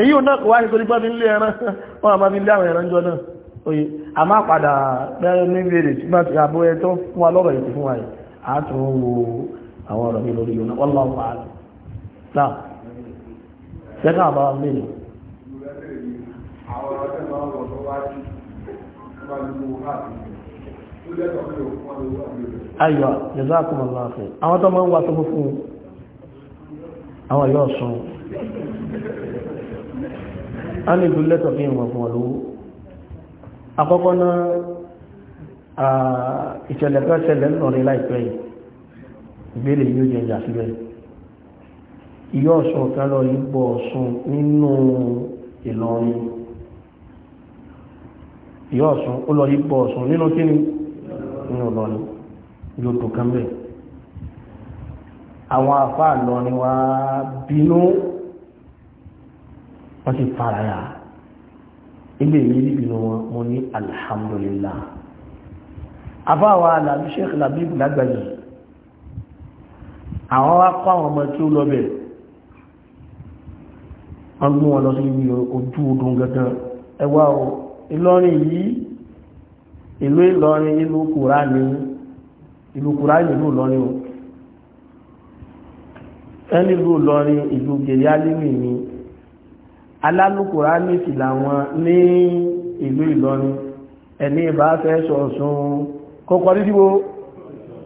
èyí ò náà kò wá nítorí pé nílé ẹran wọn àmọ́ fi lé àwọn ẹran jọ náà oye àmọ́ àpàdà bẹ́ẹ̀ ní ìbéèrè tí wọ́n ti àbọ̀ tó fún wa lọ́rọ̀ yìí fún wa yìí àá àwọn ọ̀rọ̀ mi lórí yóò wọ́n lọ́wọ́ àlọ́ náà ṣẹ́ká àbá wa mélòó. ayọ̀ jazakumullahu khair àwọn tó máa ń wá tó fún àwọn yóò sùn a ní ìlú lẹ́tọ̀ fi ìwọ̀n fún ọlọ́wọ́ àkọ́kọ́ náà ìṣẹ̀lẹ̀ ṣẹlẹ̀ ń láìpẹ́ yìí ìgbélé yóò jẹ ìjà síbẹ̀ ìyá ọ̀sán kan lọ yípo ọ̀sùn nínú ìlọrin ìyá ọ̀sán ó lọ yípo ọ̀sùn nínú kíni nínú ìlọrin yóò tó kán bẹ́ẹ̀ àwọn afá ìlọrin wa bínú wọ́n ti fara ya ilé ìrírí bínú wọn mo ní alhamdulillah afá wa làbí sheikh labib lágbàjì àwọn wá kọ́ àwọn ọmọ tí ó lọ bẹ̀ wọ́n gbé wọn lọ sí ibi ojú odun gangan ẹwà o Ìlọrin yìí ìlú Ìlọrin ìlú Kùránì ìlú Kùránì ìlú Ìlọrin o ẹni ìlú Ìlọrin ìlú gèrè alímì ni alálùkùránì sì làwọn ní ìlú Ìlọrin ẹni ìbá fẹ́ sọ̀sùn kọ́kọ́ ní síbo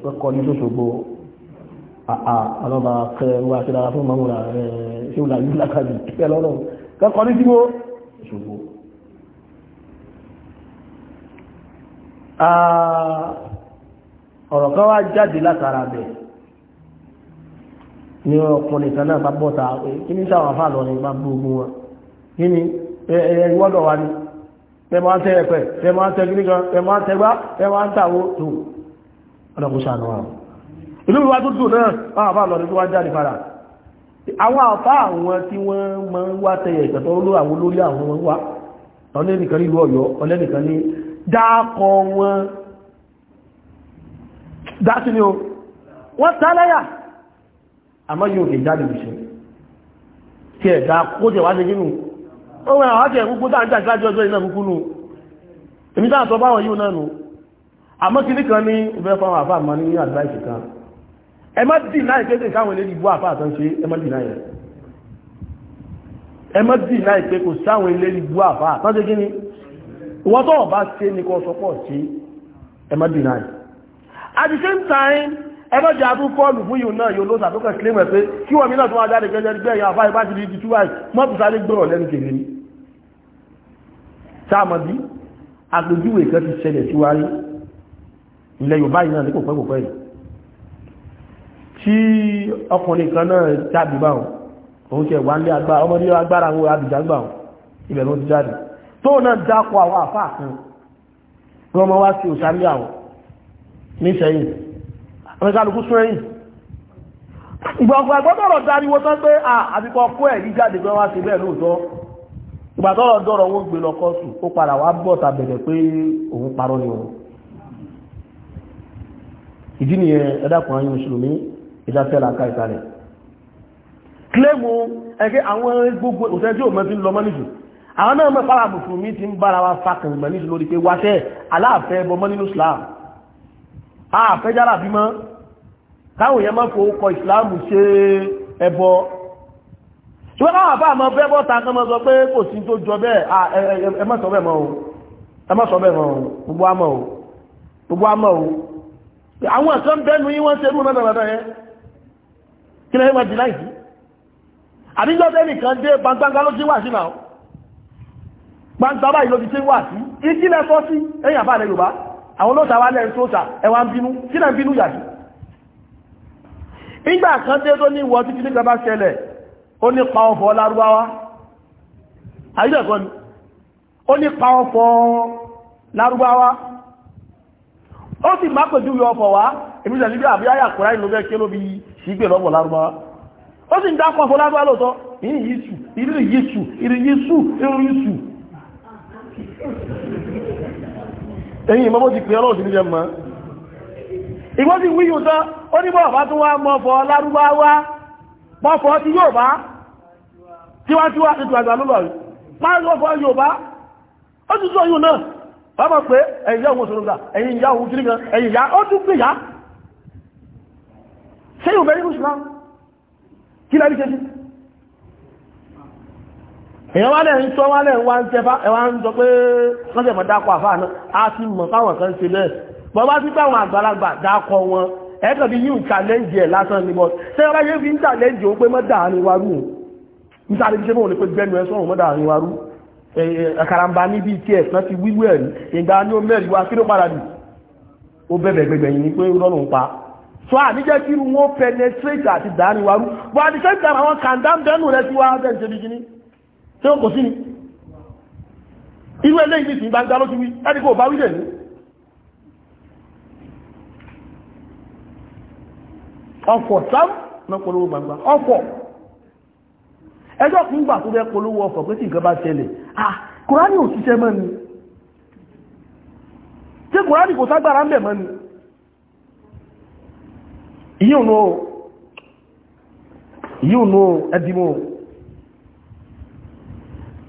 kọ́kọ́ ní sọ̀sọ̀gbọ̀ ọlọ́ba kẹwàá sí dára fún mọ́múra ṣe ó láyé lákàjù pẹ́ lọ́rọ̀ kẹ́kọ̀ọ́ ní síwó ṣògbó ah, ọ̀rọ̀ kan wá jáde látara bẹ̀ ni ọkùnrin kan náà bá bọ́ta kí ní sáwọn afá lọ ní bá gbogbo wọn kí ni ìwọ́dọ̀ wa ni tẹ máa ń tẹ ẹ̀pẹ̀ tẹ máa ń tẹ gírígan tẹ máa ń tẹgbá tẹ máa ń tàwó tó ọlọ́kùnṣà náà ìlú wa tó dùn náà àwọn àfáà lọ́dún tó wá jáde fara àwọn àfáà àwọn tí wọ́n máa ń wá tẹ̀yẹ̀ ìtẹ̀tọ́ ló àwọn olórí àwọn wọn wá ọlẹ́nìkan nílùú ọ̀yọ́ ọlẹ́nìkan ní dákọ̀ wọn dásí ni o wọ́n tálẹ́yà àmọ́ yóò kè jáde ìṣẹ́ kí ẹ̀ dá kó jẹ̀ wá ṣe gínú ó wọ́n àwọn àti ẹ̀kúkú tá à ń jà sílájú ọjọ́ iná kúkú ẹ má dì náà ìpé káwọn ilé ìbú àfáà tán ṣe ẹ má dì náà yẹn ẹ má dì náà ìpé kò sáwọn ilé ìbú àfáà tán ṣe kí ni wọ́n tó ọ̀bá ṣe ní kọ́ sọpọ̀ sí ẹ má dì at the same time ẹ má jẹ́ àtún fọ́ọ̀lù fún yìí náà yóò lóṣà tó kẹ́ sílé mẹ́fẹ́ kí wọ́n mi náà tó wá jáde gẹ́gẹ́ bí ẹ̀yà àfáà ìbá ti di ti túwáì mọ́bùsálé gbọ́rọ̀ lẹ́nu kèrè ni sáàmọ̀bí àpèjúwe kan ti ṣẹlẹ̀ síwáyé ilẹ̀ Yorùbá yìí náà ní kò pẹ́ kò pẹ́ yìí tí ọkùnrin kan náà jáde báwọn òun tẹ wà ní agbára ọmọdé agbára àwọn abìjàgbà ibẹ̀ ló ti jáde tó náà dákọ̀ àwọn àfáà kan ní ọmọ wá sí òsàmì àwọn níṣẹ́yìn ọmọkálukú sún ẹ̀yìn ìgbàgbọ́dọ̀rọ̀ dáríwó tán pé àbíkọ́ kó ẹ̀ yí jáde pé wá sí ni òun mùsùlùmí ìdásẹ́lá ká ìsàlẹ̀ kílẹ̀mù ẹgbẹ́ àwọn gbogbo òṣẹ́ tí ò mọ́ sí lọ mọ́nìjù àwọn náà mọ́ fara mùsùlùmí ti ń bára wa fakàn mọ́nìjù lórí pé wáṣẹ́ aláàfẹ́ bọ mọ́ nínú islam àfẹ́ jára bí mọ́ káwọn èèyàn máa fowó kọ islam ṣe ẹbọ ṣùgbọ́n káwọn àbá àmọ́ bẹ́ bọ́ ta kan mọ́ sọ pé kò sí tó jọ bẹ́ẹ̀ ẹ má sọ bẹ́ẹ̀ mọ́ o ẹ má sọ bẹ́ẹ̀ mọ́ o gbogbo àmọ́ o gbogbo àmọ́ o àwọn ẹ̀sán bẹ́nu yí wọ́n ṣe mú náà dáadáa yẹn kí lẹ́yìn wọ́n di láì sí àbíjọ́ tẹ́ nìkan dé gbangbangba ló ti wà sí náà gbangba báyìí ló ti ti wà sí ìdí lẹ́ sọ sí ẹ̀yìn àbá rẹ̀ yorùbá àwọn olóòtà wà lẹ́yìn tó ta ẹwà ń bínú kí lẹ́ ń bínú yà sí ìgbà kan dé tó ní wọ títí nígbà bá ṣẹlẹ̀ ó ní pa lárúbáwá sígbè lọ́bọ̀ lárúbáwá ó sì ń dákọ̀ fún lárúbáwá lóòótọ́ ìrìn yíṣù ìrìn yíṣù ìrìn yíṣù ìrìn yíṣù ẹ̀yìn ìmọ́ ti pè ọlọ́ọ̀sì ní jẹmọ́ ìwọ́n sì wíyùn tán ó ní bọ́ọ̀fà tún wá mọ́fọ́ lárúbáwá mọ́fọ́ ti yóò bá tíwátíwá ti tùwàgbà lọ́lọ́ ti sọ yóò ṣe yóò bẹ̀rẹ̀ islam kí lárí ṣe sí èyàn wálẹ̀ ń tọ́ wálẹ̀ wá ń tẹ́fà ẹwà ń sọ pé lọ́sẹ̀ mọ̀ dákọ̀ àfáà náà a ti mọ̀ fáwọn kan ṣe bẹ́ẹ̀ bọ́ bá sí táwọn àgbàlagbà dákọ̀ wọn ẹ̀ẹ́kàn bí yíò challenge ẹ̀ lásán ní bọ́ ṣe ọba yé fi ń challenge ó pé mọ́dà àárín wa rú nítorí ṣe mọ́ ní pé gbẹ́nu ẹ̀ sọ́run mọ́dà àárín wa rú ẹ̀kàràmbà níbi tí ẹ̀ sán ti wíwú ẹ̀rí ìgbà ní ó mẹ́rin wa kí ló padà dù ó bẹ̀bẹ̀ gbẹ̀gbẹ̀ yìí ni pé rọ́nù pa so àní jẹ́ kí wọ́n penetrate àti dání wa rú at the same time àwọn kàndám dẹ́nu rẹ̀ sí wá bẹ́ẹ̀ ṣe bí kíní tí ó kò sí ni irú eléyìí nìsín bá ń dá lóṣù wí ẹni kò bá wí lè ní ọkọ̀ sam náà polówó gbangba ọkọ̀ ẹjọ́ kún gbà tó fẹ́ polówó ọkọ̀ pé tí nǹkan bá ṣẹlẹ̀ ah kùránì ò ṣiṣẹ́ mọ́ ni tí kùránì kò ságbára ń bẹ̀ mọ́ ni yíò nù ó yíò nù ó ẹdìmú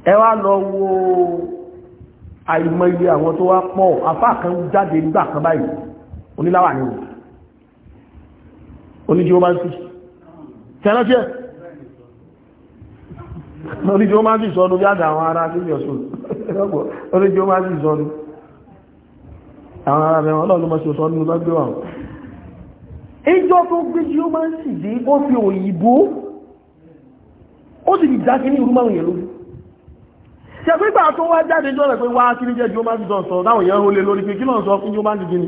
ẹ wá lọ wo àìmọye àwọn tó wá pọ̀ afá kan jáde nígbà kan báyìí oníláwà ní oníjẹ́ ó máa ń fi tẹ́lá jẹ́ oníjẹ́ ó máa ń fi sọ́nu bí àdà àwọn ará sílẹ̀ ọ̀sùn oníjẹ́ ó máa ń fi sọ́nu àwọn ará rẹ̀ wọ́n lọ́lọ́mọ́sí ọ̀sọ́nu lọ́gbẹ̀wọ̀n ìjọ tó gbé jí ó máa ń sì dé ó fi òyìnbó ó sì fi dákí ní ìrúmọ̀ òyìn lórí ṣe pípa tó wá jáde jọ́ rẹ̀ pé wá kí ní jẹ́ jí ó máa ń sọ láwọn èèyàn ó lè lórí pé kí lọ́n sọ fún jí ó máa ń dìde ni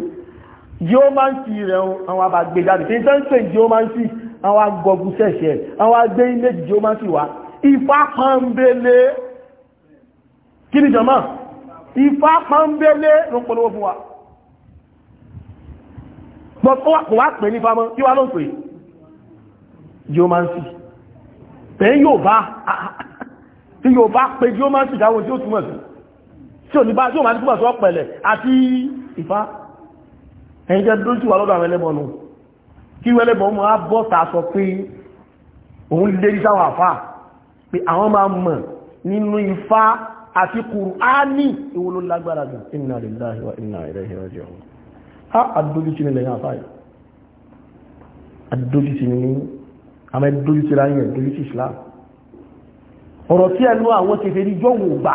jí ó máa ń sì rẹ̀ àwọn àbàgbé jáde tí tẹ́ ń pè jí ó máa ń sì àwọn agọgùn sẹ̀ṣẹ̀ àwọn agbé ilé jí ó máa ń sì wá kò wá pè ní famọ́ kí wá ló pè geomancy pẹ̀lú yóò bá tí yóò bá pé geomancy dáwọn tí ó túnmọ̀ sí tí ò ní bá tí ó máa ní túnmọ̀ sí ọ̀pẹ̀lẹ̀ àti ìfá ẹ̀yìn jẹ́ dójú wà lọ́dọ̀ àwọn ẹlẹ́bọnù kí wẹ́lẹ́bọ̀n mọ́ á bọ́ta sọ pé òun lè rí sáwọn àfá pé á àdójútì nílẹ̀ yàn fáyì àdójútì ní àmọ́ ẹdójútì láyé ẹdójútì Islam ọ̀rọ̀ tí ẹnu àwọn kèfèrí jọ́wọ́ gbà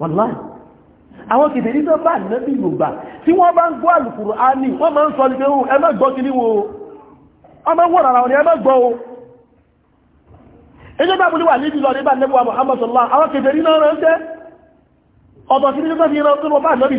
wàláì àwọn kèfèrí tó bá nẹ́bí yorùbá tí wọ́n bá ń gbọ́ àlùkùrù á ní wọ́n máa ń sọ nígbé ohun ẹmẹ́ gbọ́ kí níwò ọmọ wọ́n rárá wọn ni ẹmẹ́ gbọ́ o ẹjọ́ bá búlúwà níbi lọ nígbà nẹ́bí wa Muhammad sallallahu àwọn kèfèrí náà rẹ̀ ń tẹ́ ọ̀tọ̀ sí ní tó fi rán tó bá nẹ́bí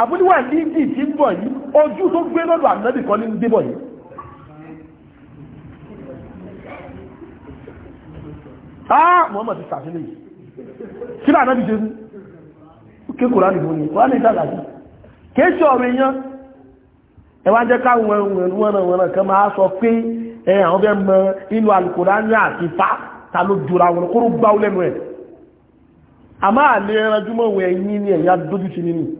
àbúdíwà nídìí tí ń bọ̀ yìí ojú tó gbé lọ́dọ̀ ànábì kan ní ń débọ̀ yìí ah Muhammad ti sàfihàn yìí kí náà ànábì jẹ́rú kí kò ránì mú ni wọ́n ní ìdàgbàjú kí ṣe ọ̀rọ̀ èèyàn ẹwà jẹ́ káwọn ẹ̀rùn wọ́nàwọ́nà kan máa sọ pé ẹ àwọn bẹ́ mọ inú Al-Kùránì àti fa ta ló jùra wọn kúrú gbáwó lẹ́nu ẹ̀ àmáà lè ránjúmọ̀ wọ ẹ̀yìn ní ẹ̀yà dójútì nínú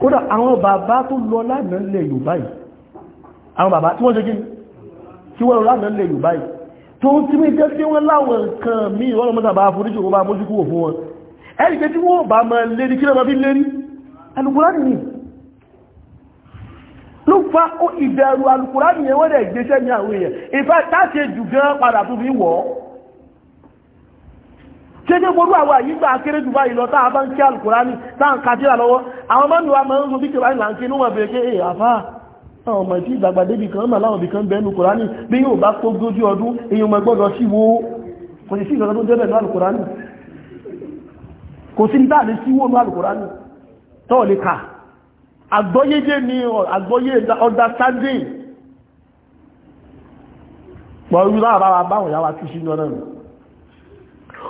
kódà àwọn bàbá tó lọ lánàá lẹ Yorùbá yìí àwọn bàbá tí wọ́n jẹ́ gíní tí wọ́n lọ lánàá lẹ Yorùbá yìí tó ń tí mí jẹ́ sí wọ́n láwọn nǹkan míì wọ́n lọ́mọ́ta bá foríṣò wọ́n bá mójú kúrò fún wọn ẹ̀rìkẹ́ tí wọ́n bá mọ́ lérí kí lọ́mọ́ bí lérí alùkùránì ni ló fa ó ìbẹ̀rù alùkùránì yẹn wọ́n rẹ̀ gbéṣẹ́ ní àwọn èèyàn ìfẹ́ táṣe jù dédé gbogbo àwọn àyígbà akéré jù báyìí lọ tá bá ń kí alùkùránì tá ń kàtíra lọ́wọ́ àwọn mọ́nù máa ń sọ bí kìrá ìlànà kí níwọ̀n bèèrè pé èè àwọn ọmọ ìtí ìgbàgbà débì kan mà láwọn ibìkan bẹnu kùránì bí yóò bá tó gójú ọdún èèyàn mọ̀ gbọ́dọ̀ sí wo kò sí ìgbàgbà tó débẹ̀ alùkùránì kò sí níta lè sí wo alùkùránì tọ́ lè kà àgbọ́yédé ni àgbọ́yé ọ̀dà sáńdé pọ̀ irú báwọn yàwá tún sí náà náà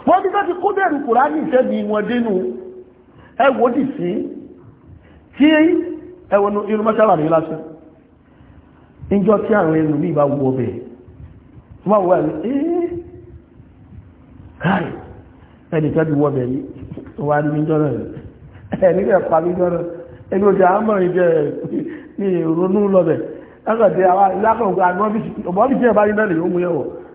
wọ́n ti láti kó bẹ̀rù kùránì ìṣẹ́bí wọn dínú ẹwọ́ dì sí tí ẹwọ́ inú mọ́ṣálà rí lásán ìjọ tí àwọn ẹnu ní ìbá wọ́ bẹ̀ wọ́n wọ́n ẹ̀ káì ẹni tẹ́bí wọ́ bẹ̀ ní wà ní ìjọ́rọ̀ ẹ̀ nílẹ̀ pa ìjọ́rọ̀ ẹni ó ti àmọ́rin jẹ́ ní ìrònú lọ́bẹ̀ ẹgbẹ̀dẹ̀ àwọn ìlákọ̀ọ́gbà ọmọ bí ṣe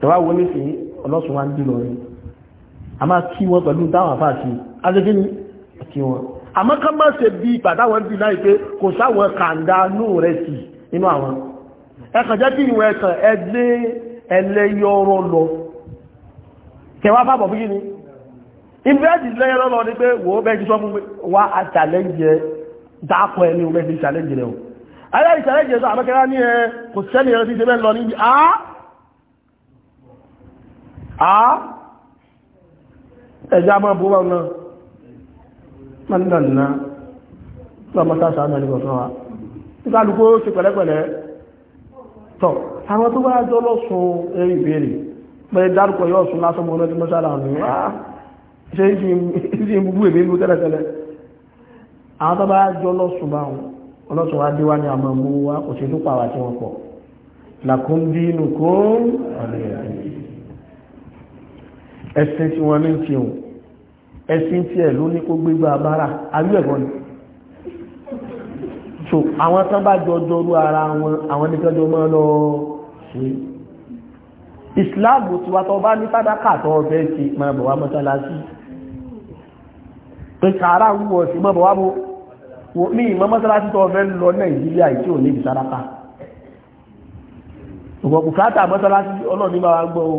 tọ́wá wo ní sí ọlọ́sùn wá ń dì lọ́rin a máa kí wọn pẹ̀lú táwọn àfáà sí adékí ní kí wọn àmọ́ ká má ṣe bí ìpàdáwọn bí láì pé kò sáwọn kàńdá nú rẹ̀ sí inú àwọn ẹkàn jẹ́ kí ìwọ̀n ẹ̀kàn ẹgbẹ́ ẹlẹ́yọrọ lọ kẹwàá fàbọ̀ fún kíni ìbẹ́ẹ̀dì lẹ́yọrọ ní pé wò bẹ́ẹ̀ sọ fún wa àtàlẹ́jẹ dápọ̀ ẹni ò bẹ́ẹ̀ ti ṣàlẹ́jẹ rẹ̀ o ayé ìṣàlẹ́jẹ sọ àmọ́kẹ́rá ní ẹ kò a ẹja máa búrọ̀ náà mọ́ndàná lọ́mọ́ta sàánà ní ọ̀sán wa tí kálukú ṣe pẹ̀lẹ́pẹ̀lẹ́ tọ́ àwọn tó bá jọ lọ́sùn eré ìbéèrè pẹ̀lẹ́ dárúkọ yóò sún lásán mọ́ lọ́dún mọ́sálà ní wá ṣe ń bú èmi lú tẹ́lẹ̀tẹ́lẹ̀ àwọn tó bá jọ lọ́sùn bá wọn ọlọ́sùn wa dé wá ní àmọ́ mú wa kò sí tó pàwà tí wọ́n pọ̀ làkúndínú kó ọ̀lẹ́yìn ẹ̀sìn tí wọ́n ní ń fi hùn ẹ̀sìn tí ẹ̀ ló ní kó gbégbá abára àbí ẹ̀kọ́ ni so àwọn tán bá jọ jọrú ara wọn àwọn nìkan jọ mọ́ lọ ṣe ìsìláàmù tí wà tó bá ní sàdákà tó ọ̀fẹ́ ti máa bọ̀ wá mọ́sálásí pé kàárà wúwọ̀ sí máa bọ̀ wá bọ̀ ní ìmọ̀ mọ́sálásí tó ọ̀fẹ́ lọ nàìjíríà tí ò ní ìsàdákà ọ̀pọ̀ bùkátà mọ́sálásí ọlọ́ọ̀ni máa gbọ́ o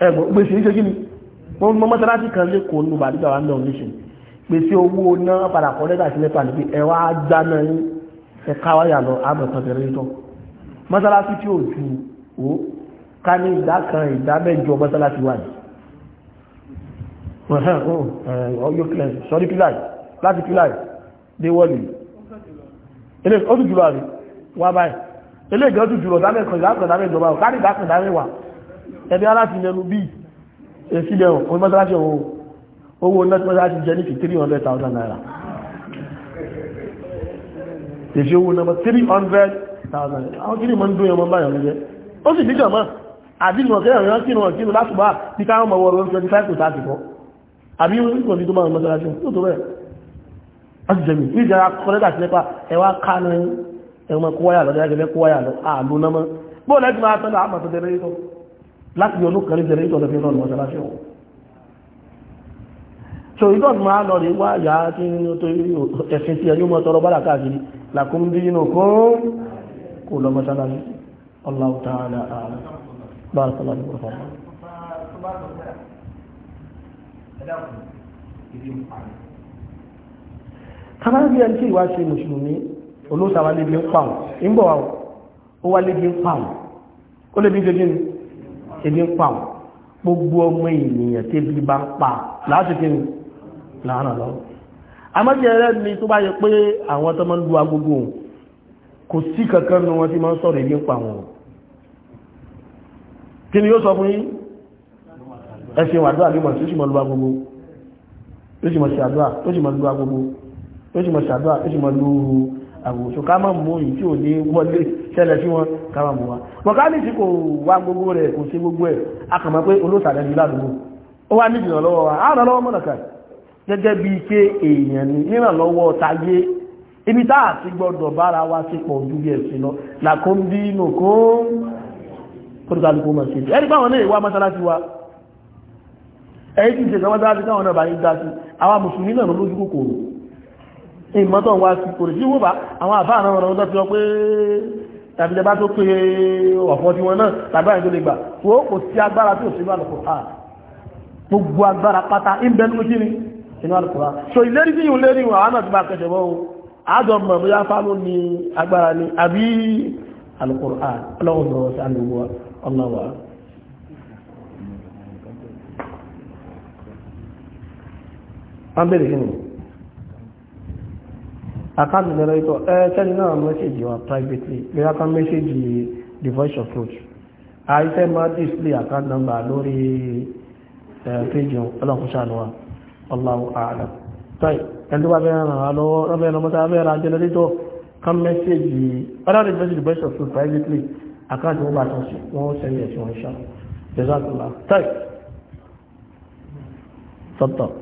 ẹgbọ́n gbèsè ń ṣe kí ni wọ́n mọ́ mọ́sálásí kan lẹ́kọ̀ọ́ nù bàdígbà wà náà níṣẹ́ gbèsè owó náà padà kọ́ lẹ́gbà sí lẹ́pà níbi ẹ wá gbá náà yín ẹ ká wáyà lọ àmọ̀tàn tẹ̀rẹ́ tọ́ mọ́sálásí tí ò ju ó ká ní ìdá kan ìdá mẹ́jọ mọ́sálásí wà ní. Oh, eh, ọyọ kílẹ̀ sọrí kíláì láti kíláì dé wọ́ọ̀lì ó tún jùlọ àrí wá báyìí eléyìí gan tún jùlọ dámẹ́kan ìdá kan dámẹ́jọba ò ká ní ìdá kan dámẹ́wàá ẹbí aláti lẹ́nu bí èsílẹ̀ òun mọ́sálásí òun owó náà mọ́sálásí jẹ́ ní 300,000 naira èsì owó náà 300,000 àwọn kí ní mọ́ ń dún ẹmọ báyọ̀ lẹ́yẹ ó sì díjọ mọ́ àdínú ọ̀kẹ́ ẹ̀rọ kínú ọ̀kínú láti bá ti káwọn mọ̀ wọ́n láti ọdún kan lẹ́sẹ̀rẹ́ ìtọ́lẹ̀ fi rọrùn mọ́sálásí ọ̀hún so ìtọ́ ma lọ rí wá yá tí nínú tó ẹ̀sìn tí ẹni mọ́ tọrọ bára káàkiri làkún bí inú kún kò lọ mọ́sálásí Allahu ta'ala ààrẹ bá sọ́lá ní pọ̀fọ́ tàbí ẹni tí ìwá ṣe mùsùlùmí olóòsàwà lè bí ń pàwọ̀ ń bọ̀ ó lè bí ń pàwọ̀ ó ebi ń pa wọn gbogbo ọmọ ènìyàn tẹ́bí bá ń pa láti kí láàrín lọ amọ́jẹ́ rẹ̀ ni tó bá yẹ pé àwọn tó ń lu agogo kò sí kankan ní wọn tí máa ń sọ̀rọ̀ ebi ń pa wọn kí ni yóò sọ fún yín ẹ̀sìn wàdúrà ní mọ̀ sí ó sì mọ̀ lu agogo àwòsù ká máa mú yìí tí ò ní wọlé tẹ́lẹ̀ sí wọn ká máa mú wa mọ̀kánìsì kò wá gbogbo rẹ̀ kò sí gbogbo ẹ̀ akàmọ́ pé olóṣàlẹ̀ ní ládùúgbò ó wá níbi ìrànlọ́wọ́ wa á ràn lọ́wọ́ mọ̀nàkà gẹ́gẹ́ bíi pé èèyàn ní ìrànlọ́wọ́ tayé ibi tá àti gbọ́dọ̀ bára wa ti pọ̀ ju bí ẹ̀sìn lọ làkóńdínù kó ìmọ́tọ̀ wá sí kò rí sí wòbá àwọn àbá àwọn ọ̀rọ̀ ọ̀dọ́ ti wọ́n pé tàbí jẹba tó pé ọ̀fọ́ tí wọ́n náà tàbí àìjọ lè gbà tó kò sí agbára tí ò sí lálùkù à gbogbo agbára pátá ìbẹ̀ nínú kí ni inú àlùkù à so ìlérí tí yìí ń can't àkáǹtì lẹ́rọ ìtọ̀ ẹ tẹ́lẹ̀ náà mẹ́sẹ̀jì wa privately lẹ́yà can message the voice of truth send my display àkáǹtì nọ́mbà lórí péjì ọlọ́kùnṣàánú wa Allahu a'lam tọ́ì ẹni tó bá bẹ́ẹ̀ ràn án lọ́wọ́ lọ́bẹ̀ ẹ̀rọ mọ́ta abẹ́ ra jẹ́lẹ́ the kan mẹ́sẹ̀jì ọlọ́rin mẹ́sẹ̀jì the voice of truth privately àkáǹtì wọ́n bá tán sí wọ́n sẹ́yìn ẹ̀sìn wọn ṣá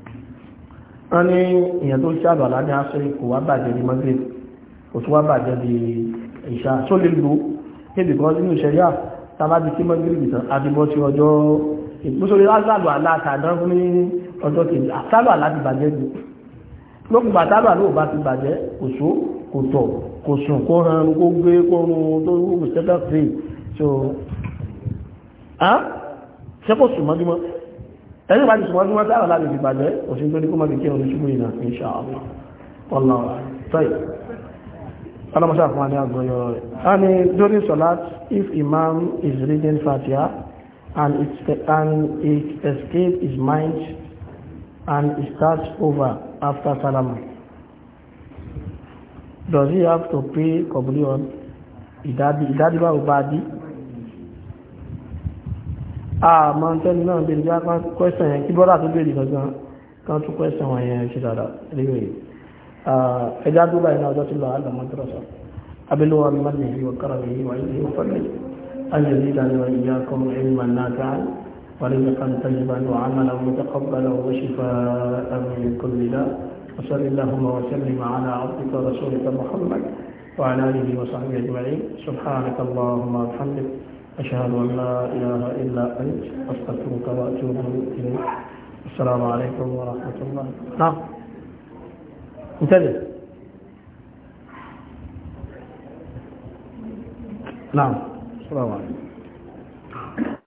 wọ́n ní èèyàn tó ṣàlọ̀ aládé aṣẹ́ kò wá bàjẹ́ di magrib kò tún wá bàjẹ́ di ìṣà tó lè lò níbi kan nínú ìṣẹ̀yà tàbí kí magrib tán àdìbọ́ ti ọjọ́ ìpínlẹ̀ lásàlọ̀ alátàdán fún ọjọ́ kejì àtàlọ̀ aláti bàjẹ́ di lókùn bàtàlọ̀ alóò bá ti bàjẹ́ kò só kò tọ̀ kò sùn kó han kó gbé kó run tó rú ìṣẹ́kà fèé so ah? ṣé kò sùn mọ́júmọ́ ẹni bá ti sùn wájú mọ́tà láti fi bàjẹ́ òṣèlú ní kó má kékeré ọdún ṣubú ìnà insha Allah ọlá tọ́yì alamọ́sá fún wa ní agbọ́yọ̀ rẹ̀ during salat if imam is reading fatiha and it, and it escape his mind and it starts over after salama does he have to pray kọ̀bùlí ọ̀n ìdádìbà ọba dí àmọ́ ah, tẹ́lẹ̀ náà bèèrè já kwẹ́sàn yẹn kí bọ́dà tó bèèrè gangan kan tún kwẹ́sàn wọn yẹn ṣe dáadáa léwé ẹja tó báyìí náà ọjọ́ tó lọ àlàmọ́ tẹ́lọ̀sọ abẹ́lẹ́wà mẹ́rin yìí wọ kára yìí wà yìí fọ́lẹ̀ ayé ní ìdáni ìyá kan ẹni mà náà ká ورزقا طيبا وعملا متقبلا وشفاء من كل داء وصل اللهم وسلم على عبدك ورسولك محمد وعلى اله وصحبه اجمعين سبحانك اللهم وبحمدك أشهد أن لا إله إلا أنت أستغفرك وأتوب إليك السلام عليكم ورحمة الله نعم انتبه نعم السلام عليكم